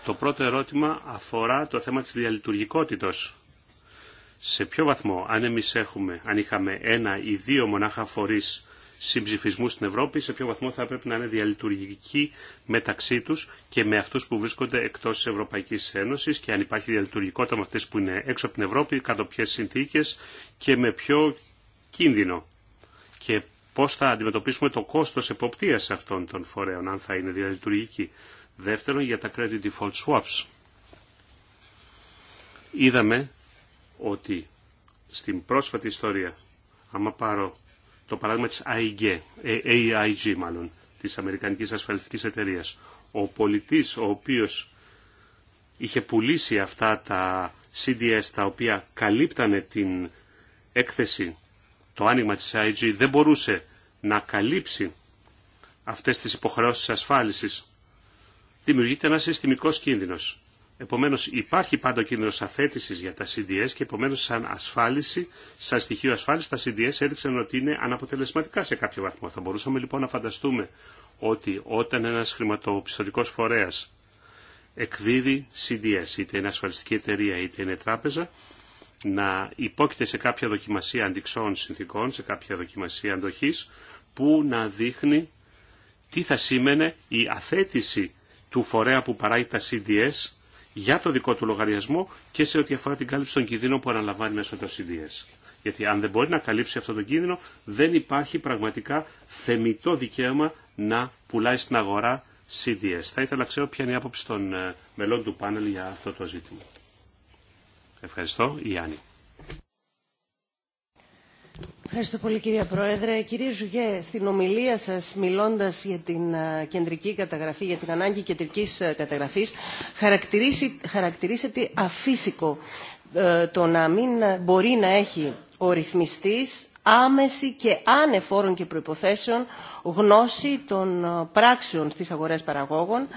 Το πρώτο ερώτημα αφορά το θέμα της διαλειτουργικότητας σε ποιο βαθμό, αν εμείς έχουμε, αν είχαμε ένα ή δύο μονάχα φορείς συμψηφισμού στην Ευρώπη, σε ποιο βαθμό θα πρέπει να είναι διαλειτουργικοί μεταξύ τους και με αυτούς που βρίσκονται εκτός της Ευρωπαϊκής Ένωσης και αν υπάρχει διαλειτουργικότητα με αυτές που είναι έξω από την Ευρώπη, κατά ποιε συνθήκες και με ποιο κίνδυνο. Και πώς θα αντιμετωπίσουμε το κόστος εποπτείας αυτών των φορέων, αν θα είναι διαλειτουργικοί. Δεύτερον, για τα credit default swaps. Είδαμε ότι στην πρόσφατη ιστορία, άμα πάρω το παράδειγμα της AIG, AIG μάλλον, της Αμερικανικής Ασφαλιστικής Εταιρείας, ο πολιτής ο οποίος είχε πουλήσει αυτά τα CDS τα οποία καλύπτανε την έκθεση, το άνοιγμα της AIG, δεν μπορούσε να καλύψει αυτές τις υποχρεώσεις ασφάλισης, δημιουργείται ένα συστημικός κίνδυνος. Επομένως υπάρχει πάντα ο κίνδυνος αθέτησης για τα CDS και επομένως σαν ασφάλιση, σαν στοιχείο ασφάλισης τα CDS έδειξαν ότι είναι αναποτελεσματικά σε κάποιο βαθμό. Θα μπορούσαμε λοιπόν να φανταστούμε ότι όταν ένας χρηματοπιστωτικός φορέας εκδίδει CDS, είτε είναι ασφαλιστική εταιρεία είτε είναι τράπεζα, να υπόκειται σε κάποια δοκιμασία αντικσών συνθήκων, σε κάποια δοκιμασία αντοχής, που να δείχνει τι θα σήμαινε η αθέτηση του φορέα που παράγει τα CDS για το δικό του λογαριασμό και σε ό,τι αφορά την κάλυψη των κινδύνων που αναλαμβάνει μέσω των CDS. Γιατί αν δεν μπορεί να καλύψει αυτό τον κίνδυνο, δεν υπάρχει πραγματικά θεμητό δικαίωμα να πουλάει στην αγορά CDS. Θα ήθελα να ξέρω ποια είναι η άποψη των ε, μελών του πάνελ για αυτό το ζήτημα. Ευχαριστώ. Ιάννη. Ευχαριστώ πολύ κύριε Πρόεδρε. Κύριε Ζουγέ, στην ομιλία σας μιλώντας για την ε, κεντρική καταγραφή, για την ανάγκη κεντρικής ε, καταγραφής, χαρακτηρίσετε αφύσικο ε, το να μην μπορεί να έχει ο ρυθμιστής άμεση και άνεφόρων και προϋποθέσεων γνώση των πράξεων στις αγορές παραγόγων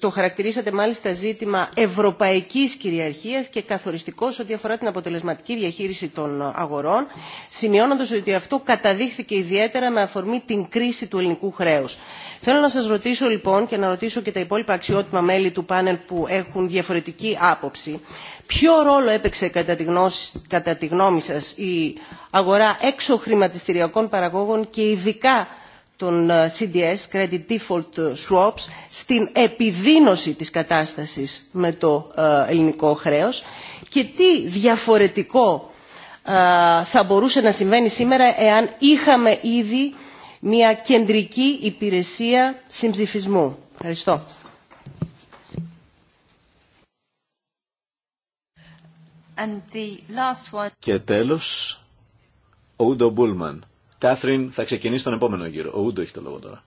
το, χαρακτηρίσατε μάλιστα ζήτημα ευρωπαϊκής κυριαρχίας και καθοριστικός ό,τι αφορά την αποτελεσματική διαχείριση των αγορών, σημειώνοντας ότι αυτό καταδείχθηκε ιδιαίτερα με αφορμή την κρίση του ελληνικού χρέους. Θέλω να σας ρωτήσω λοιπόν και να ρωτήσω και τα υπόλοιπα αξιότιμα μέλη του πάνελ που έχουν διαφορετική άποψη. Ποιο ρόλο έπαιξε κατά τη, γνώση, κατά γνώμη σας η αγορά έξω χρηματιστηριακών παραγόγων και ειδικά των ε, CDS, Credit Default ε, Swaps, στην επιδίνωση της κατάστασης με το ε, ελληνικό χρέος και τι διαφορετικό θα μπορούσε να συμβαίνει σήμερα εάν είχαμε ήδη μια κεντρική υπηρεσία συμψηφισμού. Ευχαριστώ. Και τέλος, ο Ούντο Μπούλμαν. Κάθριν θα ξεκινήσει τον επόμενο γύρο. Ο Ούντο έχει το λόγο τώρα.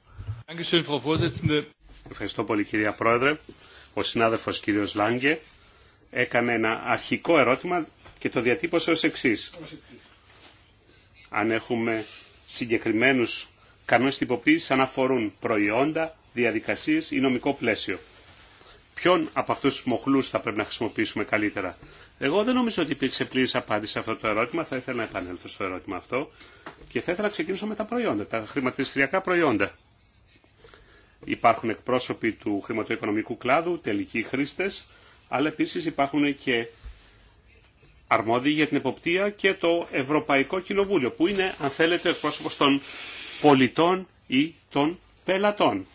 Ευχαριστώ πολύ κυρία Πρόεδρε. Ο συνάδελφος κύριος Λάγκε έκανε ένα αρχικό ερώτημα και το διατύπωσε ως εξή. Αν έχουμε συγκεκριμένους κανόνες τυποποίησης αναφορούν προϊόντα, διαδικασίες ή νομικό πλαίσιο. Ποιον από αυτούς τους μοχλούς θα πρέπει να χρησιμοποιήσουμε καλύτερα. Εγώ δεν νομίζω ότι υπήρξε πλήρη απάντηση σε αυτό το ερώτημα. Θα ήθελα να επανέλθω στο ερώτημα αυτό και θα ήθελα να ξεκινήσω με τα προϊόντα, τα χρηματιστριακά προϊόντα. Υπάρχουν εκπρόσωποι του χρηματοοικονομικού κλάδου, τελικοί χρήστε, αλλά επίση υπάρχουν και αρμόδιοι για την εποπτεία και το Ευρωπαϊκό Κοινοβούλιο, που είναι, αν θέλετε, ο εκπρόσωπο των πολιτών ή των πελατών.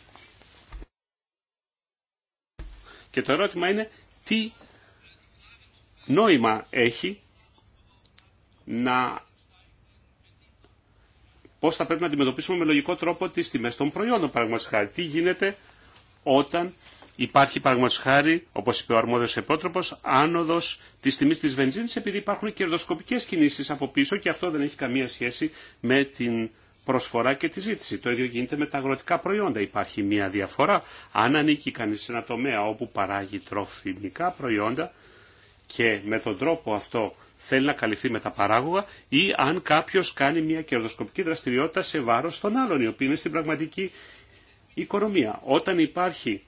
Και το ερώτημα είναι τι νόημα έχει να πώς θα πρέπει να αντιμετωπίσουμε με λογικό τρόπο τις τιμές των προϊόντων παραγματικά. Τι γίνεται όταν υπάρχει παραγματικά χάρη, όπως είπε ο αρμόδιος επότροπος, άνοδος της τιμής της βενζίνης επειδή υπάρχουν κερδοσκοπικές κινήσεις από πίσω και αυτό δεν έχει καμία σχέση με την προσφορά και τη ζήτηση. Το ίδιο γίνεται με τα αγροτικά προϊόντα. Υπάρχει μια διαφορά. Αν ανήκει κανείς σε ένα τομέα όπου παράγει τροφιμικά προϊόντα, και με τον τρόπο αυτό θέλει να καλυφθεί με τα παράγωγα ή αν κάποιο κάνει μια κερδοσκοπική δραστηριότητα σε βάρο των άλλων, οι οποίοι είναι στην πραγματική οικονομία. Όταν υπάρχει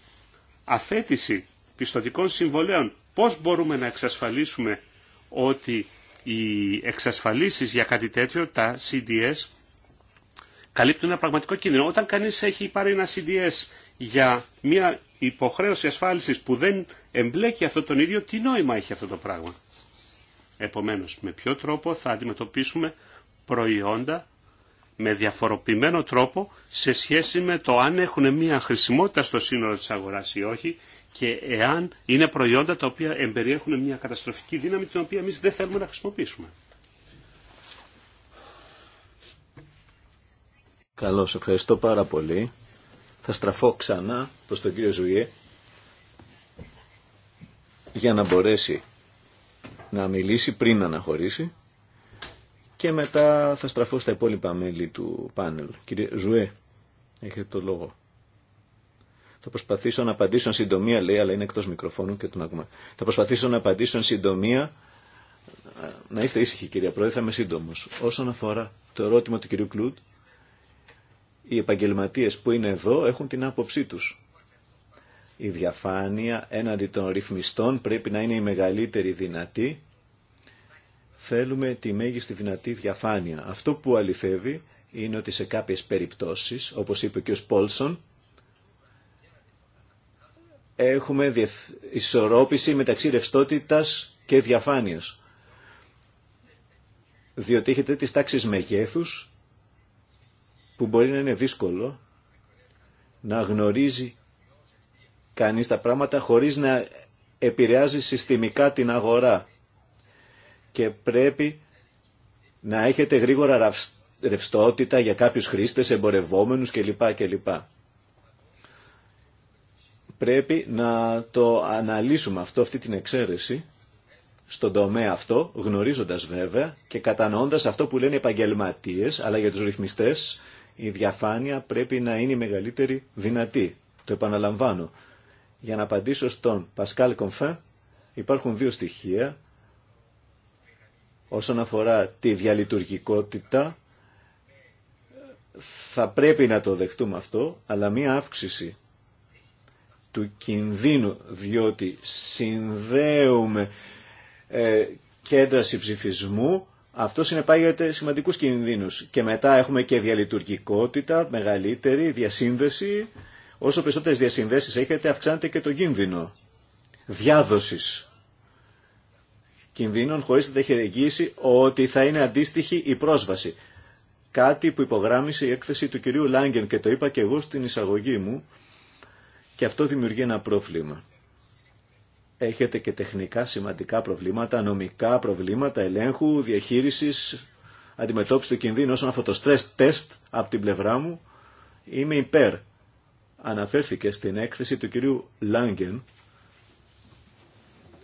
αθέτηση πιστοτικών συμβολέων, πώ μπορούμε να εξασφαλίσουμε ότι οι εξασφαλίσεις για κάτι τέτοιο, τα CDS, καλύπτουν ένα πραγματικό κίνδυνο. Όταν κανείς έχει πάρει ένα CDS για μια υποχρέωση ασφάλισης που δεν εμπλέκει αυτό τον ίδιο, τι νόημα έχει αυτό το πράγμα. Επομένως, με ποιο τρόπο θα αντιμετωπίσουμε προϊόντα με διαφοροποιημένο τρόπο σε σχέση με το αν έχουν μία χρησιμότητα στο σύνολο της αγοράς ή όχι και εάν είναι προϊόντα τα οποία εμπεριέχουν μία καταστροφική δύναμη την οποία εμείς δεν θέλουμε να χρησιμοποιήσουμε. Καλώς, ευχαριστώ πάρα πολύ. Θα στραφώ ξανά προς τον κύριο Ζουγέ για να μπορέσει να μιλήσει πριν να αναχωρήσει και μετά θα στραφώ στα υπόλοιπα μέλη του πάνελ. Κύριε Ζουέ, έχετε το λόγο. Θα προσπαθήσω να απαντήσω εν συντομία, λέει, αλλά είναι εκτός μικροφώνου και τον ακούμε. Θα προσπαθήσω να απαντήσω εν συντομία. Να είστε ήσυχοι, κυρία Πρόεδρε, θα είμαι σύντομο. Όσον αφορά το ερώτημα του κυρίου Κλουτ, οι επαγγελματίες που είναι εδώ έχουν την άποψή τους. Η διαφάνεια έναντι των ρυθμιστών πρέπει να είναι η μεγαλύτερη δυνατή. Θέλουμε τη μέγιστη δυνατή διαφάνεια. Αυτό που αληθεύει είναι ότι σε κάποιες περιπτώσεις, όπως είπε και ο Σπόλσον, έχουμε ισορρόπηση μεταξύ ρευστότητας και διαφάνειας. Διότι έχετε τις τάξεις μεγέθους που μπορεί να είναι δύσκολο να γνωρίζει κανείς τα πράγματα χωρίς να επηρεάζει συστημικά την αγορά. Και πρέπει να έχετε γρήγορα ρευστότητα για κάποιους χρήστες, εμπορευόμενους κλπ. Πρέπει να το αναλύσουμε αυτό, αυτή την εξαίρεση, στον τομέα αυτό, γνωρίζοντας βέβαια και κατανοώντας αυτό που λένε οι επαγγελματίες, αλλά για τους ρυθμιστές η διαφάνεια πρέπει να είναι η μεγαλύτερη δυνατή. Το επαναλαμβάνω. Για να απαντήσω στον Πασκάλ Κομφέ, υπάρχουν δύο στοιχεία όσον αφορά τη διαλειτουργικότητα. Θα πρέπει να το δεχτούμε αυτό, αλλά μία αύξηση του κινδύνου, διότι συνδέουμε ε, κέντρα συμψηφισμού, αυτό συνεπάγεται σημαντικούς κινδύνους. Και μετά έχουμε και διαλειτουργικότητα, μεγαλύτερη διασύνδεση Όσο περισσότερε διασυνδέσει έχετε, αυξάνεται και το κίνδυνο διάδοση κινδύνων χωρί να τα έχει εγγύσει ότι θα είναι αντίστοιχη η πρόσβαση. Κάτι που υπογράμμισε η έκθεση του κυρίου Λάγκεν και το είπα και εγώ στην εισαγωγή μου και αυτό δημιουργεί ένα πρόβλημα. Έχετε και τεχνικά σημαντικά προβλήματα, νομικά προβλήματα ελέγχου, διαχείρισης, αντιμετώπιση του κινδύνου όσον αφορά το stress test από την πλευρά μου. Είμαι υπέρ αναφέρθηκε στην έκθεση του κυρίου Λάγκεν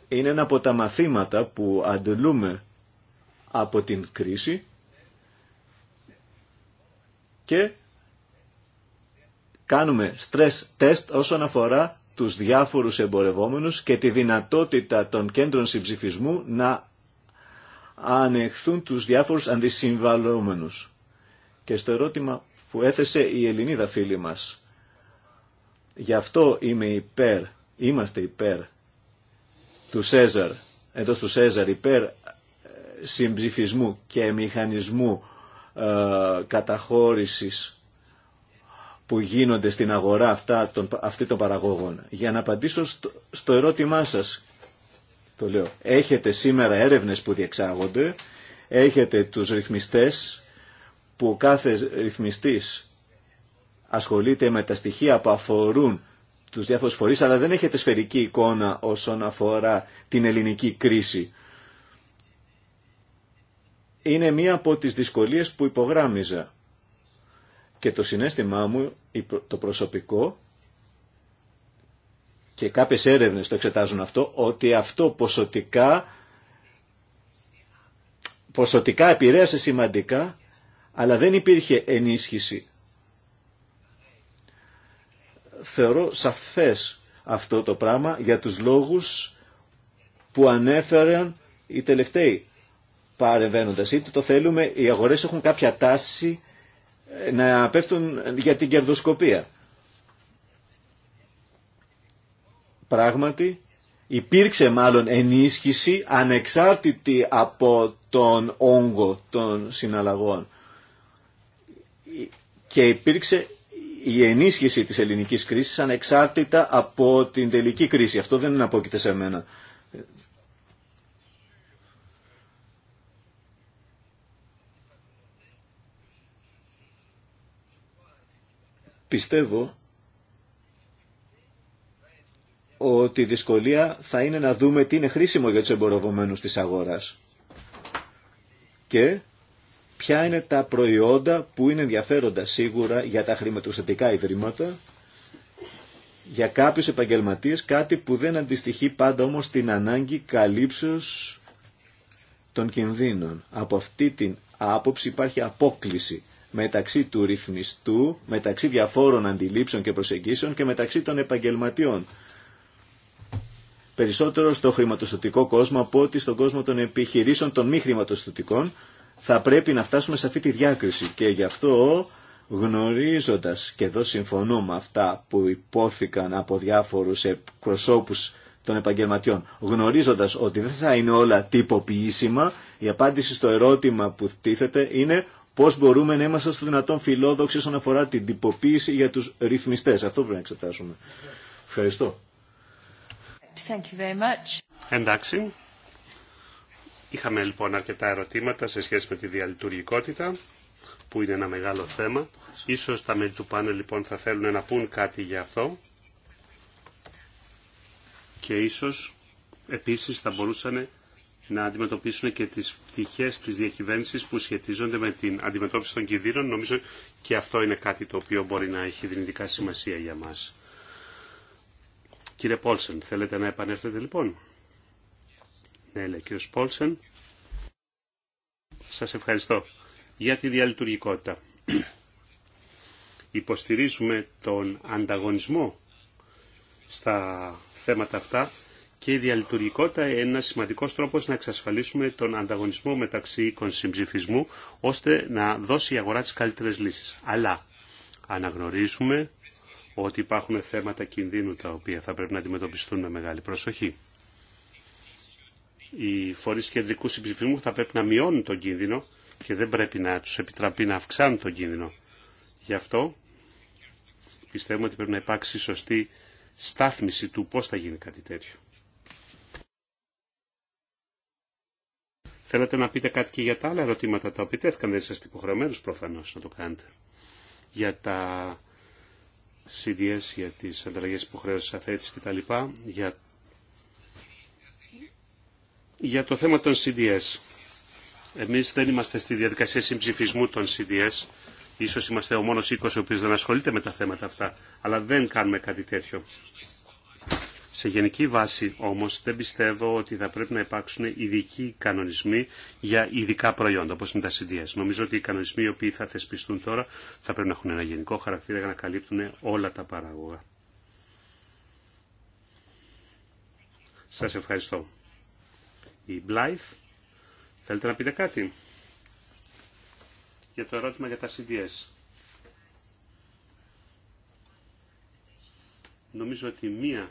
είναι ένα από τα μαθήματα που αντλούμε από την κρίση και κάνουμε stress test όσον αφορά τους διάφορους εμπορευόμενους και τη δυνατότητα των κέντρων συμψηφισμού να ανεχθούν τους διάφορους αντισυμβαλόμενους. Και στο ερώτημα που έθεσε η Ελληνίδα φίλη μας, Γι' αυτό είμαι υπέρ, είμαστε υπέρ του Σέζαρ, εντό του Σέζαρ υπέρ ε, συμψηφισμού και μηχανισμού ε, καταχώρησης που γίνονται στην αγορά αυτά τον, αυτή των παραγωγών. Για να απαντήσω στο, ερώτημά σας, το λέω, έχετε σήμερα έρευνες που διεξάγονται, έχετε τους ρυθμιστές που κάθε ρυθμιστής ασχολείται με τα στοιχεία που αφορούν τους διάφορους φορείς, αλλά δεν έχετε σφαιρική εικόνα όσον αφορά την ελληνική κρίση. Είναι μία από τις δυσκολίες που υπογράμμιζα. Και το συνέστημά μου, το προσωπικό, και κάποιες έρευνες το εξετάζουν αυτό, ότι αυτό ποσοτικά, ποσοτικά επηρέασε σημαντικά, αλλά δεν υπήρχε ενίσχυση θεωρώ σαφές αυτό το πράγμα για τους λόγους που ανέφεραν οι τελευταίοι παρεβαίνοντας Είτε το θέλουμε, οι αγορές έχουν κάποια τάση ε, να πέφτουν για την κερδοσκοπία. Πράγματι, υπήρξε μάλλον ενίσχυση ανεξάρτητη από τον όγκο των συναλλαγών και υπήρξε η ενίσχυση της ελληνικής κρίσης ανεξάρτητα από την τελική κρίση. Αυτό δεν είναι απόκειται σε μένα. Πιστεύω ότι η δυσκολία θα είναι να δούμε τι είναι χρήσιμο για τους εμπορευομένους της αγοράς. Και ποια είναι τα προϊόντα που είναι ενδιαφέροντα σίγουρα για τα χρηματοστατικά ιδρύματα, για κάποιους επαγγελματίες, κάτι που δεν αντιστοιχεί πάντα όμως την ανάγκη καλύψεως των κινδύνων. Από αυτή την άποψη υπάρχει απόκληση μεταξύ του ρυθμιστού, μεταξύ διαφόρων αντιλήψεων και προσεγγίσεων και μεταξύ των επαγγελματιών. Περισσότερο στο χρηματοστατικό κόσμο από ότι στον κόσμο των επιχειρήσεων των μη χρηματοστατικών θα πρέπει να φτάσουμε σε αυτή τη διάκριση και γι' αυτό γνωρίζοντας και εδώ συμφωνώ με αυτά που υπόθηκαν από διάφορους προσώπους των επαγγελματιών, γνωρίζοντας ότι δεν θα είναι όλα τυποποιήσιμα, η απάντηση στο ερώτημα που τίθεται είναι πώς μπορούμε να είμαστε στο δυνατόν φιλόδοξοι όσον αφορά την τυποποίηση για τους ρυθμιστές. Αυτό πρέπει να εξετάσουμε. Ευχαριστώ. Εντάξει. Είχαμε λοιπόν αρκετά ερωτήματα σε σχέση με τη διαλειτουργικότητα, που είναι ένα μεγάλο θέμα. Ίσως τα μέλη του πάνελ λοιπόν θα θέλουν να πούν κάτι για αυτό και ίσως επίσης θα μπορούσαν να αντιμετωπίσουν και τις πτυχές της διακυβέρνησης που σχετίζονται με την αντιμετώπιση των κινδύνων. Νομίζω και αυτό είναι κάτι το οποίο μπορεί να έχει δυνητικά σημασία για μας. Κύριε Πόλσεν, θέλετε να επανέλθετε λοιπόν. Ναι, λέει Πόλσεν. Σας ευχαριστώ για τη διαλειτουργικότητα. Υποστηρίζουμε τον ανταγωνισμό στα θέματα αυτά και η διαλειτουργικότητα είναι ένα σημαντικός τρόπος να εξασφαλίσουμε τον ανταγωνισμό μεταξύ οίκων συμψηφισμού ώστε να δώσει η αγορά τις καλύτερες λύσεις. Αλλά αναγνωρίζουμε ότι υπάρχουν θέματα κινδύνου τα οποία θα πρέπει να αντιμετωπιστούν με μεγάλη προσοχή οι φορείς κεντρικού συμψηφισμού θα πρέπει να μειώνουν τον κίνδυνο και δεν πρέπει να τους επιτραπεί να αυξάνουν τον κίνδυνο. Γι' αυτό πιστεύουμε ότι πρέπει να υπάρξει σωστή στάθμιση του πώς θα γίνει κάτι τέτοιο. Θέλετε να πείτε κάτι και για τα άλλα ερωτήματα τα οποία τέθηκαν, δεν είσαστε υποχρεωμένους προφανώς να το κάνετε. Για τα CDS, για τις ανταλλαγές υποχρέωσης αθέτησης κτλ, για για το θέμα των CDS. Εμείς δεν είμαστε στη διαδικασία συμψηφισμού των CDS. Ίσως είμαστε ο μόνος οίκος ο οποίος δεν ασχολείται με τα θέματα αυτά. Αλλά δεν κάνουμε κάτι τέτοιο. Σε γενική βάση όμως δεν πιστεύω ότι θα πρέπει να υπάρξουν ειδικοί κανονισμοί για ειδικά προϊόντα όπως είναι τα CDS. Νομίζω ότι οι κανονισμοί οι οποίοι θα θεσπιστούν τώρα θα πρέπει να έχουν ένα γενικό χαρακτήρα για να καλύπτουν όλα τα παράγωγα. Σας ευχαριστώ η Blythe. Θέλετε να πείτε κάτι για το ερώτημα για τα CDS. Νομίζω ότι μία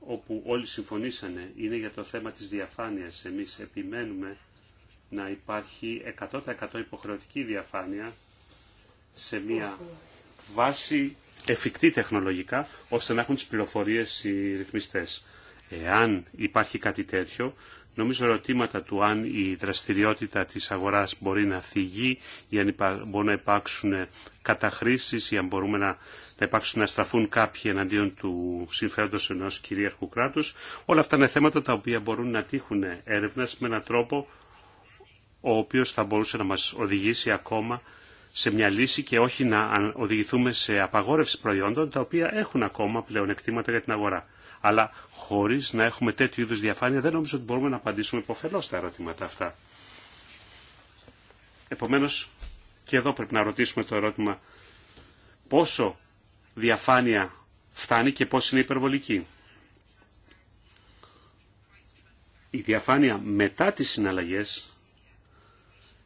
όπου όλοι συμφωνήσανε είναι για το θέμα της διαφάνειας. Εμείς επιμένουμε να υπάρχει 100% υποχρεωτική διαφάνεια σε μία βάση εφικτή τεχνολογικά, ώστε να έχουν τις πληροφορίες οι ρυθμιστές. Εάν υπάρχει κάτι τέτοιο, νομίζω ερωτήματα του αν η δραστηριότητα της αγοράς μπορεί να θυγεί ή αν μπορούν να υπάρξουν καταχρήσεις ή αν μπορούμε να, να υπάρξουν να στραφούν κάποιοι εναντίον του συμφέροντος ενός κυρίαρχου κράτους. Όλα αυτά είναι θέματα τα οποία μπορούν να τύχουν έρευνας με έναν τρόπο ο οποίος θα μπορούσε να μας οδηγήσει ακόμα σε μια λύση και όχι να οδηγηθούμε σε απαγόρευση προϊόντων τα οποία έχουν ακόμα πλέον για την αγορά αλλά χωρίς να έχουμε τέτοιου είδους διαφάνεια δεν νομίζω ότι μπορούμε να απαντήσουμε υποφελώς τα ερωτήματα αυτά. Επομένως, και εδώ πρέπει να ρωτήσουμε το ερώτημα πόσο διαφάνεια φτάνει και πώς είναι υπερβολική. Η διαφάνεια μετά τις συναλλαγές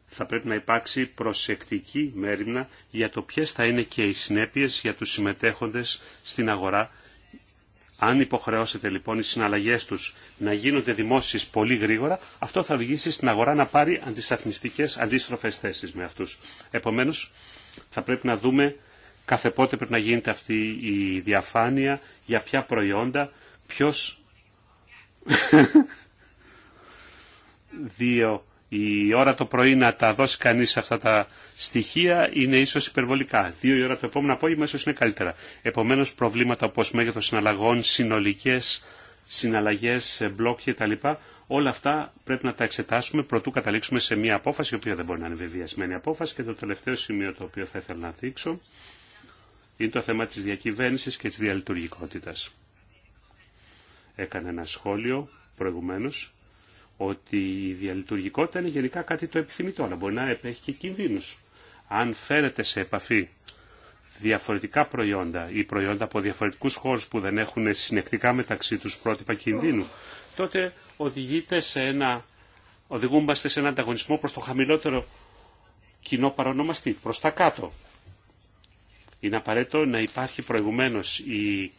θα πρέπει να υπάρξει προσεκτική μέρημνα για το ποιες θα είναι και οι συνέπειες για τους συμμετέχοντες στην αγορά αν υποχρεώσετε λοιπόν οι συναλλαγές τους να γίνονται δημόσιες πολύ γρήγορα, αυτό θα οδηγήσει στην αγορά να πάρει αντισταθμιστικέ αντίστροφε θέσεις με αυτούς. Επομένως, θα πρέπει να δούμε κάθε πότε πρέπει να γίνεται αυτή η διαφάνεια, για ποια προϊόντα, ποιο. δύο η ώρα το πρωί να τα δώσει κανεί αυτά τα στοιχεία είναι ίσω υπερβολικά. Δύο η ώρα το επόμενο απόγευμα ίσω είναι καλύτερα. Επομένω, προβλήματα όπω μέγεθο συναλλαγών, συνολικέ συναλλαγέ, ε, μπλοκ κτλ. Όλα αυτά πρέπει να τα εξετάσουμε προτού καταλήξουμε σε μια απόφαση, η οποία δεν μπορεί να είναι βεβαιασμένη απόφαση. Και το τελευταίο σημείο το οποίο θα ήθελα να δείξω είναι το θέμα τη διακυβέρνηση και τη διαλειτουργικότητα. Έκανε ένα σχόλιο προηγουμένω ότι η διαλειτουργικότητα είναι γενικά κάτι το επιθυμητό, αλλά μπορεί να έχει και κινδύνους. Αν φέρετε σε επαφή διαφορετικά προϊόντα ή προϊόντα από διαφορετικούς χώρους που δεν έχουν συνεκτικά μεταξύ τους πρότυπα κινδύνου, τότε οδηγείτε σε ένα, οδηγούμαστε σε ένα ανταγωνισμό προς το χαμηλότερο κοινό παρονομαστή, προς τα κάτω. Είναι απαραίτητο να υπάρχει προηγουμένως η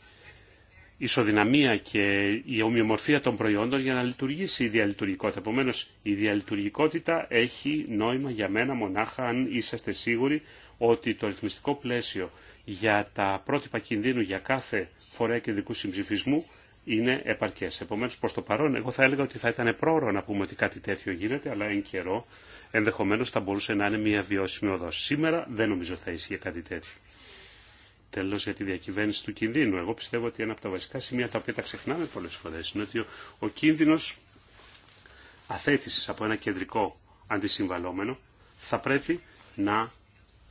ισοδυναμία και η ομοιομορφία των προϊόντων για να λειτουργήσει η διαλειτουργικότητα. Επομένω, η διαλειτουργικότητα έχει νόημα για μένα μονάχα αν είσαστε σίγουροι ότι το ρυθμιστικό πλαίσιο για τα πρότυπα κινδύνου για κάθε φορέα κεντρικού συμψηφισμού είναι επαρκέ. Επομένω, προ το παρόν, εγώ θα έλεγα ότι θα ήταν πρόωρο να πούμε ότι κάτι τέτοιο γίνεται, αλλά εν καιρό ενδεχομένω θα μπορούσε να είναι μια βιώσιμη οδό. Σήμερα δεν νομίζω θα ίσχυε κάτι τέτοιο. Τέλο, για τη διακυβέρνηση του κινδύνου. Εγώ πιστεύω ότι ένα από τα βασικά σημεία τα οποία τα ξεχνάμε πολλέ φορέ είναι ότι ο, κίνδυνος κίνδυνο αθέτηση από ένα κεντρικό αντισυμβαλόμενο θα πρέπει να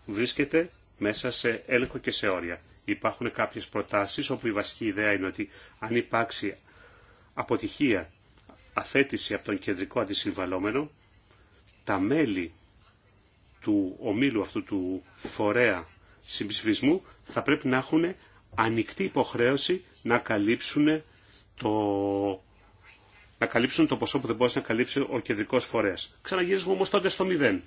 βρίσκεται μέσα σε έλεγχο και σε όρια. Υπάρχουν κάποιες προτάσεις όπου η βασική ιδέα είναι ότι αν υπάρξει αποτυχία, αθέτηση από τον κεντρικό αντισυμβαλόμενο, τα μέλη του ομίλου αυτού του φορέα συμψηφισμού θα πρέπει να έχουν ανοιχτή υποχρέωση να καλύψουν το, να καλύψουν το ποσό που δεν μπορεί να καλύψει ο κεντρικό φορέα. Ξαναγυρίζουμε όμω τότε στο μηδέν.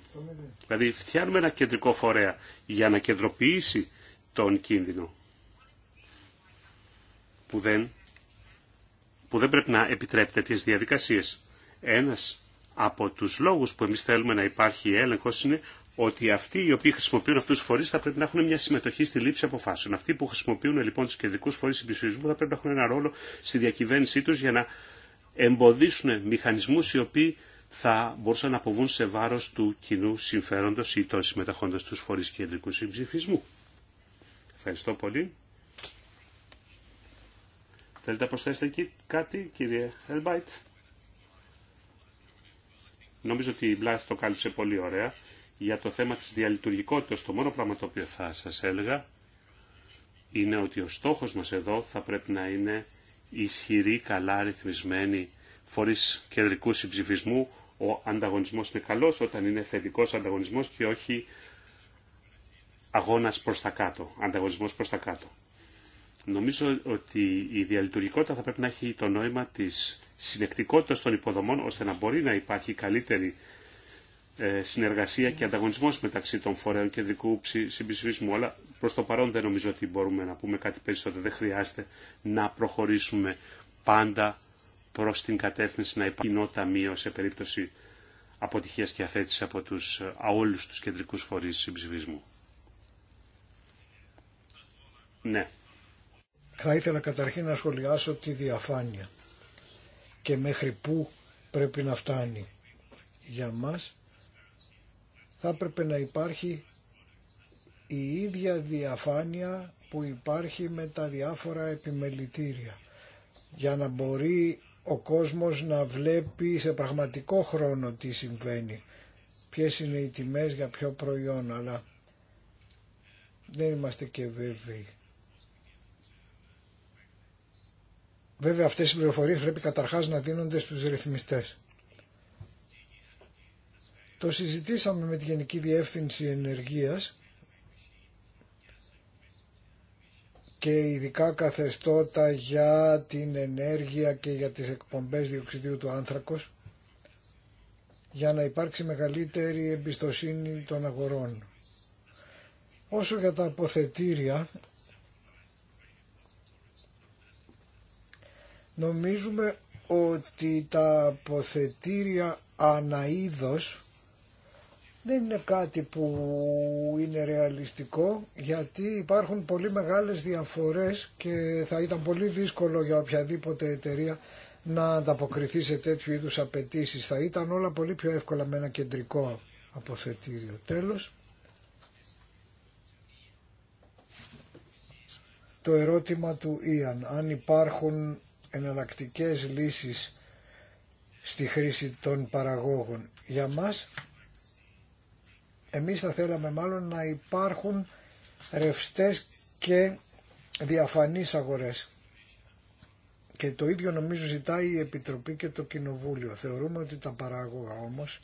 Δηλαδή, φτιάχνουμε ένα κεντρικό φορέα για να κεντροποιήσει τον κίνδυνο που δεν, που δεν πρέπει να επιτρέπεται τι διαδικασίε. Ένα από του λόγου που εμεί θέλουμε να υπάρχει έλεγχο είναι ότι αυτοί οι οποίοι χρησιμοποιούν αυτού του φορεί θα πρέπει να έχουν μια συμμετοχή στη λήψη αποφάσεων. Αυτοί που χρησιμοποιούν λοιπόν του κεντρικού φορεί συμψηφισμού θα πρέπει να έχουν ένα ρόλο στη διακυβέρνησή του για να εμποδίσουν μηχανισμού οι οποίοι θα μπορούσαν να αποβούν σε βάρο του κοινού συμφέροντο ή των συμμετεχόντων στου φορεί κεντρικού συμψηφισμού. Ευχαριστώ πολύ. Θέλετε να προσθέσετε εκεί κάτι, κύριε Ελμπάιτ. Νομίζω ότι η Μπλάθ το κάλυψε πολύ ωραία για το θέμα της διαλειτουργικότητας. Το μόνο πράγμα το οποίο θα σας έλεγα είναι ότι ο στόχος μας εδώ θα πρέπει να είναι ισχυρή, καλά ρυθμισμένη, φορείς κεντρικού συμψηφισμού. Ο ανταγωνισμός είναι καλός όταν είναι θετικός ανταγωνισμός και όχι αγώνας προς τα κάτω, ανταγωνισμός προς τα κάτω. Νομίζω ότι η διαλειτουργικότητα θα πρέπει να έχει το νόημα της συνεκτικότητας των υποδομών ώστε να μπορεί να υπάρχει καλύτερη ε, συνεργασία και ανταγωνισμός μεταξύ των φορέων κεντρικού συμψηφίσμου Αλλά προς το παρόν δεν νομίζω ότι μπορούμε να πούμε κάτι περισσότερο. Δεν χρειάζεται να προχωρήσουμε πάντα προς την κατεύθυνση να υπάρχει κοινό ταμείο σε περίπτωση αποτυχίας και αθέτηση από τους, αόλους ε, τους κεντρικούς φορείς συμψηφισμού. Ναι. Θα ήθελα καταρχήν να σχολιάσω τη διαφάνεια και μέχρι πού πρέπει να φτάνει για μας θα έπρεπε να υπάρχει η ίδια διαφάνεια που υπάρχει με τα διάφορα επιμελητήρια για να μπορεί ο κόσμος να βλέπει σε πραγματικό χρόνο τι συμβαίνει, ποιες είναι οι τιμές για ποιο προϊόν, αλλά δεν είμαστε και βέβαιοι. Βέβαια αυτές οι πληροφορίες πρέπει καταρχάς να δίνονται στους ρυθμιστές. Το συζητήσαμε με τη Γενική Διεύθυνση Ενεργείας και ειδικά καθεστώτα για την ενέργεια και για τις εκπομπές διοξιδίου του άνθρακος για να υπάρξει μεγαλύτερη εμπιστοσύνη των αγορών. Όσο για τα αποθετήρια, νομίζουμε ότι τα αποθετήρια αναείδος δεν είναι κάτι που είναι ρεαλιστικό γιατί υπάρχουν πολύ μεγάλες διαφορές και θα ήταν πολύ δύσκολο για οποιαδήποτε εταιρεία να ανταποκριθεί σε τέτοιου είδους απαιτήσει. Θα ήταν όλα πολύ πιο εύκολα με ένα κεντρικό αποθετήριο. Τέλος, το ερώτημα του Ιαν, αν υπάρχουν εναλλακτικές λύσεις στη χρήση των παραγόγων. Για μας εμείς θα θέλαμε μάλλον να υπάρχουν ρευστές και διαφανείς αγορές. Και το ίδιο νομίζω ζητάει η Επιτροπή και το Κοινοβούλιο. Θεωρούμε ότι τα παράγωγα όμως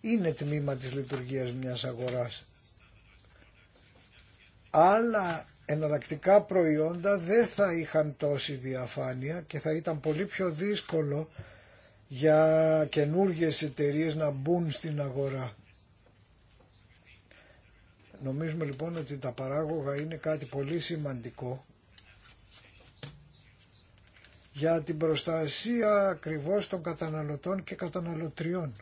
είναι τμήμα της λειτουργίας μιας αγοράς. Άλλα εναλλακτικά προϊόντα δεν θα είχαν τόση διαφάνεια και θα ήταν πολύ πιο δύσκολο για καινούργιες εταιρείες να μπουν στην αγορά. Νομίζουμε λοιπόν ότι τα παράγωγα είναι κάτι πολύ σημαντικό για την προστασία ακριβώς των καταναλωτών και καταναλωτριών.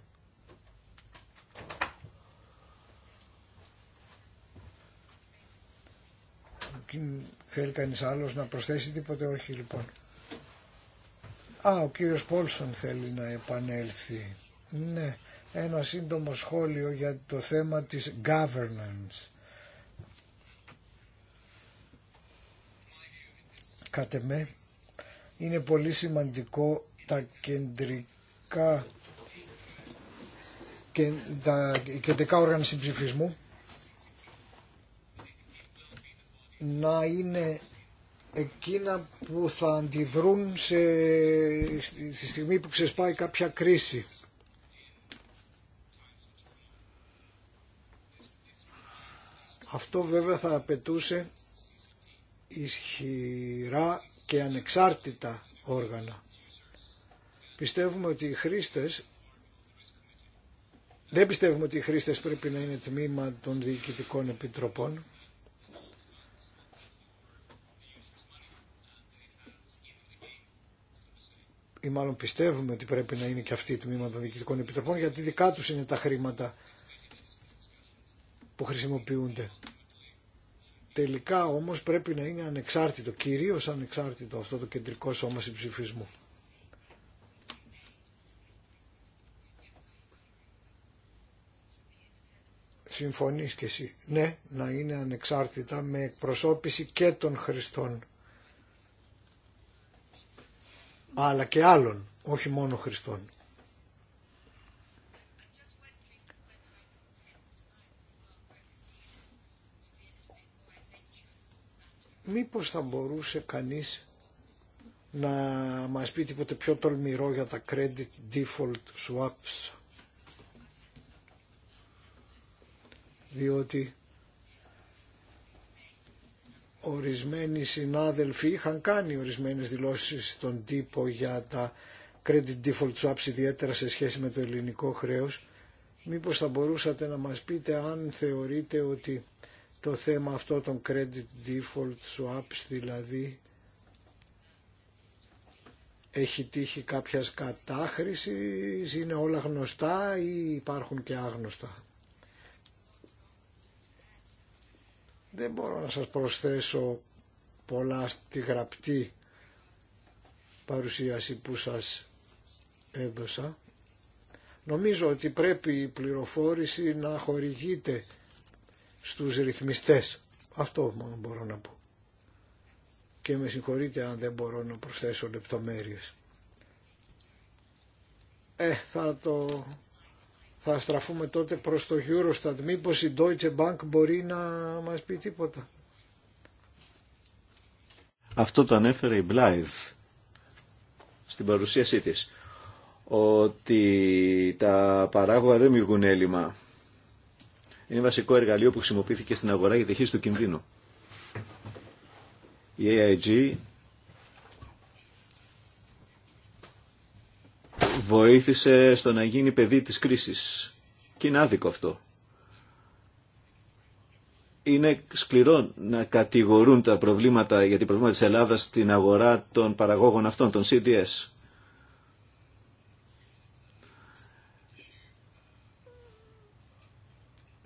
Θέλει κανείς άλλος να προσθέσει τίποτε, όχι λοιπόν. Α, ο κύριος Πόλσον θέλει να επανέλθει. Ναι, ένα σύντομο σχόλιο για το θέμα της governance. Κατ' εμέ, είναι πολύ σημαντικό τα κεντρικά και τα κεντρικά όργανα συμψηφισμού να είναι εκείνα που θα αντιδρούν σε, στη στιγμή που ξεσπάει κάποια κρίση. Αυτό βέβαια θα απαιτούσε ισχυρά και ανεξάρτητα όργανα. Πιστεύουμε ότι οι χρήστες δεν πιστεύουμε ότι οι χρήστες πρέπει να είναι τμήμα των διοικητικών επιτροπών. Ή μάλλον πιστεύουμε ότι πρέπει να είναι και αυτοί τμήμα των διοικητικών επιτροπών γιατί δικά τους είναι τα χρήματα που χρησιμοποιούνται. Τελικά όμως πρέπει να είναι ανεξάρτητο, κυρίως ανεξάρτητο αυτό το κεντρικό σώμα συμψηφισμού. Συμφωνείς και εσύ. Ναι, να είναι ανεξάρτητα με εκπροσώπηση και των Χριστών, Αλλά και άλλων, όχι μόνο Χριστών. Μήπως θα μπορούσε κανείς να μας πει τίποτε πιο τολμηρό για τα credit default swaps διότι ορισμένοι συνάδελφοι είχαν κάνει ορισμένες δηλώσεις στον τύπο για τα credit default swaps ιδιαίτερα σε σχέση με το ελληνικό χρέος. Μήπως θα μπορούσατε να μας πείτε αν θεωρείτε ότι το θέμα αυτό των credit default swaps δηλαδή έχει τύχει κάποιας κατάχρησης, είναι όλα γνωστά ή υπάρχουν και άγνωστα. Δεν μπορώ να σας προσθέσω πολλά στη γραπτή παρουσίαση που σας έδωσα. Νομίζω ότι πρέπει η πληροφόρηση να χορηγείται στους ρυθμιστές. Αυτό μόνο μπορώ να πω. Και με συγχωρείτε αν δεν μπορώ να προσθέσω λεπτομέρειες. Ε, θα το... Θα στραφούμε τότε προς το Eurostat. Μήπως η Deutsche Bank μπορεί να μας πει τίποτα. Αυτό το ανέφερε η Blythe στην παρουσίασή της ότι τα παράγωγα δεν μιλούν έλλειμμα είναι βασικό εργαλείο που χρησιμοποιήθηκε στην αγορά για τη χείριση του κινδύνου. Η AIG βοήθησε στο να γίνει παιδί της κρίσης. Και είναι άδικο αυτό. Είναι σκληρό να κατηγορούν τα προβλήματα για την προβλήματα της Ελλάδας στην αγορά των παραγόγων αυτών, των CDS.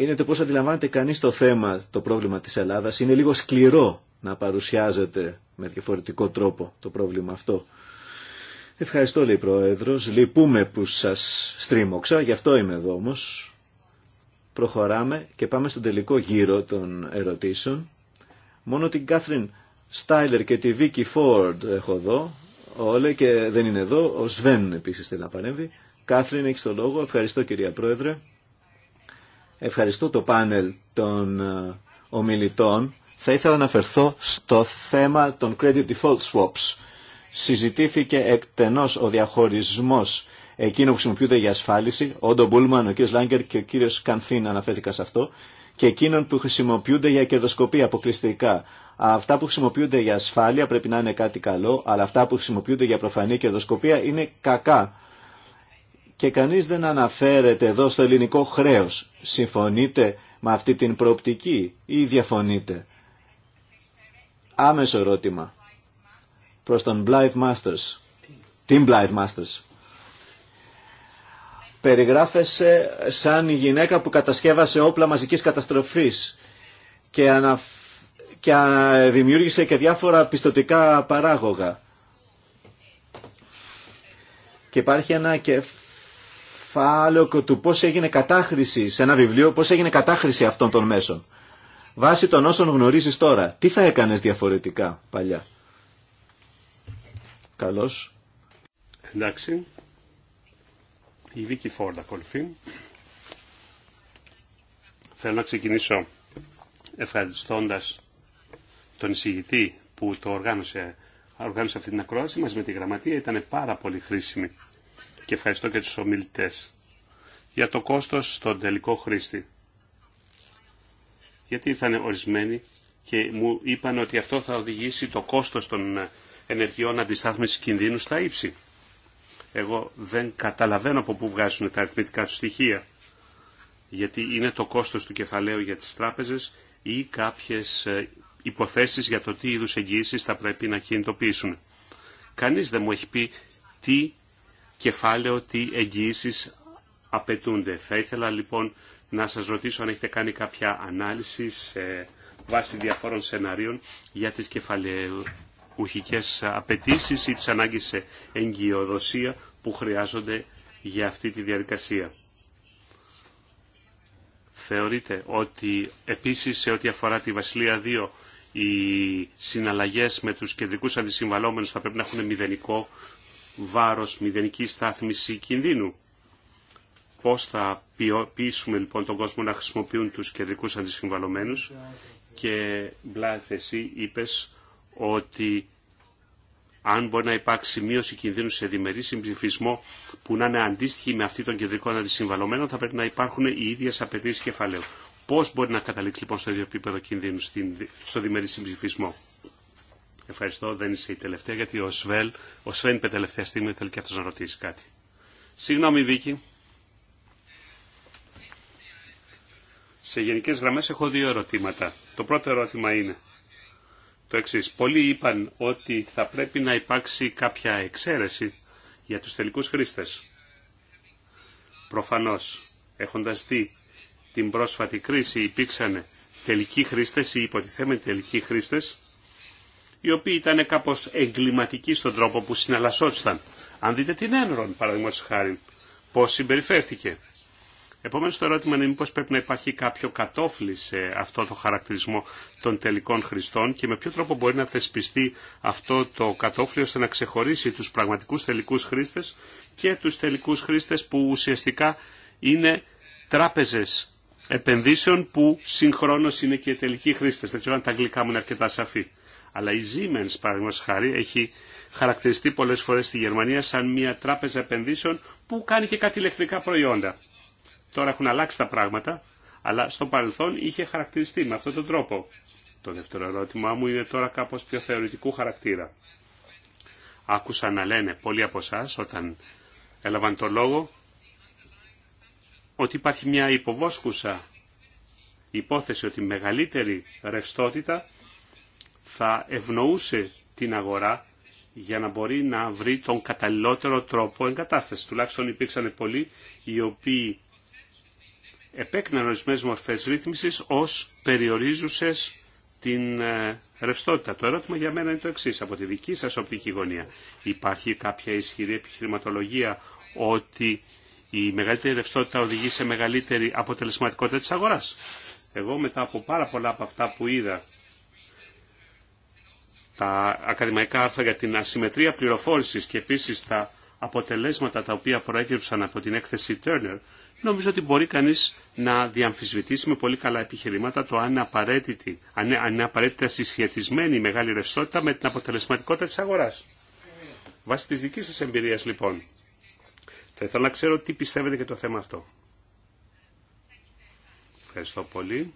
είναι το πώς αντιλαμβάνεται κανείς το θέμα, το πρόβλημα της Ελλάδας. Είναι λίγο σκληρό να παρουσιάζεται με διαφορετικό τρόπο το πρόβλημα αυτό. Ευχαριστώ, λέει Πρόεδρος. Λυπούμε που σας στρίμωξα, γι' αυτό είμαι εδώ όμως. Προχωράμε και πάμε στον τελικό γύρο των ερωτήσεων. Μόνο την Κάθριν Στάιλερ και τη Βίκη Φόρντ έχω εδώ. Όλε και δεν είναι εδώ. Ο Σβέν επίσης θέλει να παρέμβει. Κάθριν, έχει το λόγο. Ευχαριστώ, κυρία Πρόεδρε. Ευχαριστώ το πάνελ των ε, ομιλητών. Θα ήθελα να αναφερθώ στο θέμα των credit default swaps. Συζητήθηκε εκτενώς ο διαχωρισμός εκείνων που χρησιμοποιούνται για ασφάλιση, ο Ντο Μπούλμαν, ο κ. Λάγκερ και ο κ. Κανθίν αναφέρθηκαν σε αυτό, και εκείνων που χρησιμοποιούνται για κερδοσκοπία αποκλειστικά. Αυτά που χρησιμοποιούνται για ασφάλεια πρέπει να είναι κάτι καλό, αλλά αυτά που χρησιμοποιούνται για προφανή κερδοσκοπία είναι κακά και κανείς δεν αναφέρεται εδώ στο ελληνικό χρέος. Συμφωνείτε με αυτή την προοπτική ή διαφωνείτε. Άμεσο ερώτημα προς τον Blythe Masters. Την Blythe Masters. Περιγράφεσαι σαν η γυναίκα που κατασκεύασε όπλα μαζικής καταστροφής και, ανα... και δημιούργησε και διάφορα πιστοτικά παράγωγα. Και υπάρχει ένα κεφάλαιο του πώς έγινε κατάχρηση σε ένα βιβλίο, πώς έγινε κατάχρηση αυτών των μέσων. Βάσει των όσων γνωρίζεις τώρα, τι θα έκανες διαφορετικά παλιά. Καλώς. Εντάξει. Η Βίκη Φόρντα κολυφή. Θέλω να ξεκινήσω ευχαριστώντας τον εισηγητή που το οργάνωσε, οργάνωσε αυτή την ακρόαση μαζί με τη γραμματεία. Ήταν πάρα πολύ χρήσιμη και ευχαριστώ και τους ομιλητές για το κόστος στον τελικό χρήστη. Γιατί ήρθαν ορισμένοι και μου είπαν ότι αυτό θα οδηγήσει το κόστος των ενεργειών αντιστάθμισης κινδύνου στα ύψη. Εγώ δεν καταλαβαίνω από πού βγάζουν τα αριθμητικά του στοιχεία. Γιατί είναι το κόστος του κεφαλαίου για τις τράπεζες ή κάποιες ε, υποθέσεις για το τι είδους εγγύησεις θα πρέπει να κινητοποιήσουν. Κανείς δεν μου έχει πει τι κεφάλαιο τι εγγυήσει απαιτούνται. Θα ήθελα λοιπόν να σας ρωτήσω αν έχετε κάνει κάποια ανάλυση σε βάση διαφόρων σενάριων για τις κεφαλαιουχικές απαιτήσει ή τις ανάγκες σε εγγυοδοσία που χρειάζονται για αυτή τη διαδικασία. Θεωρείτε ότι επίσης σε ό,τι αφορά τη Βασιλεία 2 οι συναλλαγές με τους κεντρικούς αντισυμβαλόμενους θα πρέπει να έχουν μηδενικό βάρος μηδενική στάθμιση κινδύνου. Πώς θα πείσουμε λοιπόν τον κόσμο να χρησιμοποιούν τους κεντρικούς αντισυμβαλωμένους και Μπλάθε εσύ είπες ότι αν μπορεί να υπάρξει μείωση κινδύνου σε διμερή συμψηφισμό που να είναι αντίστοιχη με αυτή των κεντρικών αντισυμβαλωμένων, θα πρέπει να υπάρχουν οι ίδιε απαιτήσει κεφαλαίου. Πώ μπορεί να καταλήξει λοιπόν στο ίδιο επίπεδο κινδύνου στο διμερή συμψηφισμό. Ευχαριστώ, δεν είσαι η τελευταία, γιατί ο Σβέλ, ο Σβέν είπε τελευταία στιγμή, θέλει και αυτός να ρωτήσει κάτι. Συγγνώμη, Βίκυ. Σε γενικές γραμμές έχω δύο ερωτήματα. Το πρώτο ερώτημα είναι το εξή: Πολλοί είπαν ότι θα πρέπει να υπάρξει κάποια εξαίρεση για τους τελικούς χρήστες. Προφανώς, έχοντας δει την πρόσφατη κρίση, υπήρξαν τελικοί χρήστες ή υποτιθέμενοι τελικοί χρήστες οι οποίοι ήταν κάπως εγκληματικοί στον τρόπο που συναλλασσόντουσαν. Αν δείτε την Ένρον, παραδείγματο χάρη, πώς συμπεριφέρθηκε. Επομένω το ερώτημα είναι μήπως πρέπει να υπάρχει κάποιο κατόφλι σε αυτό το χαρακτηρισμό των τελικών χρηστών και με ποιο τρόπο μπορεί να θεσπιστεί αυτό το κατόφλι ώστε να ξεχωρίσει τους πραγματικούς τελικούς χρήστες και τους τελικούς χρήστες που ουσιαστικά είναι τράπεζες επενδύσεων που συγχρόνως είναι και τελικοί χρήστε, Δεν ξέρω αν τα αγγλικά μου είναι αρκετά σαφή. Αλλά η Siemens, παραδείγματος χάρη, έχει χαρακτηριστεί πολλές φορές στη Γερμανία σαν μια τράπεζα επενδύσεων που κάνει και κάτι ηλεκτρικά προϊόντα. Τώρα έχουν αλλάξει τα πράγματα, αλλά στο παρελθόν είχε χαρακτηριστεί με αυτόν τον τρόπο. Το δεύτερο ερώτημά μου είναι τώρα κάπως πιο θεωρητικού χαρακτήρα. Άκουσα να λένε πολλοί από εσά όταν έλαβαν το λόγο ότι υπάρχει μια υποβόσκουσα υπόθεση ότι μεγαλύτερη ρευστότητα θα ευνοούσε την αγορά για να μπορεί να βρει τον καταλληλότερο τρόπο εγκατάστασης. Τουλάχιστον υπήρξαν πολλοί οι οποίοι επέκναν ορισμένε μορφέ ρύθμιση ω περιορίζουσε την ε, ρευστότητα. Το ερώτημα για μένα είναι το εξή. Από τη δική σα οπτική γωνία, υπάρχει κάποια ισχυρή επιχειρηματολογία ότι η μεγαλύτερη ρευστότητα οδηγεί σε μεγαλύτερη αποτελεσματικότητα τη αγορά. Εγώ μετά από πάρα πολλά από αυτά που είδα τα ακαδημαϊκά άρθρα για την ασυμμετρία πληροφόρησης και επίσης τα αποτελέσματα τα οποία προέκυψαν από την έκθεση Turner, νομίζω ότι μπορεί κανείς να διαμφισβητήσει με πολύ καλά επιχειρήματα το αν είναι, αν απαραίτητα συσχετισμένη η μεγάλη ρευστότητα με την αποτελεσματικότητα της αγοράς. Βάσει της δικής σας εμπειρίας λοιπόν, θα ήθελα να ξέρω τι πιστεύετε για το θέμα αυτό. Ευχαριστώ πολύ.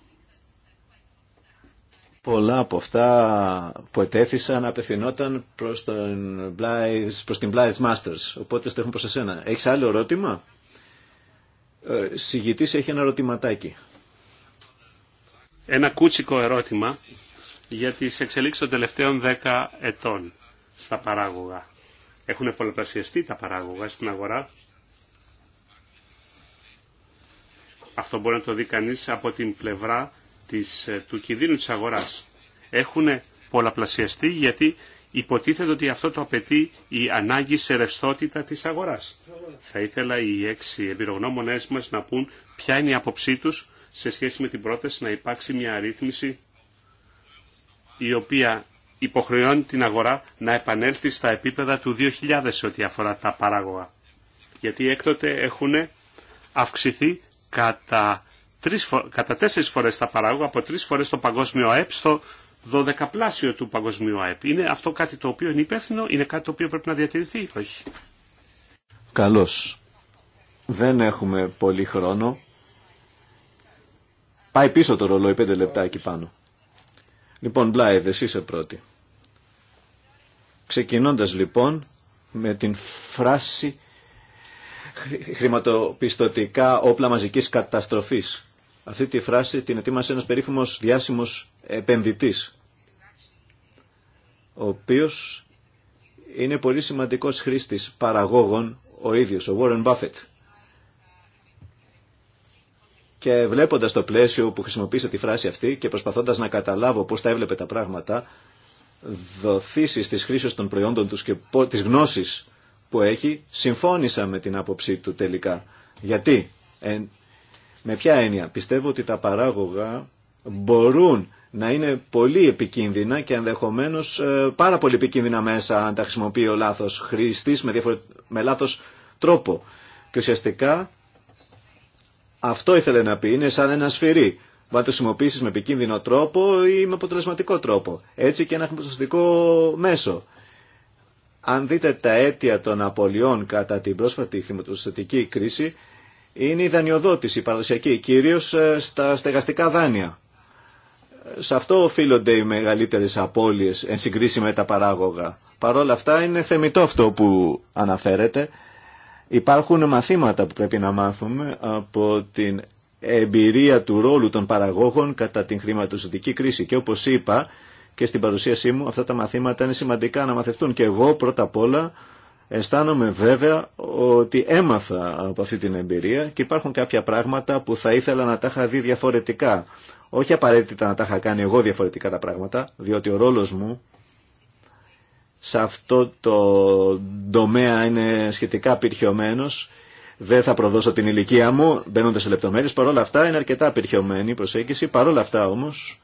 Πολλά από αυτά που ετέθησαν απευθυνόταν προς, τον Blythe, προς την Blythe Masters, οπότε στέχουν προς εσένα. Έχεις άλλο ερώτημα? Ε, συγητής έχει ένα ερωτηματάκι. Ένα κούτσικο ερώτημα για τις εξελίξεις των τελευταίων 10 ετών στα παράγωγα. Έχουν πολλαπλασιαστεί τα παράγωγα στην αγορά. Αυτό μπορεί να το δει κανείς από την πλευρά της, ε, του κινδύνου της αγοράς έχουν πολλαπλασιαστεί γιατί υποτίθεται ότι αυτό το απαιτεί η ανάγκη σε ρευστότητα της αγοράς. Θα ήθελα οι έξι εμπειρογνώμονές μας να πούν ποια είναι η άποψή τους σε σχέση με την πρόταση να υπάρξει μια αρρύθμιση η οποία υποχρεώνει την αγορά να επανέλθει στα επίπεδα του 2000 σε ό,τι αφορά τα παράγωγα. Γιατί έκτοτε έχουν αυξηθεί κατά κατά τέσσερις φορές τα παράγω από τρεις φορές το παγκόσμιο ΑΕΠ στο δωδεκαπλάσιο του παγκοσμίου ΑΕΠ. Είναι αυτό κάτι το οποίο είναι υπεύθυνο, είναι κάτι το οποίο πρέπει να διατηρηθεί ή όχι. Καλώς. Δεν έχουμε πολύ χρόνο. Πάει πίσω το ρολόι, πέντε λεπτά εκεί πάνω. Λοιπόν, Μπλάιδ, εσύ είσαι πρώτη. Ξεκινώντας λοιπόν με την φράση χρηματοπιστωτικά όπλα μαζικής καταστροφής. Αυτή τη φράση την ετοίμασε ένας περίφημος διάσημος επενδυτής, ο οποίος είναι πολύ σημαντικός χρήστης παραγόγων ο ίδιος, ο Warren Buffett. Και βλέποντας το πλαίσιο που χρησιμοποίησε τη φράση αυτή και προσπαθώντας να καταλάβω πώς τα έβλεπε τα πράγματα, δοθήσεις της χρήσης των προϊόντων τους και της γνώσης που έχει, συμφώνησα με την άποψή του τελικά. Γιατί ε, με ποια έννοια. Πιστεύω ότι τα παράγωγα μπορούν να είναι πολύ επικίνδυνα και ενδεχομένω ε, πάρα πολύ επικίνδυνα μέσα αν τα χρησιμοποιεί ο λάθο χρήστη με, διαφορε... με λάθο τρόπο. Και ουσιαστικά αυτό ήθελε να πει, είναι σαν ένα σφυρί. Μπορεί να το χρησιμοποιήσει με επικίνδυνο τρόπο ή με αποτελεσματικό τρόπο. Έτσι και ένα χρηματοδοτικό μέσο. Αν δείτε τα αίτια των απολειών κατά την πρόσφατη χρηματοδοτική κρίση, είναι η δανειοδότηση παραδοσιακή, κυρίως ε, στα στεγαστικά δάνεια. Σε αυτό οφείλονται οι μεγαλύτερες απώλειες εν συγκρίση με τα παράγωγα. Παρ' όλα αυτά είναι θεμητό αυτό που αναφέρεται. Υπάρχουν μαθήματα που πρέπει να μάθουμε από την εμπειρία του ρόλου των παραγόγων κατά την χρηματοσυντική κρίση. Και όπως είπα και στην παρουσίασή μου, αυτά τα μαθήματα είναι σημαντικά να μαθευτούν. Και εγώ πρώτα απ' όλα Αισθάνομαι βέβαια ότι έμαθα από αυτή την εμπειρία και υπάρχουν κάποια πράγματα που θα ήθελα να τα είχα δει διαφορετικά. Όχι απαραίτητα να τα είχα κάνει εγώ διαφορετικά τα πράγματα, διότι ο ρόλος μου σε αυτό το τομέα είναι σχετικά πυρχιωμένος. Δεν θα προδώσω την ηλικία μου μπαίνοντα σε λεπτομέρειε. Παρ' όλα αυτά είναι αρκετά πυρχιωμένη η προσέγγιση. Παρ' όλα αυτά όμως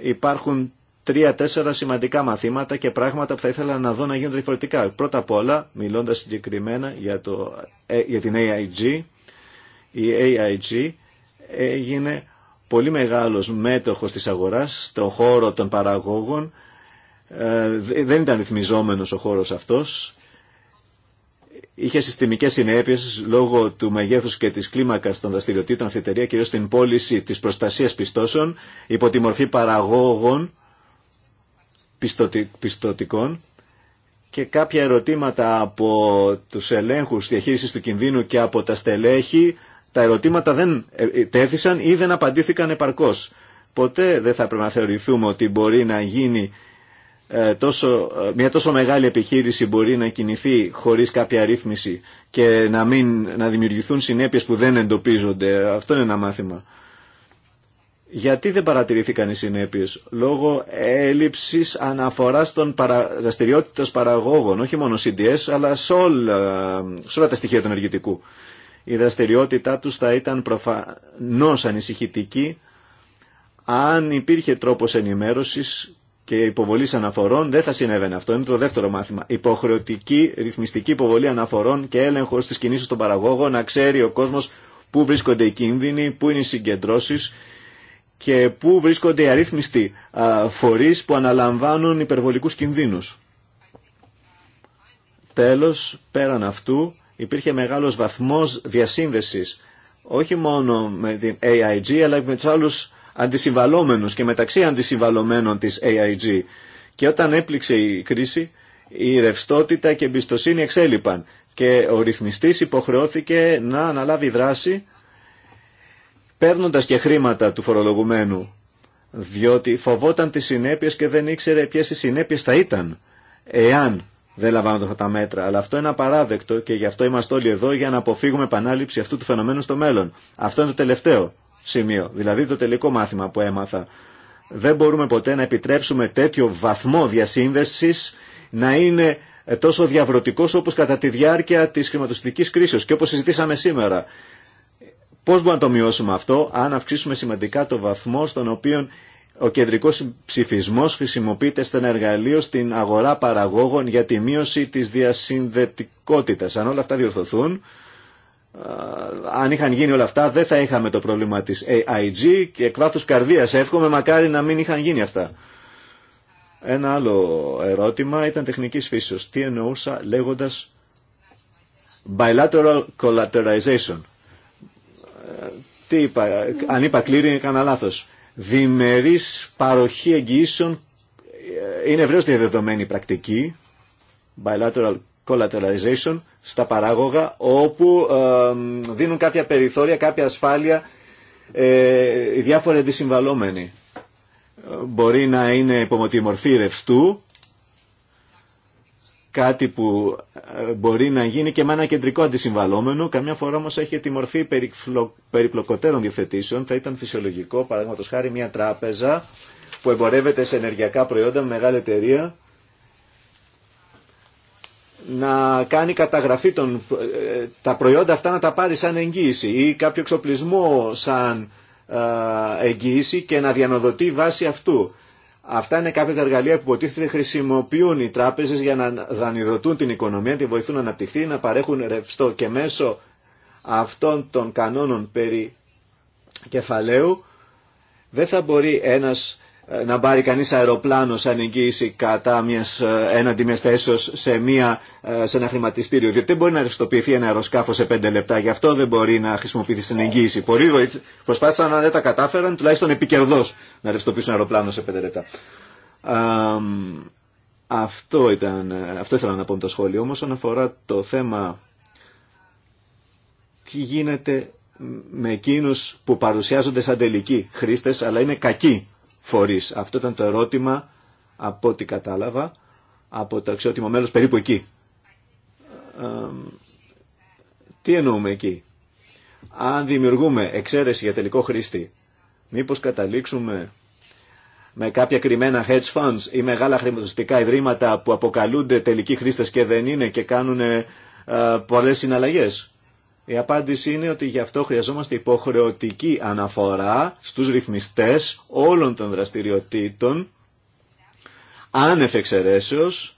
υπάρχουν τρία-τέσσερα σημαντικά μαθήματα και πράγματα που θα ήθελα να δω να γίνονται διαφορετικά. Πρώτα απ' όλα, μιλώντας συγκεκριμένα για, το, ε, για την AIG, η AIG έγινε πολύ μεγάλος μέτοχος της αγοράς στον χώρο των παραγόγων. Ε, δεν ήταν ρυθμιζόμενος ο χώρος αυτός. Είχε συστημικές συνέπειες λόγω του μεγέθους και της κλίμακας των δραστηριοτήτων αυτή η εταιρεία, κυρίως στην πώληση της προστασίας πιστώσεων υπό τη μορφή παραγόγων πιστοτικών και κάποια ερωτήματα από τους ελέγχους διαχείρισης του κινδύνου και από τα στελέχη, τα ερωτήματα δεν ε, ε, τέθησαν ή δεν απαντήθηκαν επαρκώς. Ποτέ δεν θα πρέπει να θεωρηθούμε ότι μπορεί να γίνει ε, τόσο, μια τόσο μεγάλη επιχείρηση μπορεί να κινηθεί χωρίς κάποια ρύθμιση και να, μην, να δημιουργηθούν συνέπειες που δεν εντοπίζονται. Αυτό είναι ένα μάθημα. Γιατί δεν παρατηρήθηκαν οι συνέπειες λόγω έλλειψης αναφοράς των παρα... παραγόγων, όχι μόνο CDS, αλλά σε όλα, τα στοιχεία του ενεργητικού. Η δραστηριότητά τους θα ήταν προφανώς ανησυχητική αν υπήρχε τρόπος ενημέρωσης και υποβολής αναφορών δεν θα συνέβαινε αυτό. Είναι το δεύτερο μάθημα. Υποχρεωτική ρυθμιστική υποβολή αναφορών και έλεγχος της κινήσεως των παραγόγων, να ξέρει ο κόσμος πού βρίσκονται οι κίνδυνοι, πού είναι οι συγκεντρώσει και πού βρίσκονται οι αρρύθμιστοι φορείς που αναλαμβάνουν υπερβολικούς κινδύνους. Τέλος, πέραν αυτού, υπήρχε μεγάλος βαθμός διασύνδεσης, όχι μόνο με την AIG, αλλά και με τους άλλους αντισυμβαλόμενους και μεταξύ αντισυμβαλωμένων της AIG. Και όταν έπληξε η κρίση, η ρευστότητα και η εμπιστοσύνη εξέλιπαν και ο ρυθμιστής υποχρεώθηκε να αναλάβει δράση παίρνοντας και χρήματα του φορολογουμένου, διότι φοβόταν τις συνέπειες και δεν ήξερε ποιες οι συνέπειες θα ήταν, εάν δεν λαμβάνονταν αυτά τα μέτρα. Αλλά αυτό είναι απαράδεκτο και γι' αυτό είμαστε όλοι εδώ για να αποφύγουμε επανάληψη αυτού του φαινομένου στο μέλλον. Αυτό είναι το τελευταίο σημείο, δηλαδή το τελικό μάθημα που έμαθα. Δεν μπορούμε ποτέ να επιτρέψουμε τέτοιο βαθμό διασύνδεσης να είναι τόσο διαβρωτικός όπως κατά τη διάρκεια της χρηματοστικής κρίσης και όπως συζητήσαμε σήμερα. Πώς μπορούμε να το μειώσουμε αυτό αν αυξήσουμε σημαντικά το βαθμό στον οποίο ο κεντρικός ψηφισμός χρησιμοποιείται σαν εργαλείο στην αγορά παραγόγων για τη μείωση της διασυνδετικότητας. Αν όλα αυτά διορθωθούν, αν είχαν γίνει όλα αυτά δεν θα είχαμε το πρόβλημα της AIG και εκ βάθους καρδίας εύχομαι μακάρι να μην είχαν γίνει αυτά. Ένα άλλο ερώτημα ήταν τεχνικής φύσεως. Τι εννοούσα λέγοντας bilateral collateralization. Τι είπα, αν είπα κλήρη, έκανα λάθος. Διμερή παροχή εγγυήσεων ε, είναι ευρέως διαδεδομένη πρακτική, bilateral collateralization, στα παράγωγα όπου ε, δίνουν κάποια περιθώρια, κάποια ασφάλεια ε, οι διάφοροι αντισυμβαλόμενοι. Μπορεί να είναι υπομορφή ρευστού, κάτι που ε, μπορεί να γίνει και με ένα κεντρικό αντισυμβαλόμενο. Καμιά φορά όμω έχει τη μορφή περιπλοκοτέρων διευθετήσεων. Θα ήταν φυσιολογικό, παραδείγματο χάρη, μια τράπεζα που εμπορεύεται σε ενεργειακά προϊόντα με μεγάλη εταιρεία να κάνει καταγραφή των, ε, τα προϊόντα αυτά να τα πάρει σαν εγγύηση ή κάποιο εξοπλισμό σαν ε, εγγύηση και να διανοδοτεί βάση αυτού. Αυτά είναι κάποια τα εργαλεία που υποτίθεται χρησιμοποιούν οι τράπεζες για να δανειδοτούν την οικονομία, να τη βοηθούν να αναπτυχθεί, να παρέχουν ρευστό και μέσω αυτών των κανόνων περί κεφαλαίου δεν θα μπορεί ένας ε, να πάρει κανείς αεροπλάνο σαν εγγύηση κατά μιας, ε, έναντι μιας θέσεως σε, μια, ε, σε ένα χρηματιστήριο. Διότι δεν μπορεί να ρευστοποιηθεί ένα αεροσκάφο σε πέντε λεπτά. Γι' αυτό δεν μπορεί να χρησιμοποιηθεί στην εγγύηση. Πολλοί προσπάθησαν να δεν τα κατάφεραν, τουλάχιστον επικερδός να ρευστοποιήσουν αεροπλάνο σε πέντε λεπτά. αυτό, ήταν, αυτό ήθελα να πω με το σχόλιο. Όμως όσον αφορά το θέμα τι γίνεται με εκείνους που παρουσιάζονται σαν τελικοί χρήστες αλλά είναι κακοί φορείς. Αυτό ήταν το ερώτημα, από ό,τι κατάλαβα, από το αξιότιμο μέλος περίπου εκεί. τι εννοούμε εκεί. Αν δημιουργούμε εξαίρεση για τελικό χρήστη, μήπως καταλήξουμε με κάποια κρυμμένα hedge funds ή μεγάλα χρηματοδοτικά ιδρύματα που αποκαλούνται τελικοί χρήστες και δεν είναι και κάνουν ε, πολλές συναλλαγές. Η απάντηση είναι ότι γι' αυτό χρειαζόμαστε υποχρεωτική αναφορά στους ρυθμιστές όλων των δραστηριοτήτων άνευ εξαιρέσεως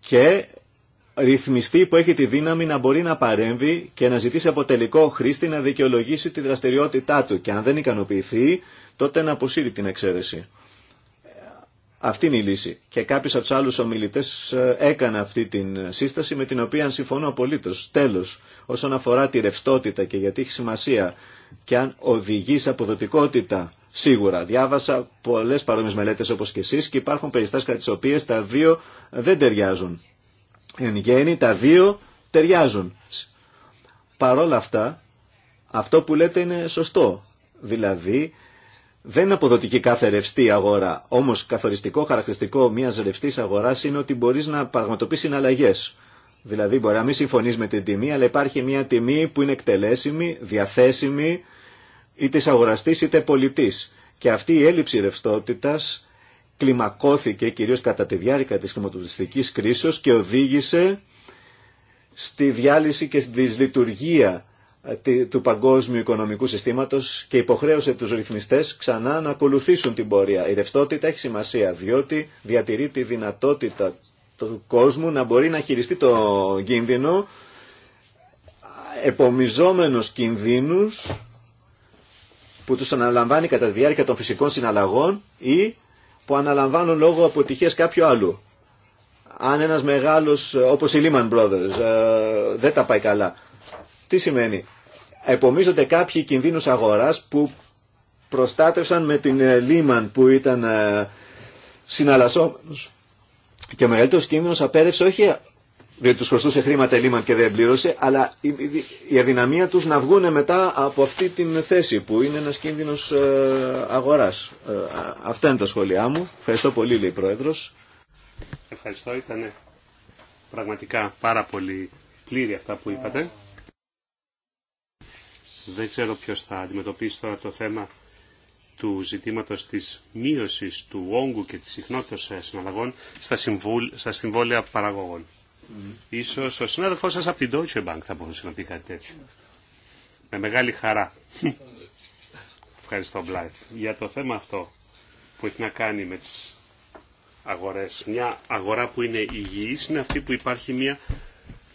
και ρυθμιστή που έχει τη δύναμη να μπορεί να παρέμβει και να ζητήσει από τελικό χρήστη να δικαιολογήσει τη δραστηριότητά του και αν δεν ικανοποιηθεί τότε να αποσύρει την εξαίρεση. Αυτή είναι η λύση. Και κάποιο από του άλλου ομιλητέ ε, έκανε αυτή την ε, σύσταση με την οποία συμφωνώ απολύτω. Τέλο, όσον αφορά τη ρευστότητα και γιατί έχει σημασία και αν οδηγεί σε αποδοτικότητα, σίγουρα. Διάβασα πολλέ παρόμοιε μελέτε όπω και εσεί και υπάρχουν περιστάσει κατά τι οποίε τα δύο δεν ταιριάζουν. Εν γέννη, τα δύο ταιριάζουν. Παρόλα αυτά, αυτό που λέτε είναι σωστό. Δηλαδή, δεν είναι αποδοτική κάθε ρευστή αγορά. Όμω, καθοριστικό χαρακτηριστικό μια ρευστή αγορά είναι ότι μπορεί να πραγματοποιεί συναλλαγέ. Δηλαδή, μπορεί να μην συμφωνεί με την τιμή, αλλά υπάρχει μια τιμή που είναι εκτελέσιμη, διαθέσιμη, είτε αγοραστή είτε πολιτή. Και αυτή η έλλειψη ρευστότητα κλιμακώθηκε κυρίως κατά τη διάρκεια της χρηματοπιστικής κρίσεως και οδήγησε στη διάλυση και στη δυσλειτουργία ε, του παγκόσμιου οικονομικού συστήματος και υποχρέωσε τους ρυθμιστές ξανά να ακολουθήσουν την πορεία. Η ρευστότητα έχει σημασία διότι διατηρεί τη δυνατότητα του κόσμου να μπορεί να χειριστεί το κίνδυνο επομιζόμενος κινδύνους που τους αναλαμβάνει κατά τη διάρκεια των φυσικών συναλλαγών ή που αναλαμβάνουν λόγω αποτυχίας κάποιου άλλου. Αν ένας μεγάλος, όπως η Lehman Brothers, ε, δεν τα πάει καλά, τι σημαίνει. Επομίζονται κάποιοι κινδύνους αγοράς που προστάτευσαν με την Λίμαν ε, που ήταν ε, συναλλασσόμενος. Και ο μεγαλύτερος κίνδυνος απέρευσε όχι διότι τους χρωστούσε χρήματα η Λίμαν και δεν πλήρωσε, αλλά η αδυναμία τους να βγούνε μετά από αυτή την θέση που είναι ένας κίνδυνος ε, αγοράς. Αυτά είναι τα σχόλιά μου. Ευχαριστώ πολύ, λέει η Πρόεδρος. Ευχαριστώ. Ήταν πραγματικά πάρα πολύ πλήρη αυτά που είπατε. Δεν ξέρω ποιος θα αντιμετωπίσει τώρα το θέμα του ζητήματος της μείωσης του όγκου και της συχνότητας ε, συναλλαγών στα, στα συμβόλαια παραγωγών. Mm. Ίσως ο συνάδελφός σας από την Deutsche Bank θα μπορούσε να πει κάτι τέτοιο. Με μεγάλη χαρά. Ευχαριστώ, Μπλαϊφ. Για το θέμα αυτό που έχει να κάνει με τις αγορές. Μια αγορά που είναι υγιής είναι αυτή που υπάρχει μια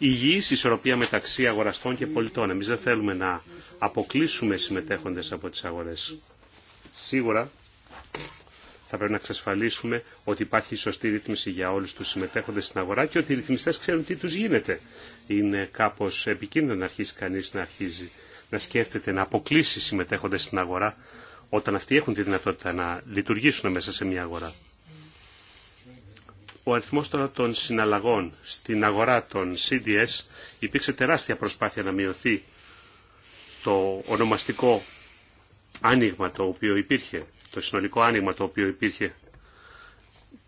υγιής ισορροπία μεταξύ αγοραστών και πολιτών. Εμείς δεν θέλουμε να αποκλείσουμε συμμετέχοντες από τις αγορές. Σίγουρα θα πρέπει να εξασφαλίσουμε ότι υπάρχει σωστή ρύθμιση για όλους τους συμμετέχοντες στην αγορά και ότι οι ρυθμιστές ξέρουν τι τους γίνεται. Είναι κάπως επικίνδυνο να αρχίσει κανείς να, αρχίζει, να σκέφτεται να αποκλείσει συμμετέχοντες στην αγορά όταν αυτοί έχουν τη δυνατότητα να λειτουργήσουν μέσα σε μια αγορά ο αριθμός τώρα των συναλλαγών στην αγορά των CDS υπήρξε τεράστια προσπάθεια να μειωθεί το ονομαστικό άνοιγμα το οποίο υπήρχε, το συνολικό άνοιγμα το οποίο υπήρχε.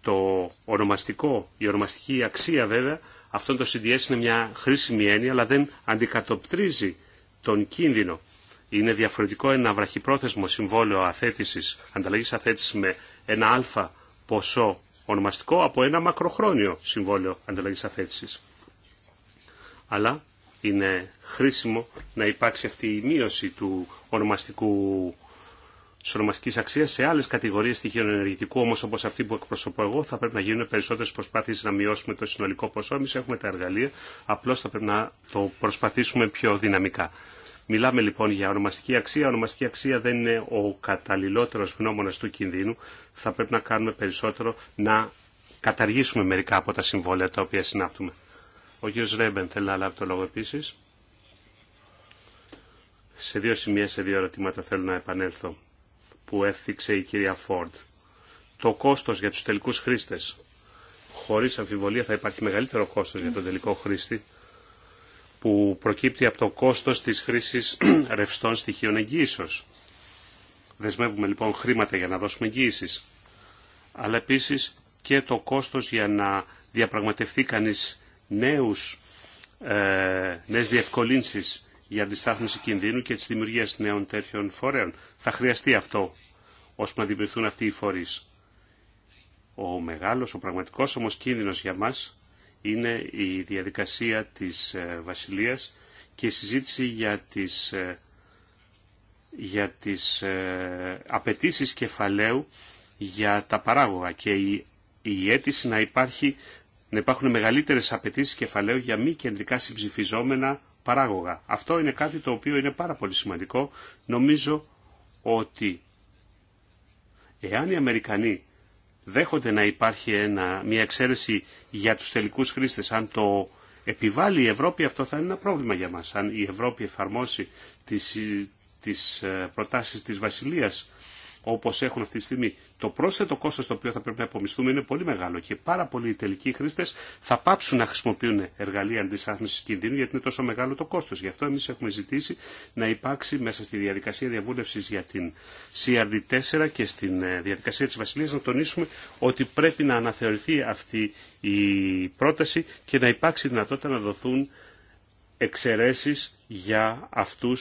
Το ονομαστικό, η ονομαστική αξία βέβαια αυτό το CDS είναι μια χρήσιμη έννοια αλλά δεν αντικατοπτρίζει τον κίνδυνο. Είναι διαφορετικό ένα βραχυπρόθεσμο συμβόλαιο αθέτησης, ανταλλαγής αθέτησης με ένα αλφα ποσό ονομαστικό από ένα μακροχρόνιο συμβόλαιο ανταλλαγής αφέτησης. Αλλά είναι χρήσιμο να υπάρξει αυτή η μείωση του ονομαστικού τη ονομαστική αξία σε άλλε κατηγορίε στοιχείων ενεργητικού, όμω όπω αυτή που εκπροσωπώ εγώ, θα πρέπει να γίνουν περισσότερε προσπάθειε να μειώσουμε το συνολικό ποσό. Εμεί έχουμε τα εργαλεία, απλώ θα πρέπει να το προσπαθήσουμε πιο δυναμικά. Μιλάμε λοιπόν για ονομαστική αξία. Ονομαστική αξία δεν είναι ο καταλληλότερος γνώμονας του κινδύνου. Θα πρέπει να κάνουμε περισσότερο να καταργήσουμε μερικά από τα συμβόλαια τα οποία συνάπτουμε. Ο κ. Ρέμπεν θέλει να λάβει το λόγο επίσης. Σε δύο σημεία, σε δύο ερωτήματα θέλω να επανέλθω που έφτιαξε η κυρία Φόρντ. Το κόστος για τους τελικούς χρήστες. Χωρίς αμφιβολία θα υπάρχει μεγαλύτερο κόστος για τον τελικό χρήστη που προκύπτει από το κόστος της χρήσης ρευστών στοιχείων εγγύησεως. Δεσμεύουμε λοιπόν χρήματα για να δώσουμε εγγύησει. αλλά επίσης και το κόστος για να διαπραγματευτεί κανείς νέους, ε, νέες διευκολύνσεις για αντιστάθμιση κινδύνου και τις δημιουργίες νέων τέτοιων φορέων. Θα χρειαστεί αυτό ώστε να δημιουργηθούν αυτοί οι φορείς. Ο μεγάλος, ο πραγματικός όμως κίνδυνος για μας είναι η διαδικασία της ε, Βασιλείας και η συζήτηση για τις, ε, για τις ε, απαιτήσει κεφαλαίου για τα παράγωγα και η, η αίτηση να, υπάρχει, να υπάρχουν μεγαλύτερες απαιτήσει κεφαλαίου για μη κεντρικά συμψηφιζόμενα παράγωγα. Αυτό είναι κάτι το οποίο είναι πάρα πολύ σημαντικό. Νομίζω ότι εάν οι Αμερικανοί δέχονται να υπάρχει ένα, μια εξαίρεση για τους τελικούς χρήστες. Αν το επιβάλλει η Ευρώπη αυτό θα είναι ένα πρόβλημα για μας. Αν η Ευρώπη εφαρμόσει τις, ε, τις ε, προτάσεις της Βασιλείας Όπω έχουν αυτή τη στιγμή, το πρόσθετο κόστο το οποίο θα πρέπει να απομισθούμε είναι πολύ μεγάλο και πάρα πολλοί τελικοί χρήστε θα πάψουν να χρησιμοποιούν εργαλεία αντιστάθμιση κινδύνου γιατί είναι τόσο μεγάλο το κόστο. Γι' αυτό εμεί έχουμε ζητήσει να υπάρξει μέσα στη διαδικασία διαβούλευση για την CRD4 και στην ε, διαδικασία τη Βασιλεία να τονίσουμε ότι πρέπει να αναθεωρηθεί αυτή η πρόταση και να υπάρξει δυνατότητα να δοθούν εξαιρέσει για αυτού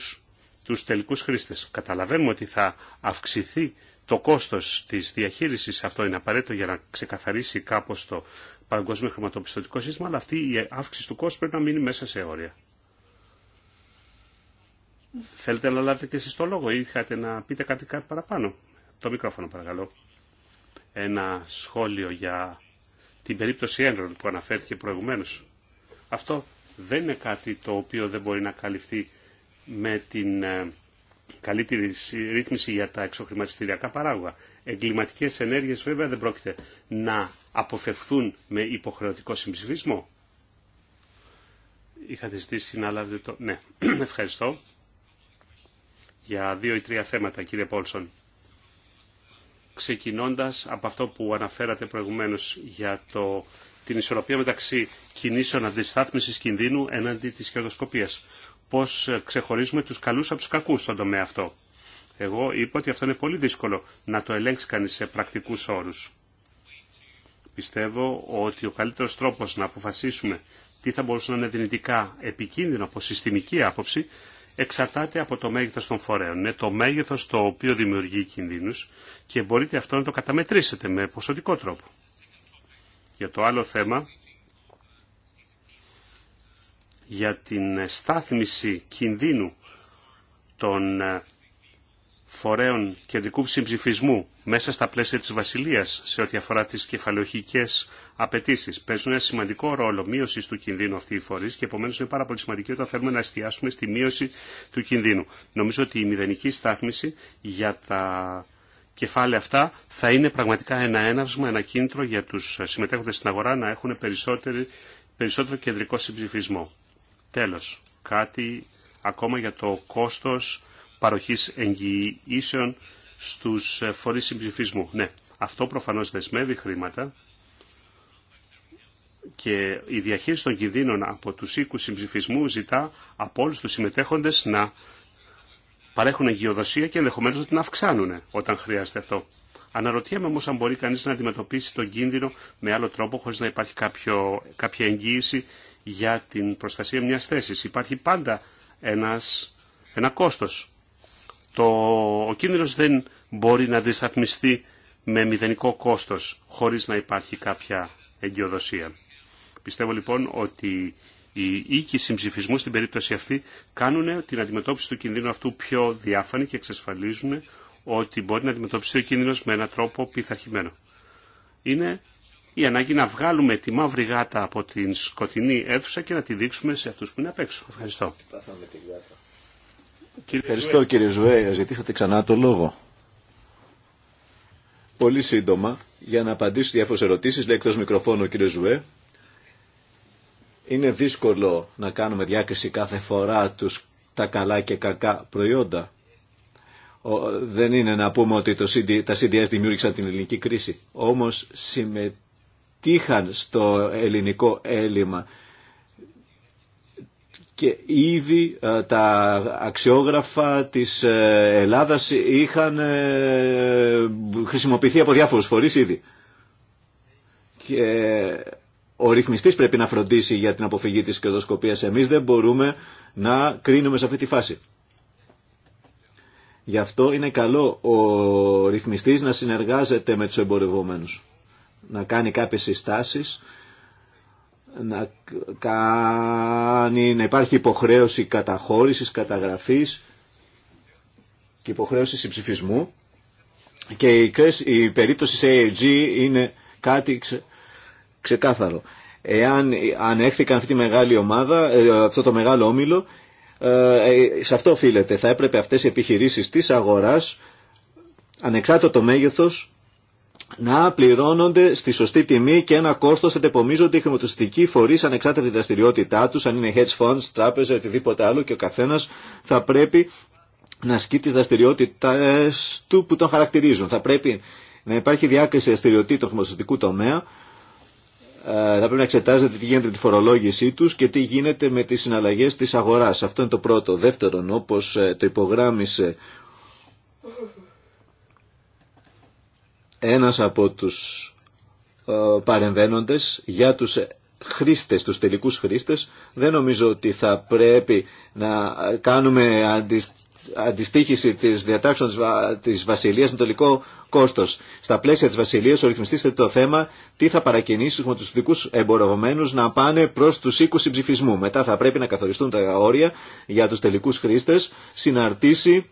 τους τελικούς χρήστες. Καταλαβαίνουμε ότι θα αυξηθεί το κόστος της διαχείρισης, αυτό είναι απαραίτητο για να ξεκαθαρίσει κάπως το παγκόσμιο χρηματοπιστωτικό σύστημα, αλλά αυτή η αύξηση του κόστου πρέπει να μείνει μέσα σε όρια. Θέλετε να λάβετε και εσείς το λόγο ή είχατε να πείτε κάτι, κάτι παραπάνω. Το μικρόφωνο παρακαλώ. Ένα σχόλιο για την περίπτωση ένρων που αναφέρθηκε προηγουμένως. Αυτό δεν είναι κάτι το οποίο δεν μπορεί να καλυφθεί με την ε, καλύτερη ρύθμιση για τα εξοχρηματιστηριακά παράγωγα. Εγκληματικές ενέργειες βέβαια δεν πρόκειται να αποφευθούν με υποχρεωτικό συμψηφισμό. Είχατε ζητήσει να λάβετε το... Ναι, ευχαριστώ. Για δύο ή τρία θέματα κύριε Πόλσον. Ξεκινώντας από αυτό που αναφέρατε προηγουμένως για το... την ισορροπία μεταξύ κινήσεων αντιστάθμισης κινδύνου εναντί της κερδοσκοπία πώς ξεχωρίζουμε τους καλούς από τους κακούς στον τομέα αυτό. Εγώ είπα ότι αυτό είναι πολύ δύσκολο να το ελέγξει κανείς σε πρακτικούς όρους. Πιστεύω ότι ο καλύτερος τρόπος να αποφασίσουμε τι θα μπορούσε να είναι δυνητικά επικίνδυνο από συστημική άποψη εξαρτάται από το μέγεθος των φορέων. Είναι το μέγεθος το οποίο δημιουργεί κινδύνους και μπορείτε αυτό να το καταμετρήσετε με ποσοτικό τρόπο. Για το άλλο θέμα, για την στάθμιση κινδύνου των ε, φορέων κεντρικού συμψηφισμού μέσα στα πλαίσια της Βασιλείας σε ό,τι αφορά τις κεφαλαιοχικές απαιτήσεις. Παίζουν ένα σημαντικό ρόλο μείωση του κινδύνου αυτοί οι φορείς και επομένως είναι πάρα πολύ σημαντική όταν θέλουμε να εστιάσουμε στη μείωση του κινδύνου. Νομίζω ότι η μηδενική στάθμιση για τα κεφάλαια αυτά θα είναι πραγματικά ένα έναυσμα, ένα κίνητρο για τους συμμετέχοντες στην αγορά να έχουν περισσότερο κεντρικό συμψηφισμό. Τέλος, κάτι ακόμα για το κόστος παροχής εγγυήσεων στους ε, φορείς συμψηφισμού. Ναι, αυτό προφανώς δεσμεύει χρήματα και η διαχείριση των κινδύνων από τους οίκους συμψηφισμού ζητά από όλους τους συμμετέχοντες να παρέχουν εγγυοδοσία και ενδεχομένω να την αυξάνουν όταν χρειάζεται αυτό. Αναρωτιέμαι όμω αν μπορεί κανεί να αντιμετωπίσει τον κίνδυνο με άλλο τρόπο χωρί να υπάρχει κάποιο, κάποια εγγύηση για την προστασία μιας θέσης. Υπάρχει πάντα ένας, ένα κόστος. Το, ο κίνδυνος δεν μπορεί να δισταθμιστεί με μηδενικό κόστος χωρίς να υπάρχει κάποια εγκυοδοσία. Πιστεύω λοιπόν ότι οι οίκοι συμψηφισμού στην περίπτωση αυτή κάνουν την αντιμετώπιση του κινδύνου αυτού πιο διάφανη και εξασφαλίζουν ότι μπορεί να αντιμετωπιστεί ο κίνδυνος με έναν τρόπο πειθαρχημένο. Είναι η ανάγκη να βγάλουμε τη μαύρη γάτα από την σκοτεινή αίθουσα και να τη δείξουμε σε αυτούς που είναι απ' έξω. Ευχαριστώ. Ευχαριστώ κύριε Ζουέ. Ζητήσατε ξανά το λόγο. Πολύ σύντομα, για να απαντήσω διάφορες ερωτήσεις, λέει εκτός μικροφώνου ο κύριε Ζουέ. Είναι δύσκολο να κάνουμε διάκριση κάθε φορά τους τα καλά και κακά προϊόντα. δεν είναι να πούμε ότι το CD, τα CDS δημιούργησαν την ελληνική κρίση. Όμως είχαν στο ελληνικό έλλειμμα και ήδη ε, τα αξιόγραφα της ε, Ελλάδας είχαν ε, χρησιμοποιηθεί από διάφορους φορείς ήδη. Και ο ρυθμιστής πρέπει να φροντίσει για την αποφυγή της κερδοσκοπίας. Εμείς δεν μπορούμε να κρίνουμε σε αυτή τη φάση. Γι' αυτό είναι καλό ο ρυθμιστής να συνεργάζεται με τους εμπορευόμενους να κάνει κάποιες συστάσεις, να, κάνει, να υπάρχει υποχρέωση καταχώρησης, καταγραφής και υποχρέωση συμψηφισμού και η, η περίπτωση σε AG είναι κάτι ξεκάθαρο. Εάν ανέχθηκαν αυτή τη μεγάλη ομάδα, ε, αυτό το μεγάλο όμιλο, ε, ε, σε αυτό οφείλεται. Θα έπρεπε αυτές οι επιχειρήσεις της αγοράς, ανεξάρτητο το μέγεθος, να πληρώνονται στη σωστή τιμή και ένα κόστο ετεπομίζονται οι χρηματοστικοί φορεί ανεξάρτητα τη δραστηριότητά του, αν είναι hedge funds, τράπεζα, οτιδήποτε άλλο και ο καθένα θα πρέπει να ασκεί τι δραστηριότητε του που τον χαρακτηρίζουν. Θα πρέπει να υπάρχει διάκριση δραστηριοτήτων χρηματοστικού τομέα. Ε, θα πρέπει να εξετάζεται τι γίνεται με τη φορολόγησή του και τι γίνεται με τι συναλλαγέ τη αγορά. Αυτό είναι το πρώτο. Δεύτερον, όπω ε, το υπογράμμισε ένας από τους ε, παρεμβαίνοντες για τους χρήστες, τους τελικούς χρήστες. Δεν νομίζω ότι θα πρέπει να κάνουμε αντιστοίχηση της διατάξεων της Βασιλείας με τελικό κόστος. Στα πλαίσια της Βασιλείας ο ρυθμιστής το θέμα τι θα παρακινήσει με τους δικούς εμπορευμένους να πάνε προς τους 20 ψηφισμού. Μετά θα πρέπει να καθοριστούν τα όρια για τους τελικούς χρήστες, συναρτήσει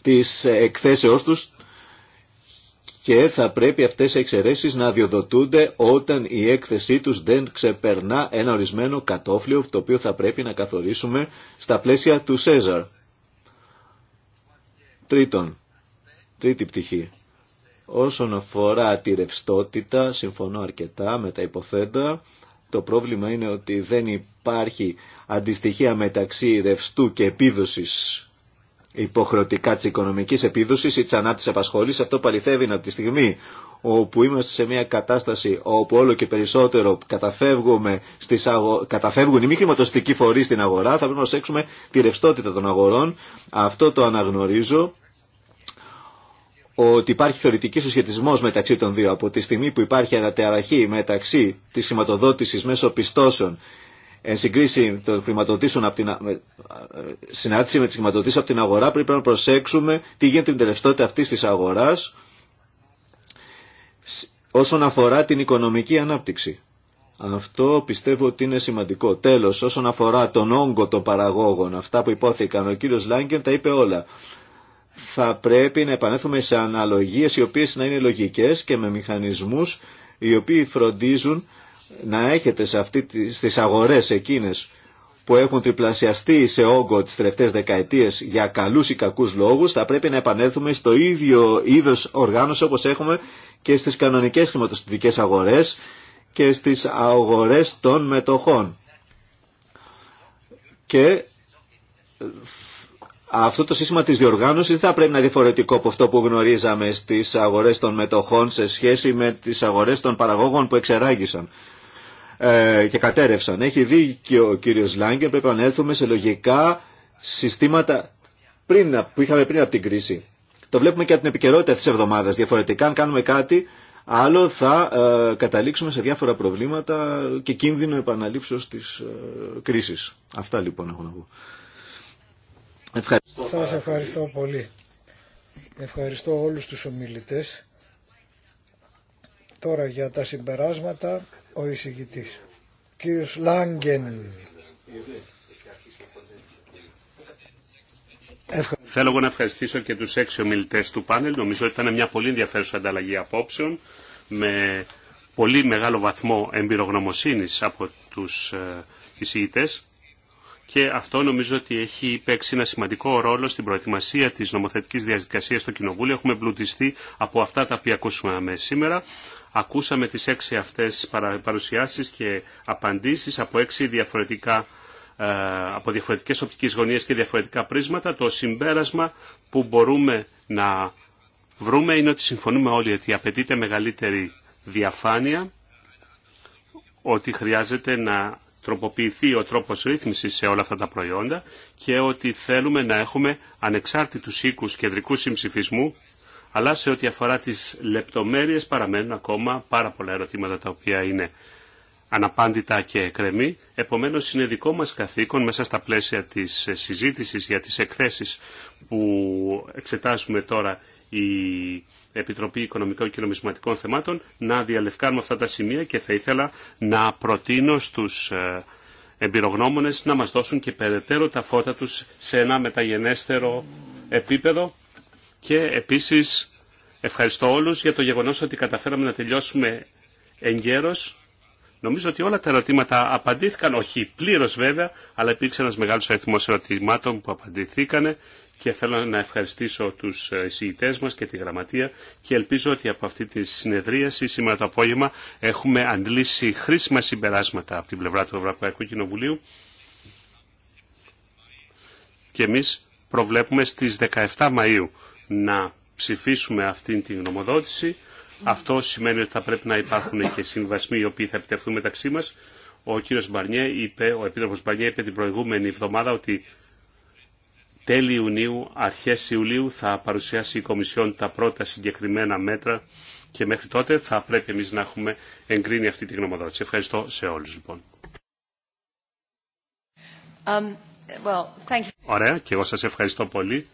τις εκθέσεώς τους και θα πρέπει αυτές οι εξαιρέσεις να αδειοδοτούνται όταν η έκθεσή τους δεν ξεπερνά ένα ορισμένο κατόφλιο το οποίο θα πρέπει να καθορίσουμε στα πλαίσια του Σέζαρ. Τρίτον, τρίτη πτυχή. Όσον αφορά τη ρευστότητα, συμφωνώ αρκετά με τα υποθέντα. Το πρόβλημα είναι ότι δεν υπάρχει αντιστοιχεία μεταξύ ρευστού και επίδοσης υποχρεωτικά τη οικονομική επίδοση ή τη ανάπτυξη απασχόληση. Αυτό παληθεύει από τη στιγμή όπου είμαστε σε μια κατάσταση όπου όλο και περισσότερο καταφεύγουμε στις αγο... καταφεύγουν οι μη χρηματοστικοί φορεί στην αγορά, θα πρέπει να προσέξουμε τη ρευστότητα των αγορών. Αυτό το αναγνωρίζω ότι υπάρχει θεωρητική συσχετισμό μεταξύ των δύο. Από τη στιγμή που υπάρχει αναταραχή μεταξύ τη χρηματοδότηση μέσω πιστώσεων εν συγκρίση των χρηματοδοτήσεων από την, συνάρτηση με τις χρηματοδοτήσεις από την αγορά πρέπει να προσέξουμε τι γίνεται με την τελευταία αυτής της αγοράς όσον αφορά την οικονομική ανάπτυξη. Αυτό πιστεύω ότι είναι σημαντικό. Τέλος, όσον αφορά τον όγκο των παραγόγων, αυτά που υπόθηκαν, ο κύριος Λάγκεν τα είπε όλα. Θα πρέπει να επανέλθουμε σε αναλογίες οι οποίες να είναι λογικές και με μηχανισμούς οι οποίοι φροντίζουν να έχετε σε αυτή, στις αγορές εκείνες που έχουν τριπλασιαστεί σε όγκο τις τελευταίες δεκαετίες για καλούς ή κακούς λόγους, θα πρέπει να επανέλθουμε στο ίδιο είδος οργάνωση όπως έχουμε και στις κανονικές χρηματοστητικές αγορές και στις αγορές των μετοχών. Και αυτό το σύστημα της διοργάνωσης θα πρέπει να είναι διαφορετικό από αυτό που γνωρίζαμε στις αγορές των μετοχών σε σχέση με τις αγορές των παραγόγων που εξεράγησαν ε, και κατέρευσαν. Έχει και ο κύριος Λάγκεν, πρέπει να έρθουμε σε λογικά συστήματα πριν, που είχαμε πριν από την κρίση. Το βλέπουμε και από την επικαιρότητα της εβδομάδας. Διαφορετικά, αν κάνουμε κάτι άλλο, θα ε, καταλήξουμε σε διάφορα προβλήματα και κίνδυνο επαναλήψεως της ε, κρίσης. Αυτά λοιπόν έχω να πω. Ευχαριστώ. Σας ευχαριστώ πολύ. Ευχαριστώ όλους τους ομιλητές. Τώρα για τα συμπεράσματα ο εισηγητής. Κύριος Λάγκεν. Θέλω εγώ να ευχαριστήσω και τους έξι ομιλητές του πάνελ. Νομίζω ότι ήταν μια πολύ ενδιαφέρουσα ανταλλαγή απόψεων με πολύ μεγάλο βαθμό εμπειρογνωμοσύνης από τους ε, εισηγητές και αυτό νομίζω ότι έχει παίξει ένα σημαντικό ρόλο στην προετοιμασία της νομοθετικής διαδικασίας στο Κοινοβούλιο. Έχουμε εμπλουτιστεί από αυτά τα οποία ακούσαμε σήμερα, Ακούσαμε τις έξι αυτές παρουσιάσεις και απαντήσεις από έξι διαφορετικά ε, από διαφορετικές οπτικές γωνίες και διαφορετικά πρίσματα, το συμπέρασμα που μπορούμε να βρούμε είναι ότι συμφωνούμε όλοι ότι απαιτείται μεγαλύτερη διαφάνεια, ότι χρειάζεται να τροποποιηθεί ο τρόπος ρύθμισης σε όλα αυτά τα προϊόντα και ότι θέλουμε να έχουμε ανεξάρτητους οίκους κεντρικού συμψηφισμού αλλά σε ό,τι αφορά τις λεπτομέρειες παραμένουν ακόμα πάρα πολλά ερωτήματα τα οποία είναι αναπάντητα και κρεμή, Επομένως είναι δικό μας καθήκον μέσα στα πλαίσια της συζήτησης για τις εκθέσεις που εξετάζουμε τώρα η Επιτροπή Οικονομικών και Νομισματικών Θεμάτων να διαλευκάνουμε αυτά τα σημεία και θα ήθελα να προτείνω στους ε, εμπειρογνώμονες να μας δώσουν και περαιτέρω τα φώτα τους σε ένα μεταγενέστερο επίπεδο και επίσης ευχαριστώ όλους για το γεγονός ότι καταφέραμε να τελειώσουμε εγκαίρως. Νομίζω ότι όλα τα ερωτήματα απαντήθηκαν, όχι πλήρως βέβαια, αλλά υπήρξε ένας μεγάλος αριθμός ερωτημάτων που απαντηθήκαν και θέλω να ευχαριστήσω τους εισηγητές μας και τη γραμματεία και ελπίζω ότι από αυτή τη συνεδρίαση σήμερα το απόγευμα έχουμε αντλήσει χρήσιμα συμπεράσματα από την πλευρά του Ευρωπαϊκού Κοινοβουλίου και εμείς προβλέπουμε στις 17 Μαΐου να ψηφίσουμε αυτήν την γνωμοδότηση. Αυτό σημαίνει ότι θα πρέπει να υπάρχουν και συμβασμοί οι οποίοι θα επιτευχθούν μεταξύ μα. Ο κύριο Μπαρνιέ είπε, ο επίτροπο Μπαρνιέ είπε την προηγούμενη εβδομάδα ότι τέλη Ιουνίου, αρχές Ιουλίου θα παρουσιάσει η Κομισιόν τα πρώτα συγκεκριμένα μέτρα και μέχρι τότε θα πρέπει εμεί να έχουμε εγκρίνει αυτή τη γνωμοδότηση. Ευχαριστώ σε όλου λοιπόν. Um, Ωραία και εγώ σα ευχαριστώ πολύ.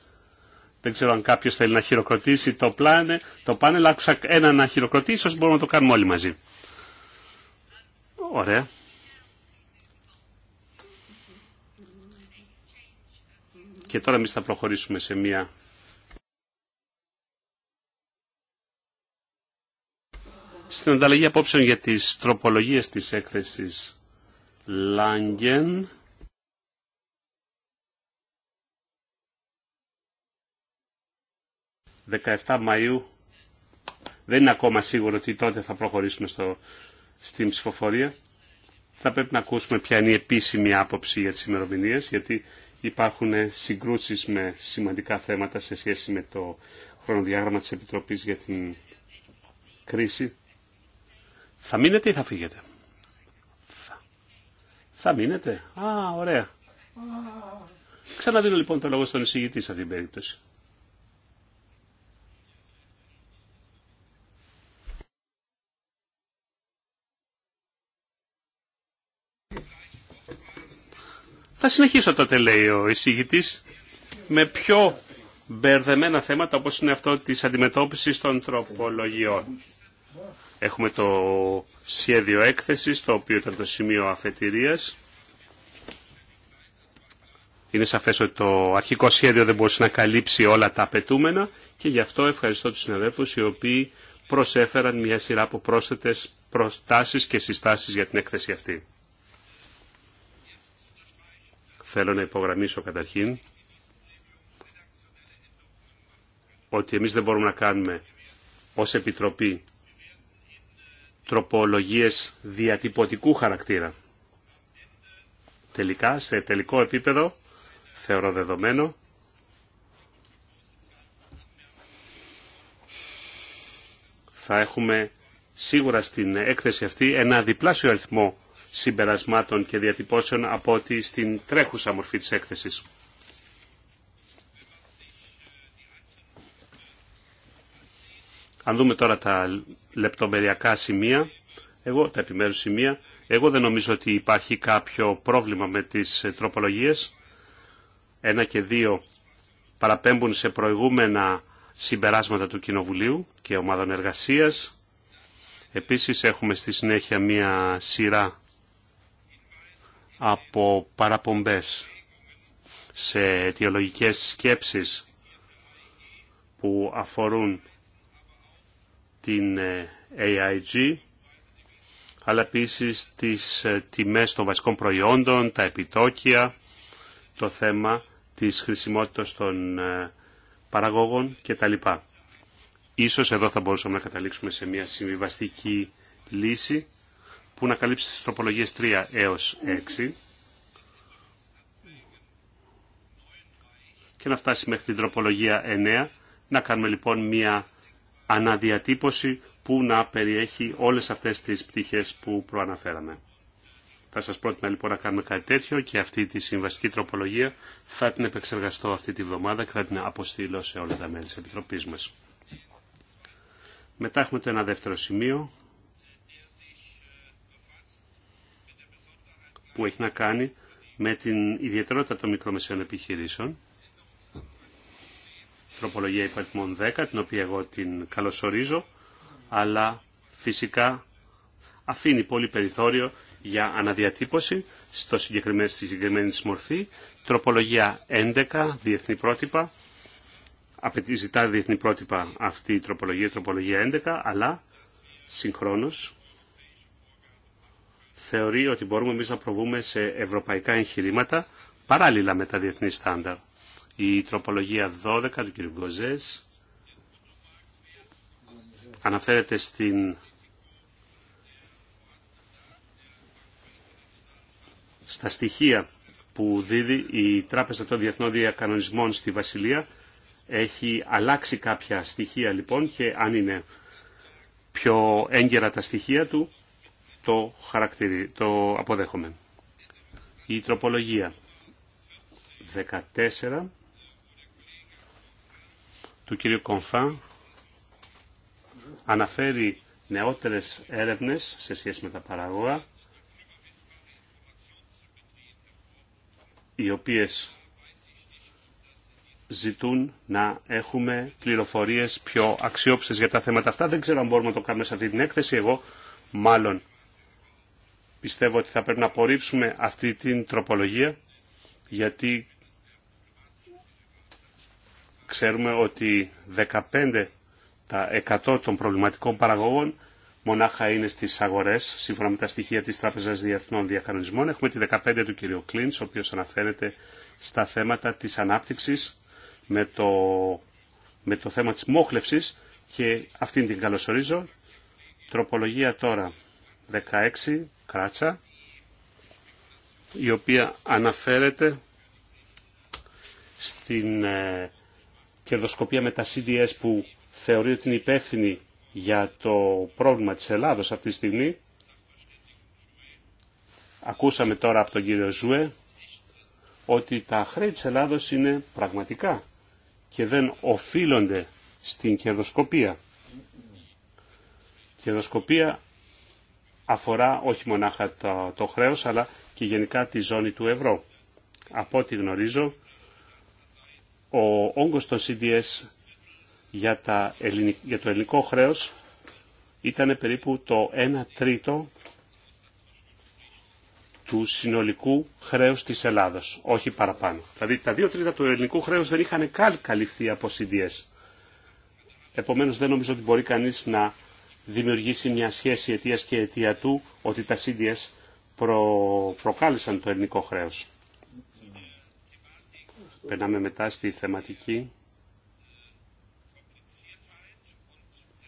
Δεν ξέρω αν κάποιο θέλει να χειροκροτήσει το, πλάνε, το πάνελ. Άκουσα ένα να χειροκροτήσει, όσο μπορούμε να το κάνουμε όλοι μαζί. Ωραία. Και τώρα εμεί θα προχωρήσουμε σε μια στην ανταλλαγή απόψεων για τις τροπολογίες της έκθεσης Langen. 17 Μαΐου δεν είναι ακόμα σίγουρο ότι τότε θα προχωρήσουμε στο, στην ψηφοφορία. Θα πρέπει να ακούσουμε ποια είναι η επίσημη άποψη για τις ημερομηνίε, γιατί υπάρχουν συγκρούσεις με σημαντικά θέματα σε σχέση με το χρονοδιάγραμμα της Επιτροπής για την κρίση. Θα μείνετε ή θα φύγετε. Θα, θα μείνετε. Α, ωραία. Ξαναδίνω λοιπόν το λόγο στον εισηγητή σε αυτήν την περίπτωση. Θα συνεχίσω τότε, λέει ο εισηγητή, με πιο μπερδεμένα θέματα όπως είναι αυτό της αντιμετώπισης των τροπολογιών. Έχουμε το σχέδιο έκθεσης, το οποίο ήταν το σημείο αφετηρίας. Είναι σαφές ότι το αρχικό σχέδιο δεν μπορούσε να καλύψει όλα τα απαιτούμενα και γι' αυτό ευχαριστώ τους συναδέλφους οι οποίοι προσέφεραν μια σειρά από πρόσθετες προτάσεις και συστάσεις για την έκθεση αυτή. Θέλω να υπογραμμίσω καταρχήν ότι εμείς δεν μπορούμε να κάνουμε ως Επιτροπή τροπολογίες διατυπωτικού χαρακτήρα. Τελικά, σε τελικό επίπεδο, θεωρώ δεδομένο, θα έχουμε σίγουρα στην έκθεση αυτή ένα διπλάσιο αριθμό συμπερασμάτων και διατυπώσεων από ότι στην τρέχουσα μορφή της έκθεσης. Αν δούμε τώρα τα λεπτομεριακά σημεία, εγώ, τα επιμέρους σημεία, εγώ δεν νομίζω ότι υπάρχει κάποιο πρόβλημα με τις τροπολογίες. Ένα και δύο παραπέμπουν σε προηγούμενα συμπεράσματα του Κοινοβουλίου και ομάδων εργασίας. Επίσης έχουμε στη συνέχεια μία σειρά από παραπομπές σε αιτιολογικές σκέψεις που αφορούν την ε, AIG, αλλά επίση τις ε, τιμές των βασικών προϊόντων, τα επιτόκια, το θέμα της χρησιμότητας των ε, παραγόγων κτλ. Ίσως εδώ θα μπορούσαμε να καταλήξουμε σε μια συμβιβαστική λύση που να καλύψει τις τροπολογίες 3 έως 6 και να φτάσει μέχρι την τροπολογία 9. Να κάνουμε λοιπόν μια αναδιατύπωση που να περιέχει όλες αυτές τις πτυχές που προαναφέραμε. Θα σας πρότεινα λοιπόν να κάνουμε κάτι τέτοιο και αυτή τη συμβαστική τροπολογία θα την επεξεργαστώ αυτή τη βδομάδα και θα την αποστείλω σε όλα τα μέλη της Επιτροπής μας. Μετά έχουμε το ένα δεύτερο σημείο που έχει να κάνει με την ιδιαιτερότητα των μικρομεσαίων επιχειρήσεων. Τροπολογία υπαριθμών 10, την οποία εγώ την καλωσορίζω, αλλά φυσικά αφήνει πολύ περιθώριο για αναδιατύπωση στο συγκεκριμένο, στη συγκεκριμένη μορφή. Τροπολογία 11, διεθνή πρότυπα. Απαιτεί, ζητά διεθνή πρότυπα αυτή η τροπολογία, τροπολογία 11, αλλά συγχρόνως θεωρεί ότι μπορούμε εμείς να προβούμε σε ευρωπαϊκά εγχειρήματα παράλληλα με τα διεθνή στάνταρ. Η τροπολογία 12 του κ. Γκοζές αναφέρεται στην στα στοιχεία που δίδει η Τράπεζα των Διεθνών Διακανονισμών στη Βασιλεία. Έχει αλλάξει κάποια στοιχεία λοιπόν και αν είναι πιο έγκαιρα τα στοιχεία του το, χαρακτηρί, το αποδέχομαι. Η τροπολογία 14 του κ. Κομφά αναφέρει νεότερες έρευνες σε σχέση με τα παραγωγά οι οποίες ζητούν να έχουμε πληροφορίες πιο αξιόπιστες για τα θέματα αυτά. Δεν ξέρω αν μπορούμε να το κάνουμε σε αυτή την έκθεση. Εγώ μάλλον Πιστεύω ότι θα πρέπει να απορρίψουμε αυτή την τροπολογία γιατί ξέρουμε ότι 15% των προβληματικών παραγωγών μονάχα είναι στις αγορές σύμφωνα με τα στοιχεία της Τράπεζας Διεθνών Διακανονισμών. Έχουμε τη 15 του κ. Κλίντς, ο οποίος αναφέρεται στα θέματα της ανάπτυξης με το, με το θέμα της μόχλευσης και αυτήν την καλωσορίζω. Τροπολογία τώρα 16 Κράτσα, η οποία αναφέρεται στην ε, κερδοσκοπία με τα CDS που θεωρεί ότι είναι υπεύθυνη για το πρόβλημα της Ελλάδος αυτή τη στιγμή. Ακούσαμε τώρα από τον κύριο Ζουέ ότι τα χρέη της Ελλάδος είναι πραγματικά και δεν οφείλονται στην κερδοσκοπία. κερδοσκοπία αφορά όχι μονάχα το, το χρέος αλλά και γενικά τη ζώνη του ευρώ. Από ό,τι γνωρίζω, ο όγκος των CDS για, τα για το ελληνικό χρέος ήταν περίπου το 1 τρίτο του συνολικού χρέους της Ελλάδος, όχι παραπάνω. Δηλαδή τα 2 τρίτα του ελληνικού χρέους δεν είχαν καλυφθεί από CDS. Επομένως δεν νομίζω ότι μπορεί κανείς να δημιουργήσει μια σχέση αιτία και αιτία του ότι τα CDS προκάλεσαν το ελληνικό χρέος. Περνάμε μετά στη θεματική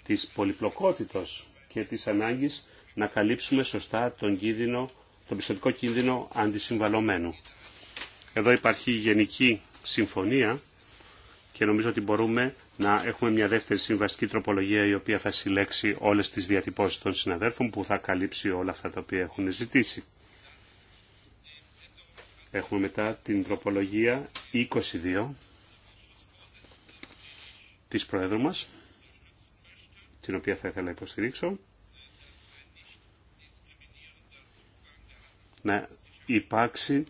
της πολυπλοκότητος και της ανάγκης να καλύψουμε σωστά τον, κίνδυνο, τον πιστοτικό κίνδυνο αντισυμβαλωμένου. Εδώ υπάρχει γενική συμφωνία και νομίζω ότι μπορούμε να έχουμε μια δεύτερη συμβαστική τροπολογία η οποία θα συλλέξει όλες τις διατυπώσεις των συναδέλφων που θα καλύψει όλα αυτά τα οποία έχουν ζητήσει. Έχουμε μετά την τροπολογία 22 της Προέδρου μας, την οποία θα ήθελα να υποστηρίξω. Να υπάρξει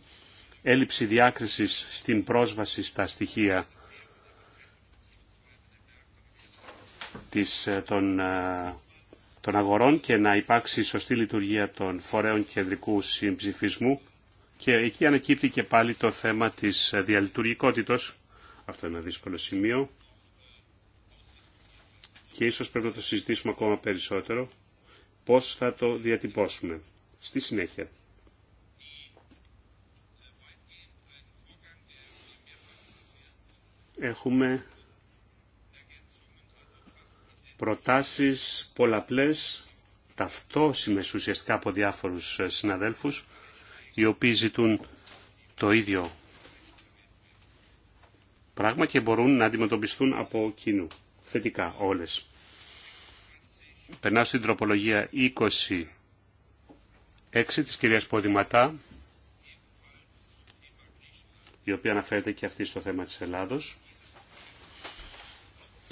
έλλειψη διάκρισης στην πρόσβαση στα στοιχεία της, ε, των, ε, των αγορών και να υπάρξει σωστή λειτουργία των φορέων κεντρικού συμψηφισμού και εκεί ανακύπτει και πάλι το θέμα της ε, διαλειτουργικότητας. Αυτό είναι ένα δύσκολο σημείο και ίσως πρέπει να το συζητήσουμε ακόμα περισσότερο πώς θα το διατυπώσουμε. Στη συνέχεια. Έχουμε προτάσεις πολλαπλές, ταυτόσιμες ουσιαστικά από διάφορους ε, συναδέλφους, οι οποίοι ζητούν το ίδιο πράγμα και μπορούν να αντιμετωπιστούν από κοινού. Θετικά όλες. Περνάω στην τροπολογία 26 της κυρίας Ποδηματά, η οποία αναφέρεται και αυτή στο θέμα της Ελλάδος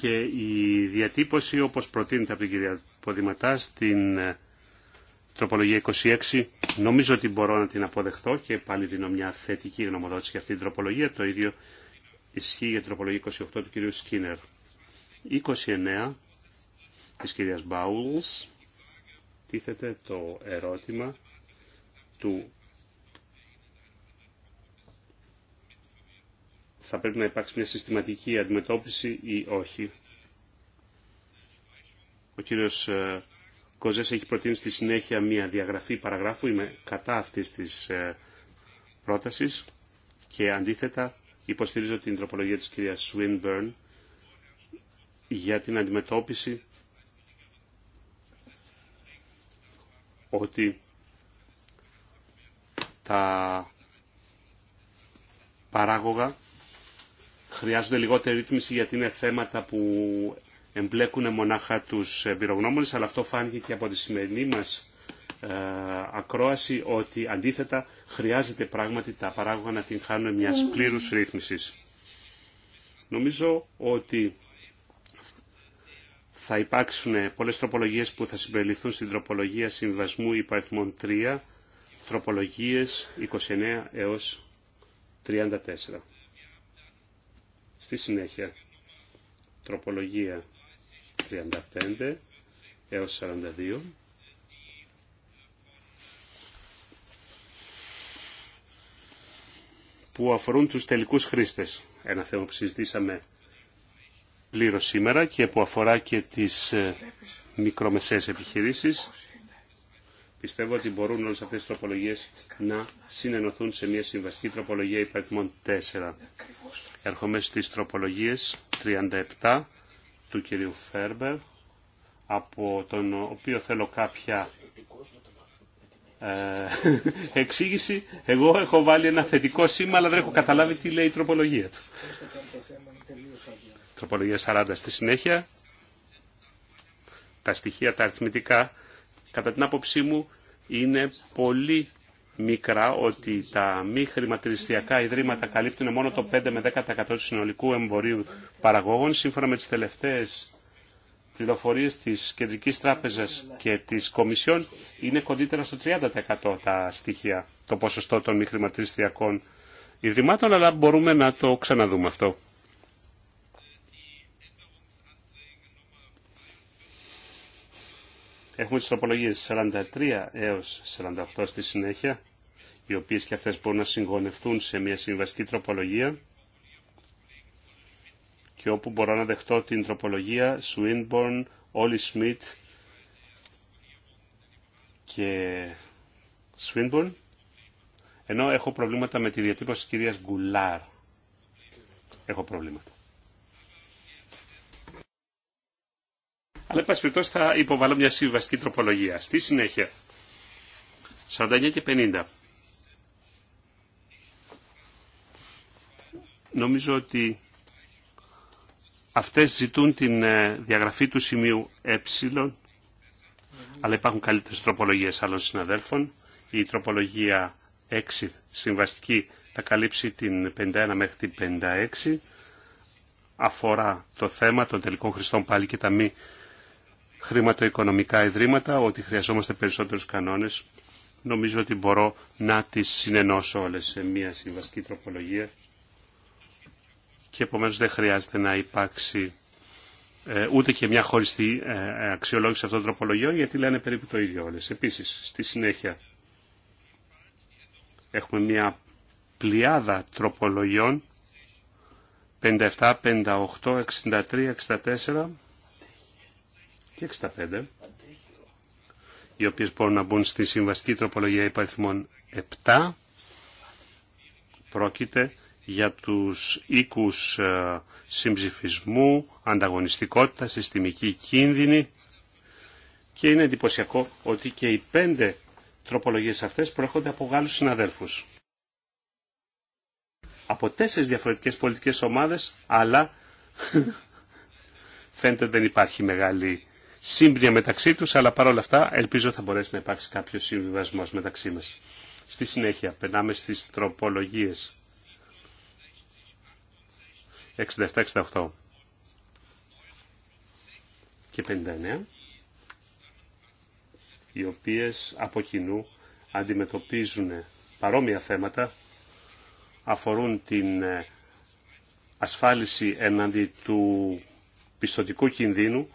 και η διατύπωση όπως προτείνεται από την κυρία Ποδηματά στην ε, τροπολογία 26 νομίζω ότι μπορώ να την αποδεχθώ και πάλι δίνω μια θετική γνωμοδότηση για αυτή την τροπολογία. Το ίδιο ισχύει για την τροπολογία 28 του κυρίου Σκίνερ. 29 της κυρίας Μπάουλς τίθεται το ερώτημα του θα πρέπει να υπάρξει μια συστηματική αντιμετώπιση ή όχι. Ο κύριος ε, Κοζές έχει προτείνει στη συνέχεια μια διαγραφή παραγράφου. Είμαι κατά αυτής της ε, πρότασης και αντίθετα υποστηρίζω την τροπολογία της κυρίας Σουίνμπερν για την αντιμετώπιση ότι τα παράγωγα χρειάζονται λιγότερη ρύθμιση γιατί είναι θέματα που εμπλέκουν μονάχα τους εμπειρογνώμονες, αλλά αυτό φάνηκε και από τη σημερινή μας ε, ακρόαση ότι αντίθετα χρειάζεται πράγματι τα παράγωγα να την χάνουν μιας πλήρους ρύθμισης. Νομίζω ότι θα υπάρξουν πολλές τροπολογίες που θα συμπεριληφθούν στην τροπολογία συμβασμού υπαριθμών 3, τροπολογίες 29 έως 34. Στη συνέχεια, τροπολογία 35 έως 42. που αφορούν τους τελικούς χρήστες. Ένα θέμα που συζητήσαμε πλήρω σήμερα και που αφορά και τις ε, μικρομεσαίες επιχειρήσεις. Πιστεύω ότι μπορούν όλες αυτές τις τροπολογίες να συνενωθούν σε μια συμβαστική τροπολογία υπαριθμών 4. Έρχομαι στις τροπολογίες 37 του κυρίου Φέρμπερ, από τον οποίο θέλω κάποια ε, εξήγηση. Εγώ έχω βάλει ένα θετικό σήμα, αλλά δεν έχω καταλάβει τι λέει η τροπολογία του. Τροπολογία 40 στη συνέχεια. Τα στοιχεία, τα αριθμητικά, κατά την άποψή μου, είναι πολύ μικρά ότι τα μη χρηματιστιακά ιδρύματα καλύπτουν μόνο το 5 με 10% του συνολικού εμπορίου παραγόγων. Σύμφωνα με τις τελευταίες πληροφορίες της Κεντρικής Τράπεζας και της Κομισιόν είναι κοντύτερα στο 30% τα στοιχεία, το ποσοστό των μη χρηματιστιακών ιδρυμάτων, αλλά μπορούμε να το ξαναδούμε αυτό. Έχουμε τις τροπολογίες 43 έως 48 στη συνέχεια, οι οποίες και αυτές μπορούν να συγχωνευτούν σε μια συμβαστική τροπολογία και όπου μπορώ να δεχτώ την τροπολογία Swinburne, Όλι Smith και Swinburne, ενώ έχω προβλήματα με τη διατύπωση της κυρίας Γκουλάρ. Έχω προβλήματα. Αλλά, εν πάση θα υποβάλω μια συμβαστική τροπολογία. Στη συνέχεια, 49 και 50. Νομίζω ότι αυτές ζητούν την ε, διαγραφή του σημείου ε, αλλά υπάρχουν καλύτερες τροπολογίες άλλων συναδέλφων. Η τροπολογία 6 συμβαστική θα καλύψει την 51 μέχρι την 56 αφορά το θέμα των τελικών χρηστών πάλι και τα μη χρηματοοικονομικά ιδρύματα, ότι χρειαζόμαστε περισσότερους κανόνες. Νομίζω ότι μπορώ να τις συνενώσω όλες σε μια συμβαστική τροπολογία και επομένως δεν χρειάζεται να υπάρξει ε, ούτε και μια χωριστή ε, ε, αξιολόγηση αυτών των τροπολογιών γιατί λένε περίπου το ίδιο όλες. Επίσης, στη συνέχεια έχουμε μια πλειάδα τροπολογιών 57, 58, 63, 64 65, οι οποίες μπορούν να μπουν στη συμβαστική τροπολογία υπαριθμών 7. Πρόκειται για τους οίκους ε, συμψηφισμού, ανταγωνιστικότητα, συστημική κίνδυνη και είναι εντυπωσιακό ότι και οι πέντε τροπολογίες αυτές προέρχονται από Γάλλους συναδέλφους. Από τέσσερις διαφορετικές πολιτικές ομάδες, αλλά φαίνεται δεν υπάρχει μεγάλη σύμπνοια μεταξύ τους, αλλά παρόλα αυτά ελπίζω θα μπορέσει να υπάρξει κάποιο συμβιβασμός μεταξύ μας. Στη συνέχεια, περνάμε στις τροπολογίες. 67-68 και 59, οι οποίες από κοινού αντιμετωπίζουν παρόμοια θέματα, αφορούν την ε, ασφάλιση εναντί του πιστοτικού κινδύνου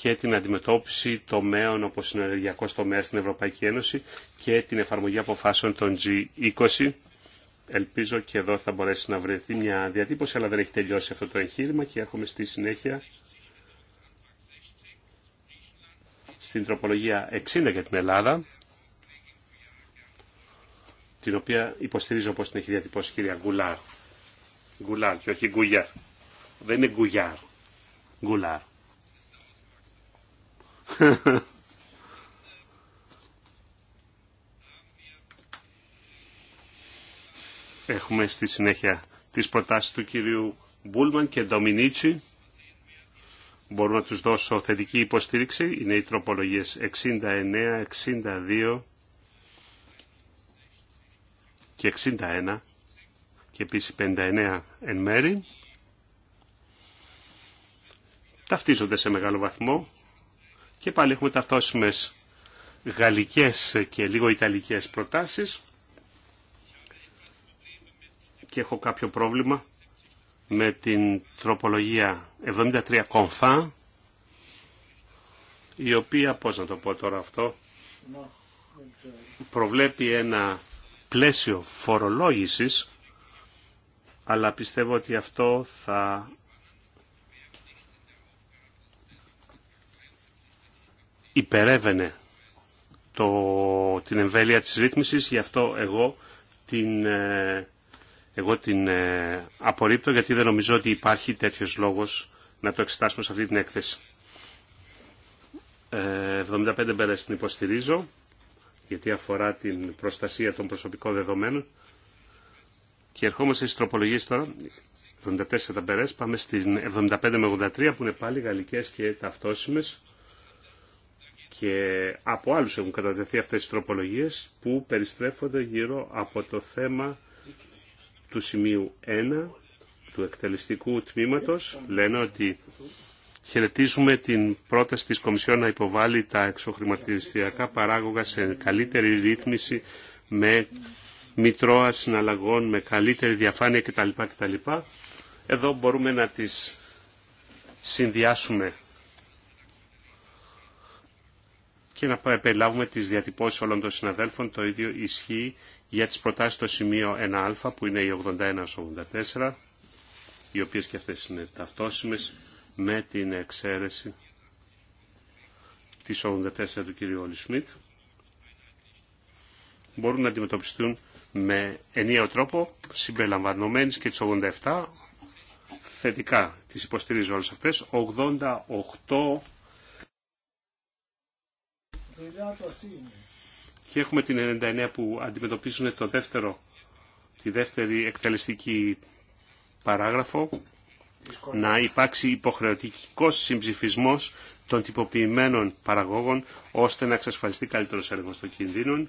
και την αντιμετώπιση τομέων όπως είναι ο ενεργειακός τομέας στην Ευρωπαϊκή Ένωση και την εφαρμογή αποφάσεων των G20. Ελπίζω και εδώ θα μπορέσει να βρεθεί μια διατύπωση, αλλά δεν έχει τελειώσει αυτό το εγχείρημα και έρχομαι στη συνέχεια στην τροπολογία 60 για την Ελλάδα, την οποία υποστηρίζω όπως την έχει διατυπώσει η κυρία Γκουλάρ. Γκουλάρ και όχι Γκουγιάρ. Δεν είναι Γκουγιάρ. Γκουλάρ. Έχουμε στη συνέχεια τις προτάσεις του κυρίου Μπούλμαν και Ντομινίτσι. Μπορώ να τους δώσω θετική υποστήριξη. Είναι οι τροπολογίες 69, 62 και 61 και επίσης 59 εν μέρη. Ταυτίζονται σε μεγάλο βαθμό και πάλι έχουμε ταυτόσιμες γαλλικές και λίγο ιταλικές προτάσεις και έχω κάποιο πρόβλημα με την τροπολογία 73 κομφά η οποία, πώς να το πω τώρα αυτό, προβλέπει ένα πλαίσιο φορολόγησης αλλά πιστεύω ότι αυτό θα υπερεύαινε το, την εμβέλεια της ρύθμισης, γι' αυτό εγώ την, ε, εγώ την ε, απορρίπτω, γιατί δεν νομίζω ότι υπάρχει τέτοιος λόγος να το εξετάσουμε σε αυτή την έκθεση. 75 ε, μπέρες την υποστηρίζω, γιατί αφορά την προστασία των προσωπικών δεδομένων. Και ερχόμαστε στις τροπολογίες τώρα, 74 πάμε στις 75 με 83 που είναι πάλι γαλλικές και ταυτόσιμες και από άλλους έχουν κατατεθεί αυτές οι τροπολογίες που περιστρέφονται γύρω από το θέμα του σημείου 1 του εκτελεστικού τμήματος. Λένε ότι χαιρετίζουμε την πρόταση της Κομισιόν να υποβάλει τα εξοχρηματιστηριακά παράγωγα σε καλύτερη ρύθμιση με μητρώα συναλλαγών, με καλύτερη διαφάνεια κτλ. κτλ. Εδώ μπορούμε να τις συνδυάσουμε και να επελάβουμε τις διατυπώσεις όλων των συναδέλφων. Το ίδιο ισχύει για τις προτάσεις στο σημείο 1α που είναι οι 81-84, οι οποίες και αυτές είναι ταυτόσιμες με την εξαίρεση της 84 του κ. Όλη Σμιτ μπορούν να αντιμετωπιστούν με ενιαίο τρόπο, συμπεριλαμβανομένης και τις 87, θετικά τις υποστηρίζω όλες αυτές, 88 και έχουμε την 99 που αντιμετωπίζουν το δεύτερο, τη δεύτερη εκτελεστική παράγραφο να υπάρξει υποχρεωτικός συμψηφισμός των τυποποιημένων παραγόγων ώστε να εξασφαλιστεί καλύτερος έλεγχος των κινδύνων.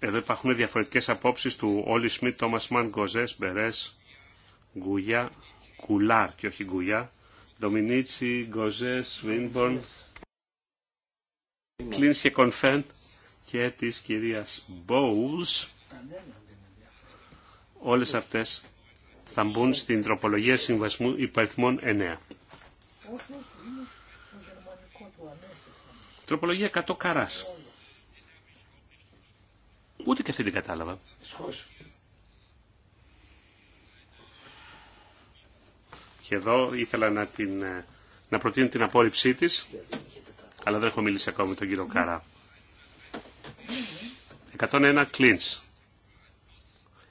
Εδώ υπάρχουν διαφορετικές απόψεις του Όλι Σμιτ, Τόμας Μαν, Γκοζές, Μπερές, Γκουλιά, Κουλάρ και όχι Γκουλιά, Δομινίτσι, Γκοζές, Σβίνμπορν, Κλίνς και Κονφέν και της κυρίας Μπόουλς. Όλες αυτές θα μπουν στην τροπολογία συμβασμού υπαριθμών 9. Τροπολογία 100 καράς. Ούτε και αυτή την κατάλαβα. Και εδώ ήθελα να, την, ε, να προτείνω την απόρριψή της αλλά δεν έχω μιλήσει ακόμα με τον κύριο Καρά. 101 κλίντς.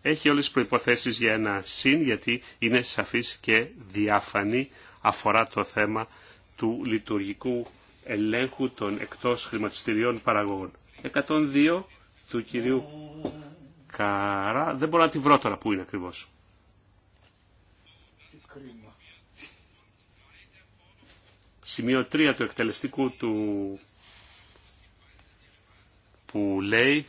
Έχει όλες τις προϋποθέσεις για ένα συν, γιατί είναι σαφής και διαφανή αφορά το θέμα του λειτουργικού ελέγχου των εκτός χρηματιστηριών παραγωγών. 102 του κυρίου Καρά, δεν μπορώ να τη βρω τώρα που είναι ακριβώς. σημείο 3 του εκτελεστικού του που λέει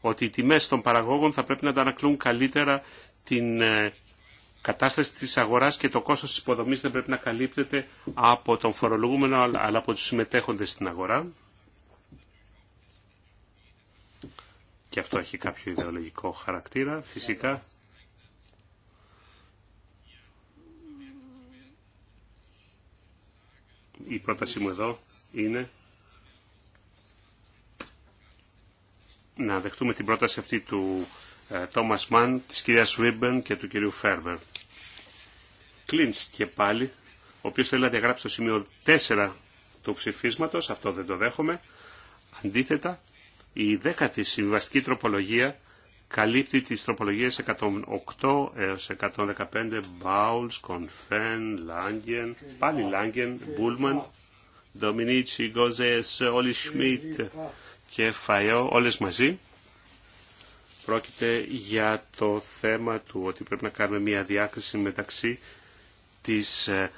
ότι οι τιμές των παραγόγων θα πρέπει να αντανακλούν καλύτερα την ε, κατάσταση της αγοράς και το κόστος της υποδομής δεν πρέπει να καλύπτεται από τον φορολογούμενο αλλά από τους συμμετέχοντες στην αγορά. Και αυτό έχει κάποιο ιδεολογικό χαρακτήρα φυσικά. η πρότασή μου εδώ είναι να δεχτούμε την πρόταση αυτή του Τόμας ε, Μαν, της κυρίας Βίμπεν και του κυρίου Φέρβερ. Κλίντς και πάλι, ο οποίος θέλει να διαγράψει το σημείο 4 του ψηφίσματος, αυτό δεν το δέχομαι. Αντίθετα, η δέκατη συμβαστική τροπολογία καλύπτει τις τροπολογίες 108 έως 115, Μπάουλς, Κονφέν, Λάγκεν, πάλι Λάγκεν, Μπούλμαν, Δομινίτσι, Γκόζες, Όλι Σμιτ και Φαϊό, όλες μαζί. Πρόκειται για το θέμα του ότι πρέπει να κάνουμε μια διάκριση μεταξύ της ε,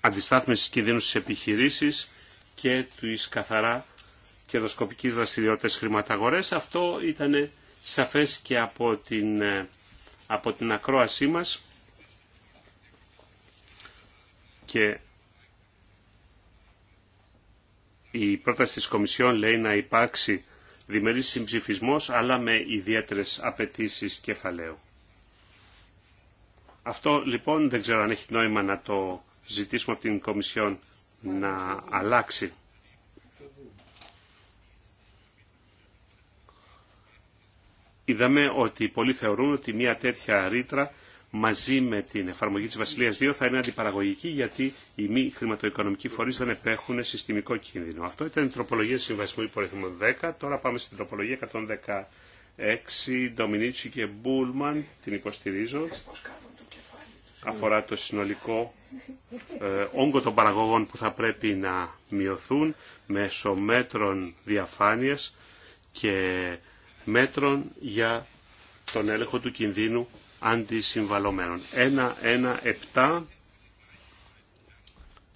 αντιστάθμισης κινδύνου στις επιχειρήσεις και της καθαρά κερδοσκοπικής δραστηριότητας χρηματαγορές. Αυτό ήταν σαφές και από την, ε, από την ακρόασή μας και η πρόταση της Κομισιόν λέει να υπάρξει διμερής συμψηφισμός αλλά με ιδιαίτερες απαιτήσει κεφαλαίου. Αυτό λοιπόν δεν ξέρω αν έχει νόημα να το ζητήσουμε από την Κομισιόν να αλλάξει. είδαμε ότι πολλοί θεωρούν ότι μια τέτοια ρήτρα μαζί με την εφαρμογή της Βασιλείας 2 θα είναι αντιπαραγωγική γιατί οι μη χρηματοοικονομικοί φορείς δεν επέχουν συστημικό κίνδυνο. Αυτό ήταν η τροπολογία συμβασμού υπορριθμού 10. Τώρα πάμε στην τροπολογία 116. Ντομινίτσι και Μπούλμαν την υποστηρίζω. Αφορά το συνολικό ε, όγκο των παραγωγών που θα πρέπει να μειωθούν μέσω μέτρων διαφάνειας και μέτρων για τον έλεγχο του κινδύνου αντισυμβαλωμένων. 1, 1, 7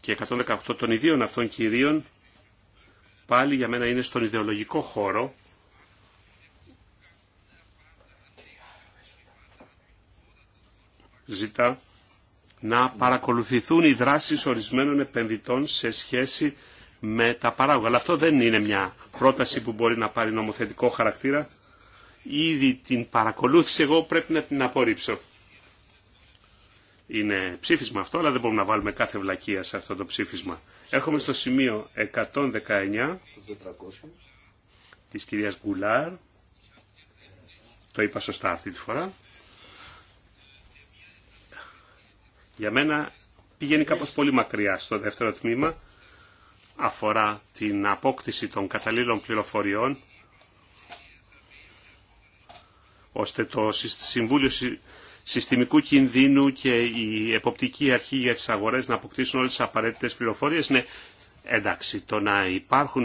και 118 των ιδίων αυτών κυρίων πάλι για μένα είναι στον ιδεολογικό χώρο ζητά να παρακολουθηθούν οι δράσεις ορισμένων επενδυτών σε σχέση με τα παράγωγα. Αλλά αυτό δεν είναι μια πρόταση που μπορεί να πάρει νομοθετικό χαρακτήρα ήδη την παρακολούθησε εγώ πρέπει να την απορρίψω. Είναι ψήφισμα αυτό, αλλά δεν μπορούμε να βάλουμε κάθε βλακεία σε αυτό το ψήφισμα. Έρχομαι στο σημείο 119 της κυρίας Γκουλάρ. Το είπα σωστά αυτή τη φορά. Για μένα πηγαίνει κάπως πολύ μακριά στο δεύτερο τμήμα. Αφορά την απόκτηση των καταλήλων πληροφοριών ώστε το Συμβούλιο Συστημικού Κινδύνου και η Εποπτική Αρχή για τις Αγορές να αποκτήσουν όλες τις απαραίτητες πληροφορίες. Ναι, εντάξει, το να, υπάρχουν,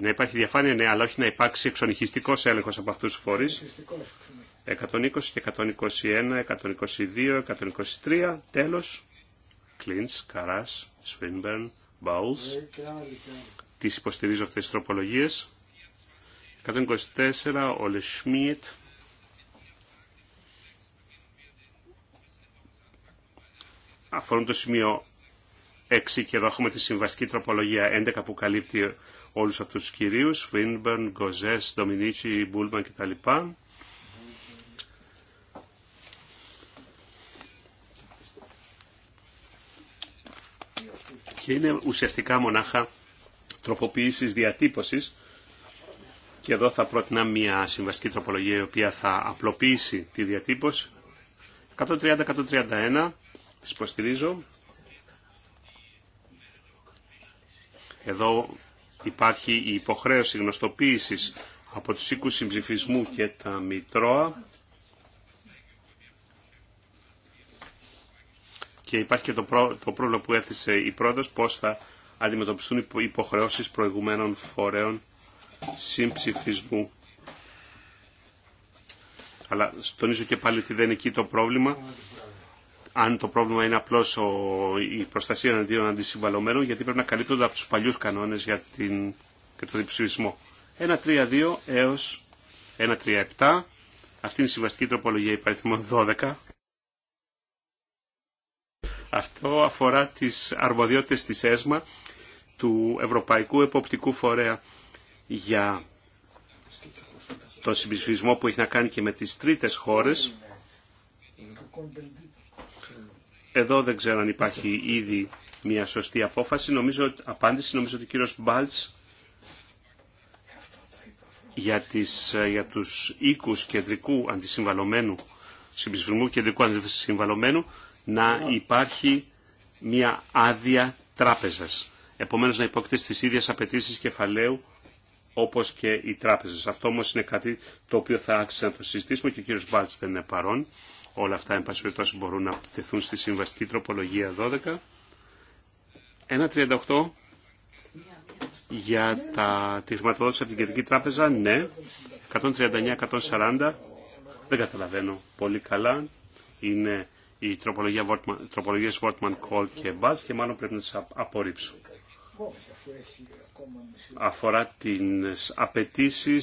να υπάρχει διαφάνεια, ναι, αλλά όχι να υπάρξει εξονυχιστικός έλεγχος από αυτούς τους φορείς. 120 και 121, 122, 123, τέλος. Κλίντς, Καράς, Σφίνμπερν, Μπαούλς. Τις υποστηρίζω αυτές τις τροπολογίες. 124, Όλε Σμίτ, αφορούν το σημείο 6 και εδώ έχουμε τη συμβαστική τροπολογία 11 που καλύπτει όλους αυτούς τους κυρίους, Φίνμπερν, Γκοζές, Ντομινίτσι, Μπούλμαν κτλ. Και είναι ουσιαστικά μονάχα τροποποίησης διατύπωσης και εδώ θα πρότεινα μια συμβαστική τροπολογία η οποία θα απλοποιήσει τη διατύπωση. 130-131 Τις υποστηρίζω. Εδώ υπάρχει η υποχρέωση γνωστοποίησης από τους οίκους συμψηφισμού και τα Μητρώα. Και υπάρχει και το, πρό... το πρόβλημα που έθεσε η πρόεδρος, πώς θα αντιμετωπιστούν υποχρεώσεις προηγουμένων φορέων συμψηφισμού. Αλλά τονίζω και πάλι ότι δεν είναι εκεί το πρόβλημα αν το πρόβλημα είναι απλώ η προστασία εναντίον αντισυμβαλωμένων, γιατί πρέπει να καλύπτονται από του παλιού κανόνε για, την, για τον διψηφισμό. 1.3.2 3 1.3.7. Αυτή είναι η συμβαστική τροπολογία υπαριθμών 12. Αυτό αφορά τι αρμοδιότητες τη ΕΣΜΑ, του Ευρωπαϊκού Εποπτικού Φορέα για το συμψηφισμό που έχει να κάνει και με τις τρίτες χώρες εδώ δεν ξέρω αν υπάρχει ήδη μια σωστή απόφαση. Νομίζω, απάντηση νομίζω ότι ο κύριος Μπάλτς για, τις, ε, για τους οίκους κεντρικού αντισυμβαλωμένου, συμπισφυρμού κεντρικού αντισυμβαλωμένου, να υπάρχει μια άδεια τράπεζας. Επομένως να υπόκειται στις ίδιες απαιτήσει κεφαλαίου όπως και οι τράπεζες. Αυτό όμως είναι κάτι το οποίο θα άξιζε να το συζητήσουμε και ο κύριος Μπάλτς δεν είναι παρόν. Όλα αυτά, εν πάση περιπτώσει, μπορούν να τεθούν στη συμβαστική τροπολογία 12. 1.38 για τα, τη χρηματοδότηση από την Κεντρική Τράπεζα, ναι. 139-140, δεν καταλαβαίνω πολύ καλά. Είναι η τροπολογία Βόρτμαν τροπολογίες Call και Μπάτς και μάλλον πρέπει να τις απορρίψω. Αφορά τις απαιτήσει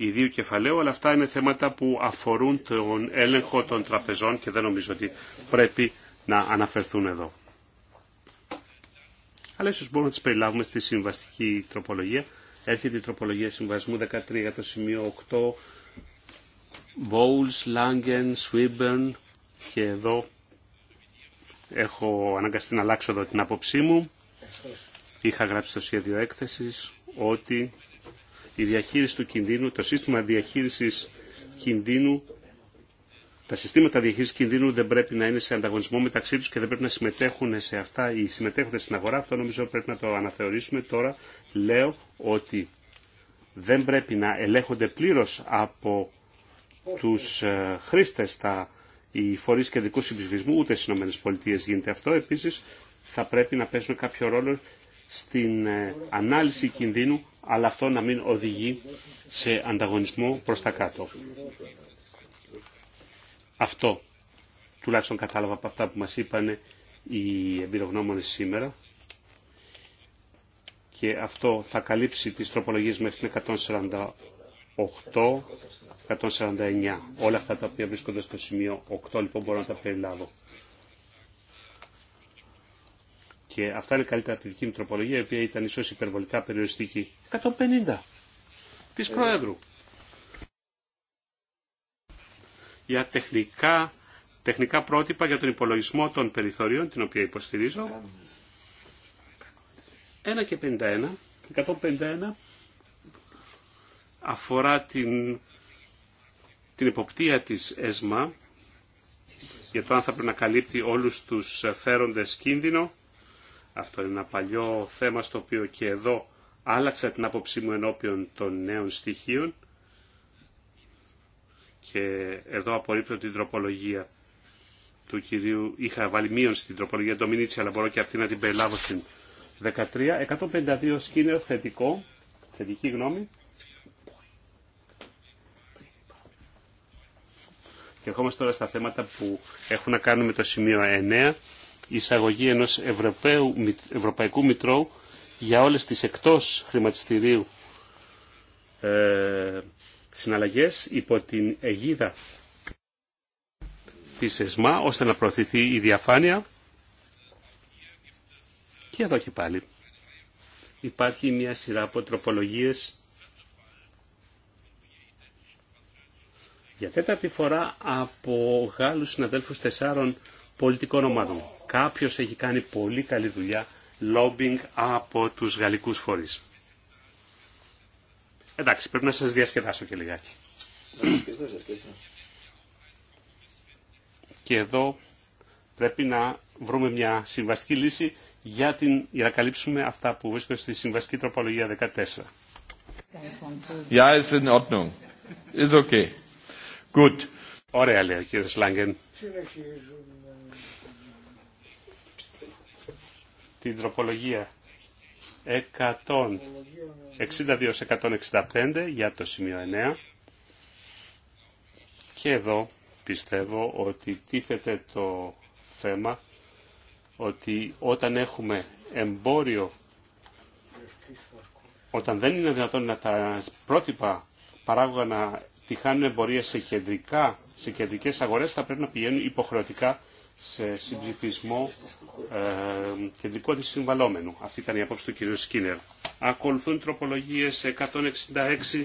ιδίου κεφαλαίου, αλλά αυτά είναι θέματα που αφορούν τον έλεγχο των τραπεζών και δεν νομίζω ότι πρέπει να αναφερθούν εδώ. Αλλά ίσως μπορούμε να τις περιλάβουμε στη συμβαστική τροπολογία. Έρχεται η τροπολογία συμβασμού 13 για το σημείο 8, Bowles, Langen, Swinburne και εδώ έχω αναγκαστεί να αλλάξω εδώ την άποψή μου. Είχα γράψει το σχέδιο έκθεσης ότι η διαχείριση του κινδύνου, το σύστημα διαχείρισης κινδύνου, τα συστήματα διαχείρισης κινδύνου δεν πρέπει να είναι σε ανταγωνισμό μεταξύ τους και δεν πρέπει να συμμετέχουν σε αυτά ή συμμετέχονται στην αγορά. Αυτό νομίζω πρέπει να το αναθεωρήσουμε. Τώρα λέω ότι δεν πρέπει να ελέγχονται πλήρως από τους ε, χρήστες τα οι και κεντρικού συμπλησμού, ούτε στι ΗΠΑ γίνεται αυτό. Επίσης θα πρέπει να παίζουν κάποιο ρόλο στην ε, ανάλυση κινδύνου αλλά αυτό να μην οδηγεί σε ανταγωνισμό προς τα κάτω. Αυτό τουλάχιστον κατάλαβα από αυτά που μας είπαν οι εμπειρογνώμονες σήμερα και αυτό θα καλύψει τις τροπολογίες μέχρι την 148, 149. Όλα αυτά τα οποία βρίσκονται στο σημείο 8 λοιπόν μπορώ να τα περιλάβω και αυτά είναι καλύτερα από τη δική μου τροπολογία, η οποία ήταν ίσω υπερβολικά περιοριστική. 150 της ε. Προέδρου. Για τεχνικά, τεχνικά πρότυπα για τον υπολογισμό των περιθωρίων, την οποία υποστηρίζω. 1 και 51, 151 αφορά την, την εποπτεία της ΕΣΜΑ για το αν θα πρέπει να καλύπτει όλους τους φέροντες κίνδυνο αυτό είναι ένα παλιό θέμα στο οποίο και εδώ άλλαξα την άποψή μου ενώπιον των νέων στοιχείων και εδώ απορρίπτω την τροπολογία του κυρίου, είχα βάλει μείον στην τροπολογία του Μινίτσι, αλλά μπορώ και αυτή να την περιλάβω στην 13. 152 σκήνερ θετικό, θετική γνώμη. Και ερχόμαστε τώρα στα θέματα που έχουν να κάνουν με το σημείο 9 εισαγωγή ενός Ευρωπαϊκού Μητρώου για όλες τις εκτός χρηματιστηρίου ε, συναλλαγές υπό την αιγίδα της ΕΣΜΑ ώστε να προωθηθεί η διαφάνεια. Και εδώ και πάλι υπάρχει μια σειρά από τροπολογίες για τέταρτη φορά από Γάλλους συναδέλφους τεσσάρων πολιτικών ομάδων κάποιος έχει κάνει πολύ καλή δουλειά lobbying από τους γαλλικούς φορείς. Εντάξει, πρέπει να σας διασκεδάσω και λιγάκι. Ναι. και εδώ πρέπει να βρούμε μια συμβαστική λύση για, την, για να καλύψουμε αυτά που βρίσκονται στη συμβαστική τροπολογία 14. Ja, ist in Ordnung. Ist okay. Gut. Ωραία λέει ο Λάγκεν την τροπολογία 162-165 για το σημείο 9 και εδώ πιστεύω ότι τίθεται το θέμα ότι όταν έχουμε εμπόριο όταν δεν είναι δυνατόν να τα πρότυπα παράγωγα να τυχάνουν εμπορία σε, κεντρικά, σε κεντρικές αγορές θα πρέπει να πηγαίνουν υποχρεωτικά σε συμψηφισμό ε, κεντρικού συμβαλόμενου. Αυτή ήταν η απόψη του κ. Σκίνερ. Ακολουθούν τροπολογίες 166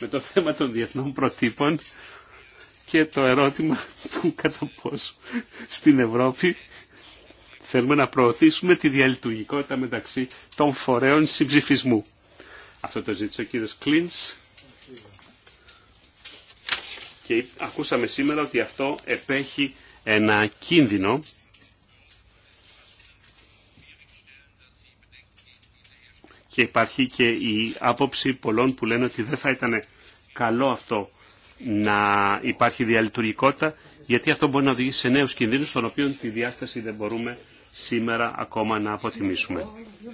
με το θέμα των διεθνών προτύπων και το ερώτημα του κατά πόσο στην Ευρώπη θέλουμε να προωθήσουμε τη διαλειτουργικότητα μεταξύ των φορέων συμψηφισμού. Αυτό το ζήτησε ο κύριος Κλίντς και ακούσαμε σήμερα ότι αυτό επέχει ένα κίνδυνο και υπάρχει και η άποψη πολλών που λένε ότι δεν θα ήταν καλό αυτό να υπάρχει διαλειτουργικότητα γιατί αυτό μπορεί να οδηγήσει σε νέους κινδύνους των οποίων τη διάσταση δεν μπορούμε σήμερα ακόμα να αποτιμήσουμε.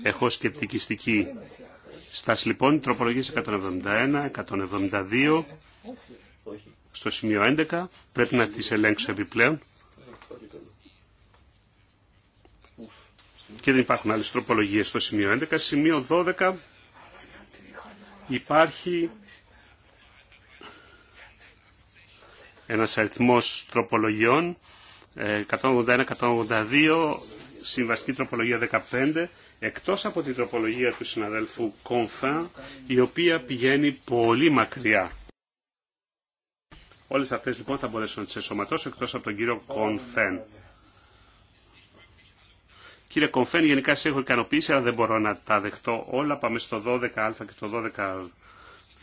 Έχω σκεπτικιστική στάση λοιπόν, τροπολογίες 171, 172, στο σημείο 11. Πρέπει να τις ελέγξω επιπλέον. Και δεν υπάρχουν άλλες τροπολογίες στο σημείο 11. Σημείο 12 υπάρχει ένας αριθμός τροπολογιών 181-182 συμβαστική τροπολογία 15 εκτός από την τροπολογία του συναδέλφου Κόμφα η οποία πηγαίνει πολύ μακριά Όλε αυτέ λοιπόν θα μπορέσουν να τι εσωματώσω εκτό από τον κύριο Κονφέν. Κύριε Κονφέν, γενικά σε έχω ικανοποιήσει, αλλά δεν μπορώ να τα δεχτώ όλα. Πάμε στο 12α και το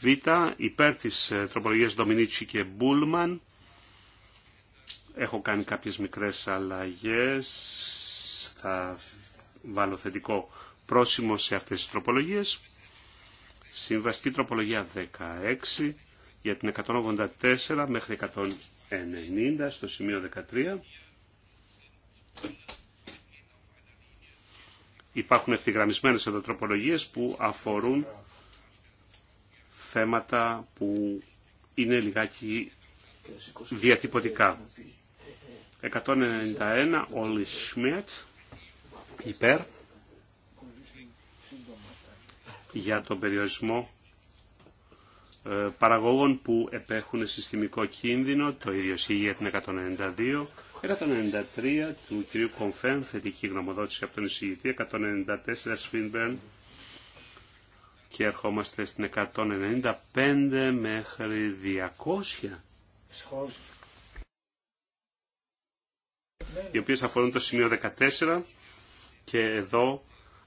12β. Υπέρ τη ε, τροπολογία Ντομινίτσι και Μπούλμαν. Έχω κάνει κάποιε μικρέ αλλαγέ. Θα βάλω θετικό πρόσημο σε αυτέ τι τροπολογίε. Συμβαστική τροπολογία 16 για την 184 μέχρι 190 στο σημείο 13. Υπάρχουν ευθυγραμμισμένες εδώ τροπολογίες που αφορούν θέματα που είναι λιγάκι διατυπωτικά. 191 όλοι Σμιέτ υπέρ για τον περιορισμό ε, παραγωγών που επέχουν συστημικό κίνδυνο, το ίδιο ισχύει για την 192, 193 του κ. Κομφέν, θετική γνωμοδότηση από τον εισηγητή, 194 Σφίνμπερν και ερχόμαστε στην 195 μέχρι 200 οι οποίες αφορούν το σημείο 14 και εδώ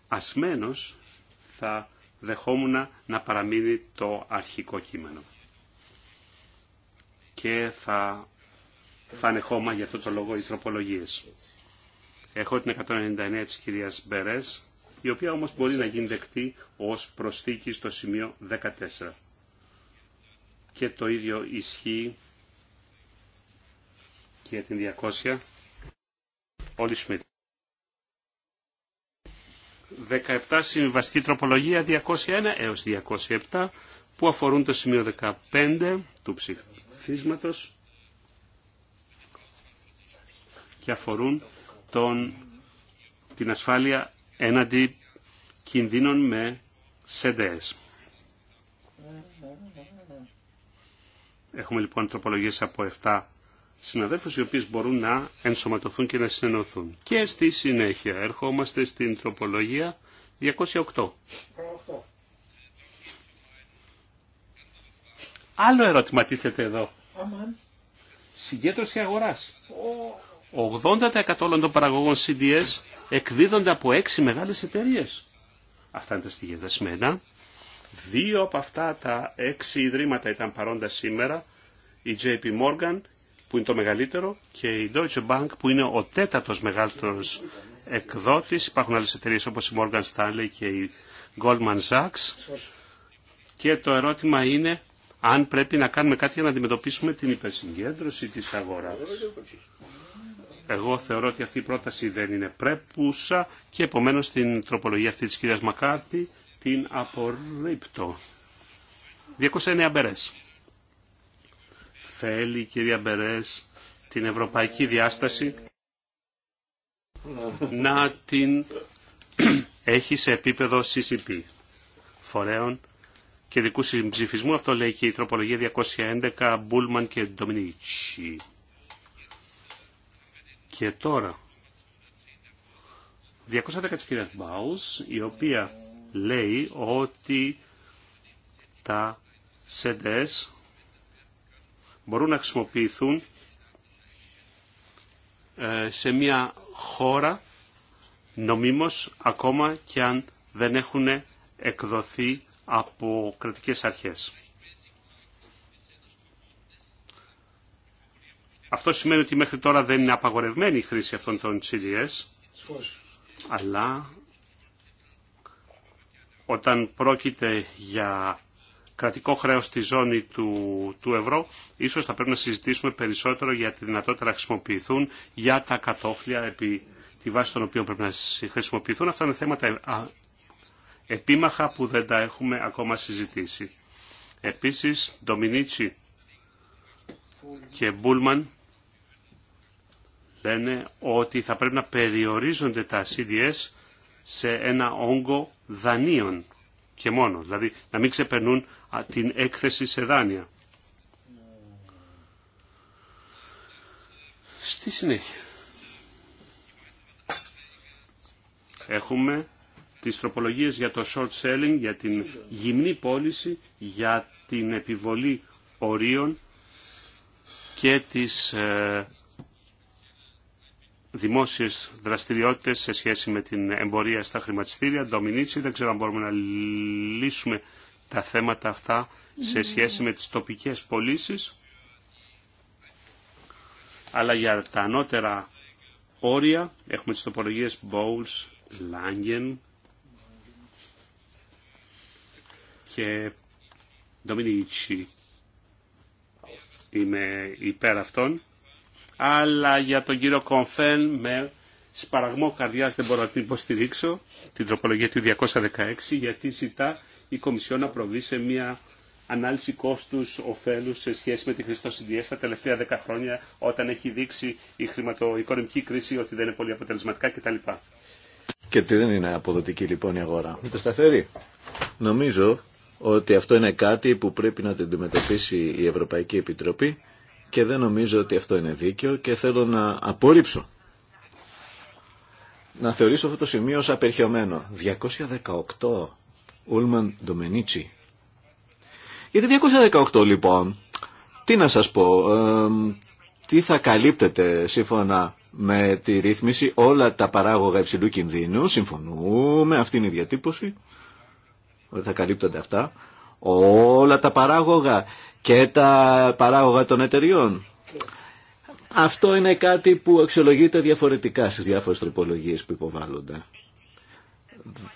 ασμένος θα δεχόμουν να παραμείνει το αρχικό κείμενο. Και θα, θα χώμα για αυτό το λόγο οι τροπολογίες. Έχω την 199 της κυρίας Μπερές, η οποία όμως μπορεί να γίνει δεκτή ως προσθήκη στο σημείο 14. Και το ίδιο ισχύει και για την 200. Όλοι Σμιτ. 17 Συμβαστή τροπολογία 201 έως 207 που αφορούν το σημείο 15 του ψηφίσματος και αφορούν τον, την ασφάλεια έναντι κινδύνων με ΣΕΔΕΕΣ. Έχουμε λοιπόν τροπολογίες από 7 συναδέλφους οι οποίες μπορούν να ενσωματωθούν και να συνενωθούν. Και στη συνέχεια ερχόμαστε στην τροπολογία 208. Άλλο ερώτημα τίθεται εδώ. Αμάν. Συγκέντρωση αγοράς. 80% των παραγωγών CDS εκδίδονται από 6 μεγάλες εταιρείες. Αυτά είναι τα στοιχεία δεσμένα. Δύο από αυτά τα έξι ιδρύματα ήταν παρόντα σήμερα. Η JP Morgan, που είναι το μεγαλύτερο και η Deutsche Bank που είναι ο τέταρτος μεγαλύτερος εκδότης. Υπάρχουν άλλες εταιρείες όπως η Morgan Stanley και η Goldman Sachs. Και το ερώτημα είναι αν πρέπει να κάνουμε κάτι για να αντιμετωπίσουμε την υπερσυγκέντρωση της αγοράς. Εγώ θεωρώ ότι αυτή η πρόταση δεν είναι πρέπουσα και επομένως την τροπολογία αυτή της κυρίας Μακάρτη την απορρίπτω. 209 μπερές θέλει η κυρία Μπερές την ευρωπαϊκή διάσταση να την έχει σε επίπεδο CCP φορέων και δικού συμψηφισμού. Αυτό λέει και η τροπολογία 211 Μπούλμαν και Ντομινίτσι. Και τώρα 210 της κυρίας Μπάους η οποία λέει ότι τα ΣΕΝΤΕΣ μπορούν να χρησιμοποιηθούν ε, σε μια χώρα νομίμως ακόμα και αν δεν έχουν εκδοθεί από κρατικές αρχές. Αυτό σημαίνει ότι μέχρι τώρα δεν είναι απαγορευμένη η χρήση αυτών των CDS, αλλά όταν πρόκειται για κρατικό χρέος στη ζώνη του, του ευρώ, ίσως θα πρέπει να συζητήσουμε περισσότερο για τη δυνατότητα να χρησιμοποιηθούν για τα κατόφλια επί τη βάση των οποίων πρέπει να χρησιμοποιηθούν. Αυτά είναι θέματα ε, επίμαχα που δεν τα έχουμε ακόμα συζητήσει. Επίσης, Ντομινίτσι και Μπούλμαν λένε ότι θα πρέπει να περιορίζονται τα CDS σε ένα όγκο δανείων και μόνο. Δηλαδή να μην ξεπερνούν την έκθεση σε δάνεια. Στη συνέχεια. Έχουμε τις τροπολογίες για το short selling, για την γυμνή πώληση, για την επιβολή ορίων και τις ε, δημόσιες δραστηριότητες σε σχέση με την εμπορία στα χρηματιστήρια. Ντομινίτσι, δεν ξέρω αν μπορούμε να λύσουμε τα θέματα αυτά σε ναι, σχέση ναι. με τις τοπικές πωλήσει, αλλά για τα ανώτερα όρια έχουμε τις τοπολογίες Bowles, Langen και Dominici. Είμαι υπέρ αυτών. Αλλά για τον κύριο Κομφέν με σπαραγμό καρδιάς δεν μπορώ να την υποστηρίξω την τροπολογία του 216 γιατί ζητά η Κομισιόν να προβεί σε μια ανάλυση κόστου ωφέλου σε σχέση με τη χρηστοσυντία στα τελευταία δέκα χρόνια, όταν έχει δείξει η χρηματοοικονομική κρίση ότι δεν είναι πολύ αποτελεσματικά κτλ. Και ότι δεν είναι αποδοτική λοιπόν η αγορά. το σταθερή. Νομίζω ότι αυτό είναι κάτι που πρέπει να αντιμετωπίσει η Ευρωπαϊκή Επιτροπή και δεν νομίζω ότι αυτό είναι δίκαιο και θέλω να απορρίψω. Να θεωρήσω αυτό το σημείο ως απερχαιωμένο. 218 Ούλμαν Ντομενίτσι. Για τη 218 λοιπόν, τι να σας πω, τι θα καλύπτεται σύμφωνα με τη ρύθμιση όλα τα παράγωγα υψηλού κινδύνου, συμφωνούμε, αυτή είναι η διατύπωση, ότι θα καλύπτονται αυτά, όλα τα παράγωγα και τα παράγωγα των εταιριών. Αυτό είναι κάτι που αξιολογείται διαφορετικά στις διάφορες τροπολογίες που υποβάλλονται.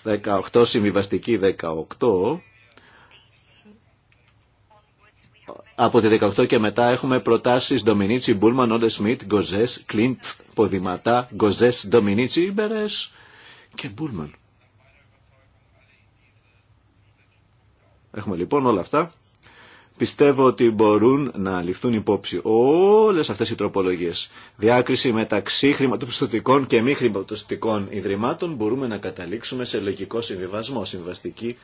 18 συμβιβαστική 18 από τη 18 και μετά έχουμε προτάσεις Ντομινίτσι, Μπούλμαν, Όντε Σμιτ, Γκοζές, Κλίντ, Ποδηματά, Γκοζές, Ντομινίτσι, Ιμπερές και Μπούλμαν. Έχουμε λοιπόν όλα αυτά πιστεύω ότι μπορούν να ληφθούν υπόψη όλες αυτές οι τροπολογίες. Διάκριση μεταξύ χρηματοπιστωτικών και μη χρηματοπιστωτικών ιδρυμάτων μπορούμε να καταλήξουμε σε λογικό συμβιβασμό, συμβαστική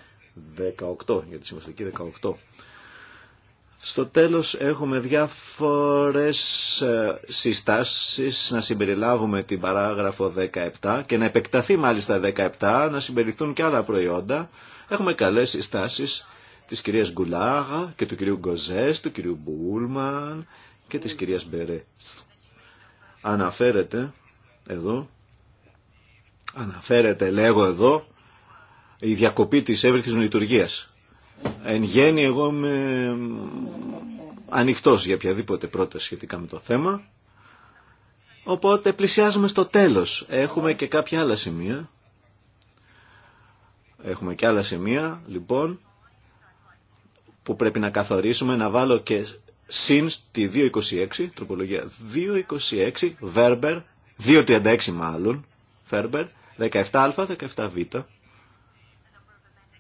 18, για τη συμβαστική 18. Στο τέλος έχουμε διάφορες ε, συστάσεις να συμπεριλάβουμε την παράγραφο 17 και να επεκταθεί μάλιστα 17, να συμπεριληφθούν και άλλα προϊόντα. Έχουμε καλές συστάσεις της κυρίας Γκουλάγα και του κυρίου Γκοζές, του κυρίου Μπούλμαν και της κυρίας Μπερέ. Αναφέρεται εδώ, αναφέρεται λέγω εδώ, η διακοπή της έβριθης λειτουργίας. Εν γέννη εγώ είμαι ανοιχτός για οποιαδήποτε πρόταση σχετικά με το θέμα. Οπότε πλησιάζουμε στο τέλος. Έχουμε και κάποια άλλα σημεία. Έχουμε και άλλα σημεία, λοιπόν, που πρέπει να καθορίσουμε, να βάλω και συν στη 2.26, τροπολογία 2.26, Βέρμπερ, 2.36 μαλλον βερμπερ Φέρμπερ, 17α, 17β.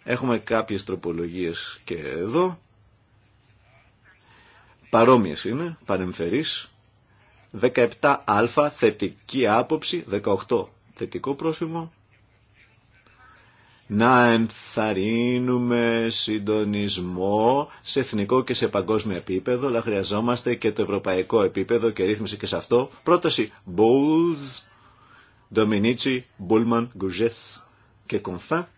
Έχουμε κάποιες τροπολογίες και εδώ. Παρόμοιες είναι, παρεμφερείς. 17α, θετική άποψη, 18 θετικό πρόσημο, να ενθαρρύνουμε συντονισμό σε εθνικό και σε παγκόσμιο επίπεδο, αλλά χρειαζόμαστε και το ευρωπαϊκό επίπεδο και ρύθμιση και σε αυτό. Πρόταση Bowles, Dominici, Bullman, Gouges και Κομφά.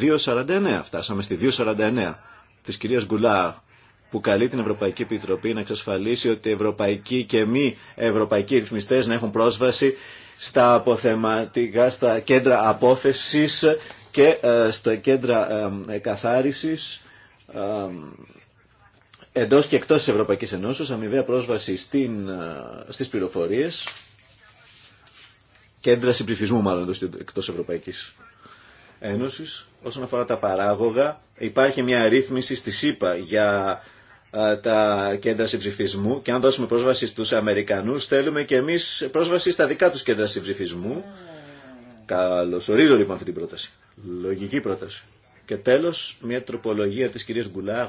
2.49 φτάσαμε στη 2.49 της κυρίας Γκουλά που καλεί την Ευρωπαϊκή Επιτροπή να εξασφαλίσει ότι ευρωπαϊκοί και μη ευρωπαϊκοί ρυθμιστές να έχουν πρόσβαση στα αποθεματικά, στα κέντρα απόθεσης και ε, στα κέντρα ε, καθάρισης ε, εντός και εκτός της Ευρωπαϊκής Ένωσης, αμοιβαία πρόσβαση στην, στις πληροφορίες, κέντρα συμπληφισμού μάλλον εντός, εκτός Ευρωπαϊκής Ένωσης. Όσον αφορά τα παράγωγα, υπάρχει μια ρύθμιση στη ΣΥΠΑ για ε, τα κέντρα συμψηφισμού και αν δώσουμε πρόσβαση στους Αμερικανούς θέλουμε και εμείς πρόσβαση στα δικά τους κέντρα συμψηφισμού. Καλωσορίζω λοιπόν αυτή την πρόταση. Λογική πρόταση. Και τέλος μια τροπολογία της κυρίας Γκουλάγ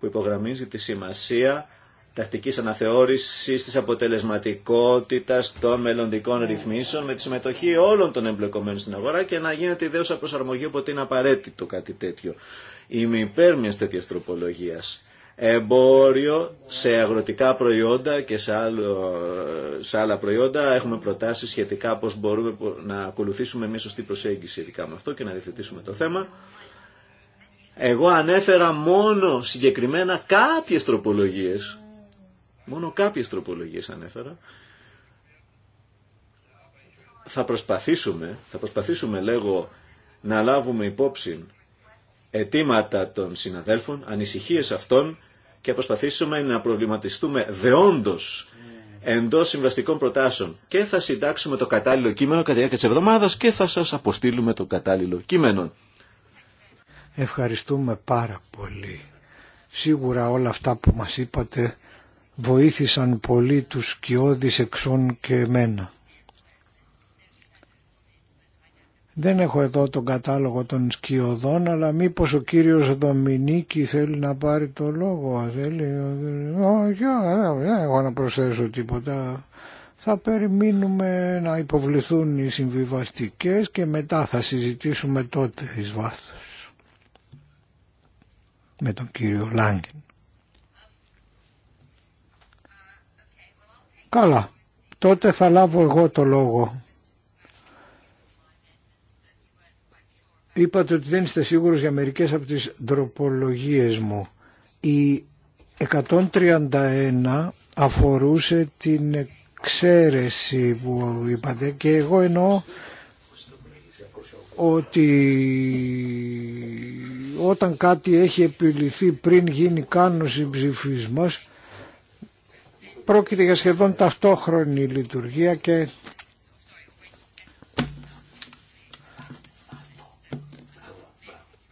που υπογραμμίζει τη σημασία τακτικής αναθεώρησης της αποτελεσματικότητας των μελλοντικών ρυθμίσεων με τη συμμετοχή όλων των εμπλεκομένων στην αγορά και να γίνεται ιδέως προσαρμογή όποτε είναι απαραίτητο κάτι τέτοιο. Είμαι υπέρ μιας τέτοιας εμπόριο σε αγροτικά προϊόντα και σε, άλλο, σε άλλα προϊόντα. Έχουμε προτάσεις σχετικά πώς μπορούμε να ακολουθήσουμε μια σωστή προσέγγιση ειδικά με αυτό και να διευθετήσουμε το θέμα. Εγώ ανέφερα μόνο συγκεκριμένα κάποιες τροπολογίες. Μόνο κάποιες τροπολογίες ανέφερα. Θα προσπαθήσουμε, θα προσπαθήσουμε λέγω να λάβουμε υπόψη αιτήματα των συναδέλφων, ανησυχίες αυτών και προσπαθήσουμε να προβληματιστούμε δεόντως εντό συμβαστικών προτάσεων. Και θα συντάξουμε το κατάλληλο κείμενο κατά τη διάρκεια τη εβδομάδα και θα σα αποστείλουμε το κατάλληλο κείμενο. Ευχαριστούμε πάρα πολύ. Σίγουρα όλα αυτά που μας είπατε βοήθησαν πολύ τους σκιώδεις εξών και εμένα. Δεν έχω εδώ τον κατάλογο των σκιωδών, αλλά μήπως ο κύριος Δομινίκη θέλει να πάρει το λόγο. Θέλει, όχι, δεν έχω να προσθέσω τίποτα. Θα περιμείνουμε να υποβληθούν οι συμβιβαστικές και μετά θα συζητήσουμε τότε εις βάθος με τον κύριο Λάγκεν. Καλά, τότε θα λάβω εγώ το λόγο. Είπατε ότι δεν είστε σίγουρος για μερικές από τις ντροπολογίες μου. Η 131 αφορούσε την εξαίρεση που είπατε και εγώ εννοώ ότι όταν κάτι έχει επιληθεί πριν γίνει κάνωση ψηφισμός πρόκειται για σχεδόν ταυτόχρονη λειτουργία και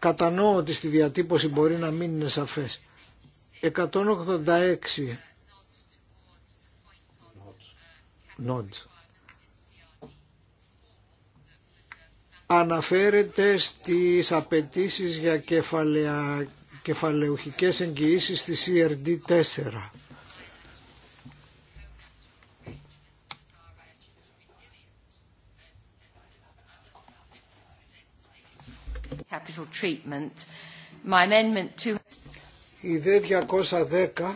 Κατανοώ ότι στη διατύπωση μπορεί να μην είναι σαφές. 186 Νότς. αναφέρεται στις απαιτήσει για κεφαλαια, κεφαλαιουχικές εγγυήσεις στη CRD 4. Η ΔΕ 210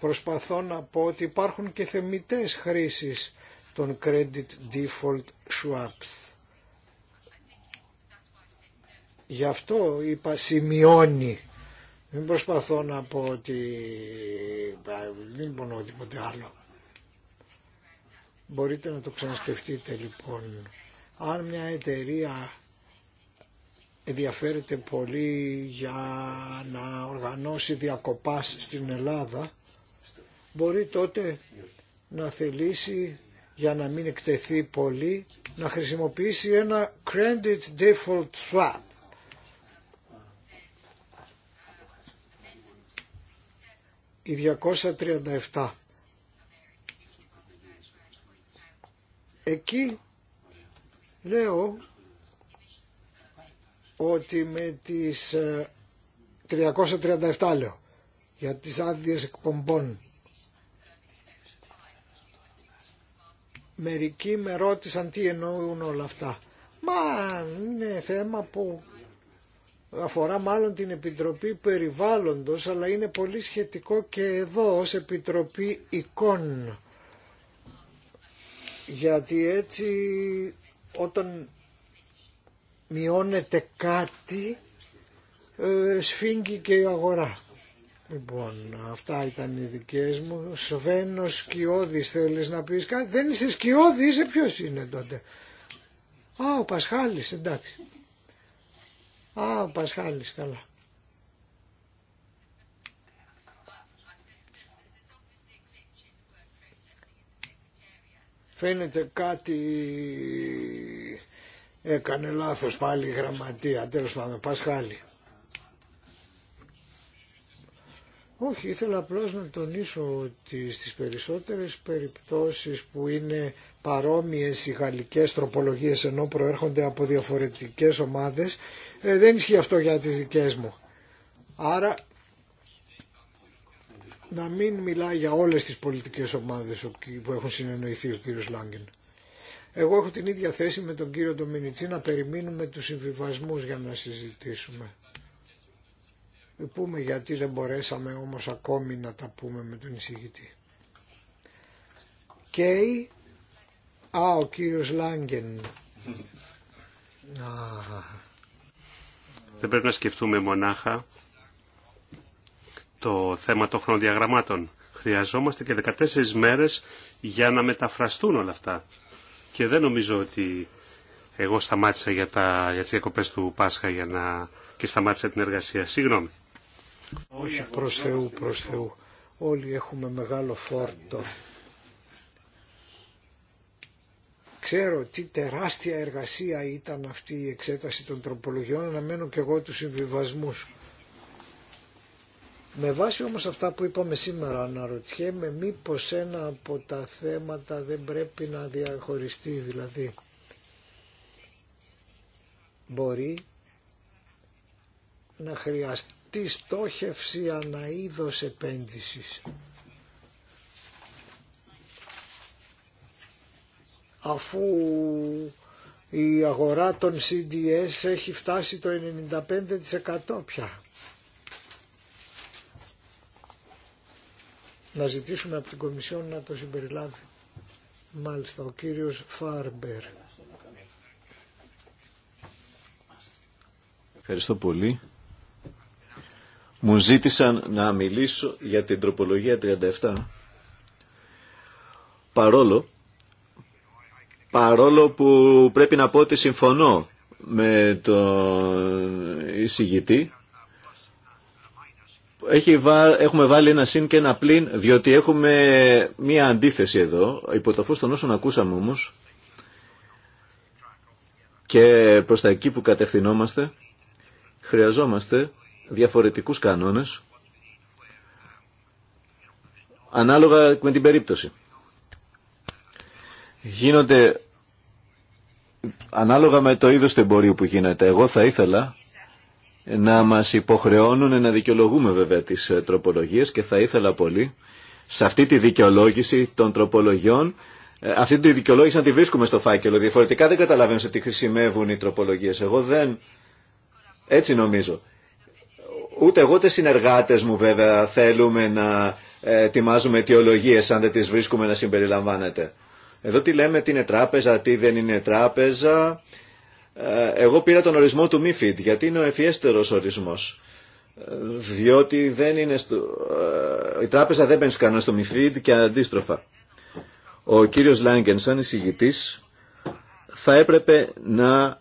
προσπαθώ να πω ότι υπάρχουν και θεμητές χρήσεις των credit default swaps. Γι' αυτό είπα σημειώνει. Δεν προσπαθώ να πω ότι δεν μπορώ τίποτε άλλο. Μπορείτε να το ξανασκεφτείτε λοιπόν. Αν μια εταιρεία ενδιαφέρεται πολύ για να οργανώσει διακοπάς στην Ελλάδα, μπορεί τότε να θελήσει για να μην εκτεθεί πολύ, να χρησιμοποιήσει ένα credit default swap. Η 237. Εκεί Λέω ότι με τις 337 ε, λέω για τις άδειες εκπομπών μερικοί με ρώτησαν τι εννοούν όλα αυτά. Μα είναι θέμα που αφορά μάλλον την Επιτροπή Περιβάλλοντος, αλλά είναι πολύ σχετικό και εδώ ως Επιτροπή Εικόν. Γιατί έτσι όταν μειώνεται κάτι ε, σφίγγει και η αγορά. Λοιπόν, αυτά ήταν οι δικέ μου. Σβένο Σκιώδη, θέλει να πει κάτι. Δεν είσαι Σκιώδη, είσαι ποιο είναι τότε. Α, ο Πασχάλης, εντάξει. Α, ο Πασχάλης, καλά. Φαίνεται κάτι έκανε λάθος πάλι η γραμματεία, τέλος πάντων, Πασχάλη. Όχι, ήθελα απλώ να τονίσω ότι στις περισσότερες περιπτώσεις που είναι παρόμοιες οι γαλλικές τροπολογίες ενώ προέρχονται από διαφορετικές ομάδες, ε, δεν ισχύει αυτό για τις δικές μου. Άρα να μην μιλάει για όλες τις πολιτικές ομάδες που έχουν συνεννοηθεί ο κύριος Λάγκεν. Εγώ έχω την ίδια θέση με τον κύριο Ντομινιτσί να περιμένουμε τους συμβιβασμούς για να συζητήσουμε. Πούμε γιατί δεν μπορέσαμε όμως ακόμη να τα πούμε με τον εισηγητή. Και Α, ο κύριος Λάγκεν. Δεν πρέπει να σκεφτούμε μονάχα το θέμα των χρονοδιαγραμμάτων. Χρειαζόμαστε και 14 μέρες για να μεταφραστούν όλα αυτά. Και δεν νομίζω ότι εγώ σταμάτησα για, τα, για τις διακοπές του Πάσχα για να... και σταμάτησα την εργασία. Συγγνώμη. Όχι προς Θεού, προς Θεού. Όλοι έχουμε μεγάλο φόρτο. Ξέρω τι τεράστια εργασία ήταν αυτή η εξέταση των τροπολογιών, αναμένω και εγώ τους συμβιβασμούς. Με βάση όμως αυτά που είπαμε σήμερα αναρωτιέμαι μήπως ένα από τα θέματα δεν πρέπει να διαχωριστεί δηλαδή. Μπορεί να χρειαστεί στόχευση αναείδος επένδυσης. Αφού η αγορά των CDS έχει φτάσει το 95% πια. να ζητήσουμε από την Κομισιόν να το συμπεριλάβει. Μάλιστα, ο κύριος Φάρμπερ. Ευχαριστώ πολύ. Μου ζήτησαν να μιλήσω για την τροπολογία 37 παρόλο παρόλο που πρέπει να πω ότι συμφωνώ με τον εισηγητή έχει Έχουμε βάλει ένα συν και ένα πλήν, διότι έχουμε μία αντίθεση εδώ. Υπό το φως των όσων ακούσαμε όμως και προς τα εκεί που κατευθυνόμαστε, χρειαζόμαστε διαφορετικούς κανόνες ανάλογα με την περίπτωση. Γίνονται ανάλογα με το είδος του εμπορίου που γίνεται. Εγώ θα ήθελα να μας υποχρεώνουν να δικαιολογούμε βέβαια τις ε, τροπολογίες και θα ήθελα πολύ σε αυτή τη δικαιολόγηση των τροπολογιών ε, αυτή τη δικαιολόγηση να τη βρίσκουμε στο φάκελο. Διαφορετικά δεν καταλαβαίνω σε τι χρησιμεύουν οι τροπολογίες. Εγώ δεν... Έτσι νομίζω. Ούτε εγώ ούτε συνεργάτες μου βέβαια θέλουμε να ε, ετοιμάζουμε αιτιολογίες αν δεν τις βρίσκουμε να συμπεριλαμβάνεται. Εδώ τι λέμε, τι είναι τράπεζα, τι δεν είναι τράπεζα, ε, εγώ πήρα τον ορισμό του MIFID γιατί είναι ο ευφιέστερος ορισμός διότι δεν είναι στο... Ε, η τράπεζα δεν μπαίνει στους κανόνες του MIFID και αντίστροφα. Ο κύριος Λάγκεν σαν εισηγητής θα έπρεπε να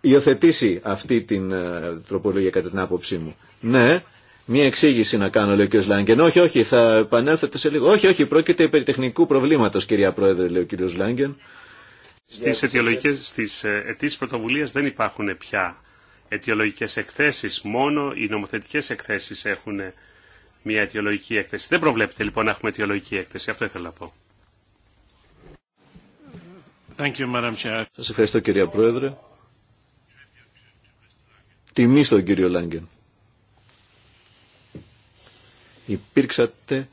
υιοθετήσει αυτή την ε, τροπολογία κατά την άποψή μου. Ναι, μία εξήγηση να κάνω λέει ο κύριος Λάγκεν. Όχι, όχι, θα επανέλθετε σε λίγο. Όχι, όχι, πρόκειται περί τεχνικού προβλήματος κυρία Πρόεδρε λέει ο κύριος Λάγκεν. Στις, αιτιολογικές, στις ε, αιτήσεις πρωτοβουλίας δεν υπάρχουν πια αιτιολογικές εκθέσεις, μόνο οι νομοθετικές εκθέσεις έχουν ε, μια αιτιολογική έκθεση. Δεν προβλέπετε λοιπόν να έχουμε αιτιολογική έκθεση, αυτό ήθελα να πω. Thank Σας ευχαριστώ κυρία Πρόεδρε. Τιμή στον κύριο Λάγκεν. Υπήρξατε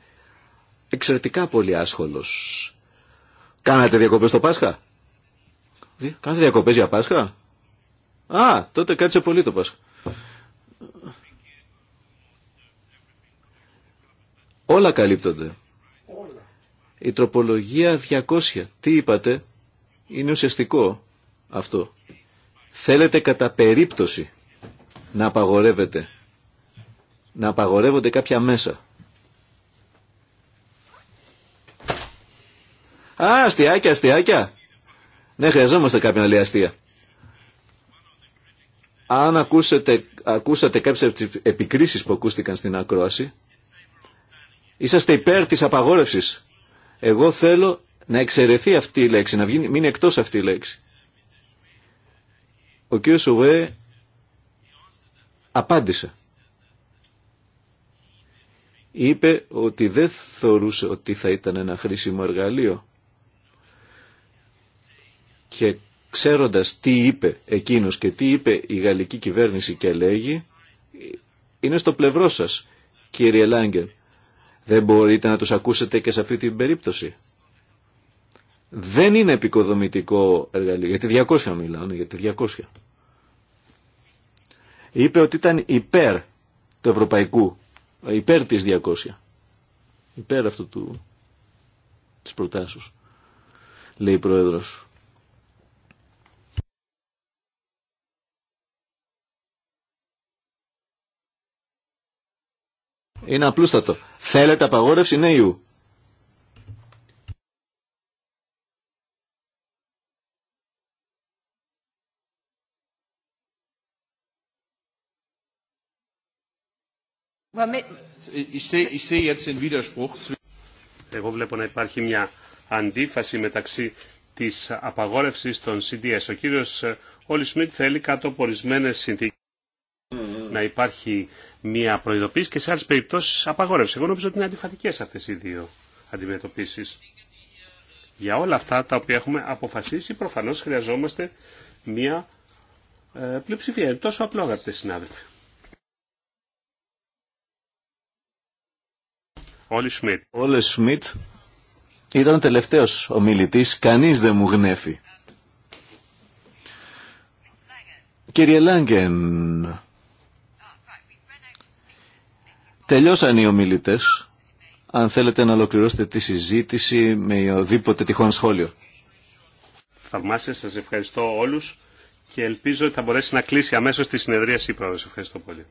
εξαιρετικά πολύ άσχολος. Κάνατε διακοπές στο Πάσχα. Κάνετε διακοπέ για Πάσχα. Α, τότε κάτσε πολύ το Πάσχα. Όλα καλύπτονται. Η τροπολογία 200. Τι είπατε. Είναι ουσιαστικό αυτό. Θέλετε κατά περίπτωση να απαγορεύετε. Να απαγορεύονται κάποια μέσα. Α, αστιάκια, αστιάκια. Ναι, χρειαζόμαστε κάποια άλλη αστεία. Αν ακούσατε, ακούσατε κάποιες από τις επικρίσεις που ακούστηκαν στην ακρόαση, είσαστε υπέρ της απαγόρευσης. Εγώ θέλω να εξαιρεθεί αυτή η λέξη, να μείνει εκτός αυτή η λέξη. Ο κύριος Ουέ απάντησε. Είπε ότι δεν θεωρούσε ότι θα ήταν ένα χρήσιμο εργαλείο και ξέροντας τι είπε εκείνος και τι είπε η γαλλική κυβέρνηση και λέγει, είναι στο πλευρό σας, κύριε Λάγκεν. Δεν μπορείτε να τους ακούσετε και σε αυτή την περίπτωση. Δεν είναι επικοδομητικό εργαλείο, γιατί 200 μιλάνε, ναι, γιατί 200. Είπε ότι ήταν υπέρ του ευρωπαϊκού, υπέρ της 200. Υπέρ αυτού του, της προτάσεως, λέει η Πρόεδρος. Είναι απλούστατο. Θέλετε απαγόρευση νέου. Ναι, Εγώ βλέπω να υπάρχει μια αντίφαση μεταξύ της απαγόρευσης των CDS. Ο κύριος ε, Όλη Σμιτ θέλει κάτω από ορισμένε συνθήκε να υπάρχει μία προειδοποίηση και σε άλλε περιπτώσει απαγόρευση. Εγώ νομίζω ότι είναι αντιφατικέ αυτέ οι δύο αντιμετωπίσει. Για όλα αυτά τα οποία έχουμε αποφασίσει, προφανώ χρειαζόμαστε μία ε, πλειοψηφία. Είναι τόσο απλό, αγαπητέ συνάδελφοι. Όλοι Σμιτ. Όλε Σμιτ ήταν ο τελευταίο ομιλητή. Κανεί δεν μου γνέφει. Κύριε Λάγκεν, Τελειώσαν οι ομιλητέ, Αν θέλετε να ολοκληρώσετε τη συζήτηση με οδήποτε τυχόν σχόλιο. Θαυμάσια, σας ευχαριστώ όλους και ελπίζω ότι θα μπορέσει να κλείσει αμέσως τη συνεδρία πρόεδρο. Ευχαριστώ πολύ.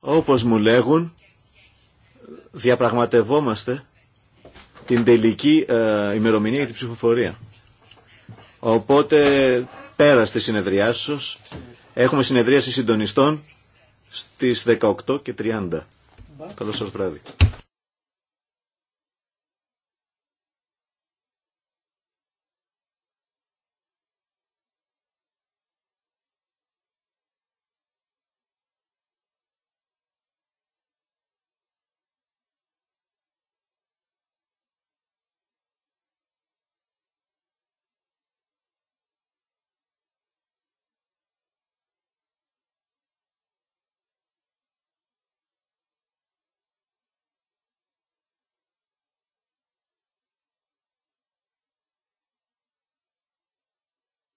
Όπω Όπως μου λέγουν, διαπραγματευόμαστε την τελική ε, ημερομηνία για την ψηφοφορία. Οπότε πέρα στη συνεδριά σας. Έχουμε συνεδρίαση συντονιστών στις 18.30. και 30. σας βράδυ.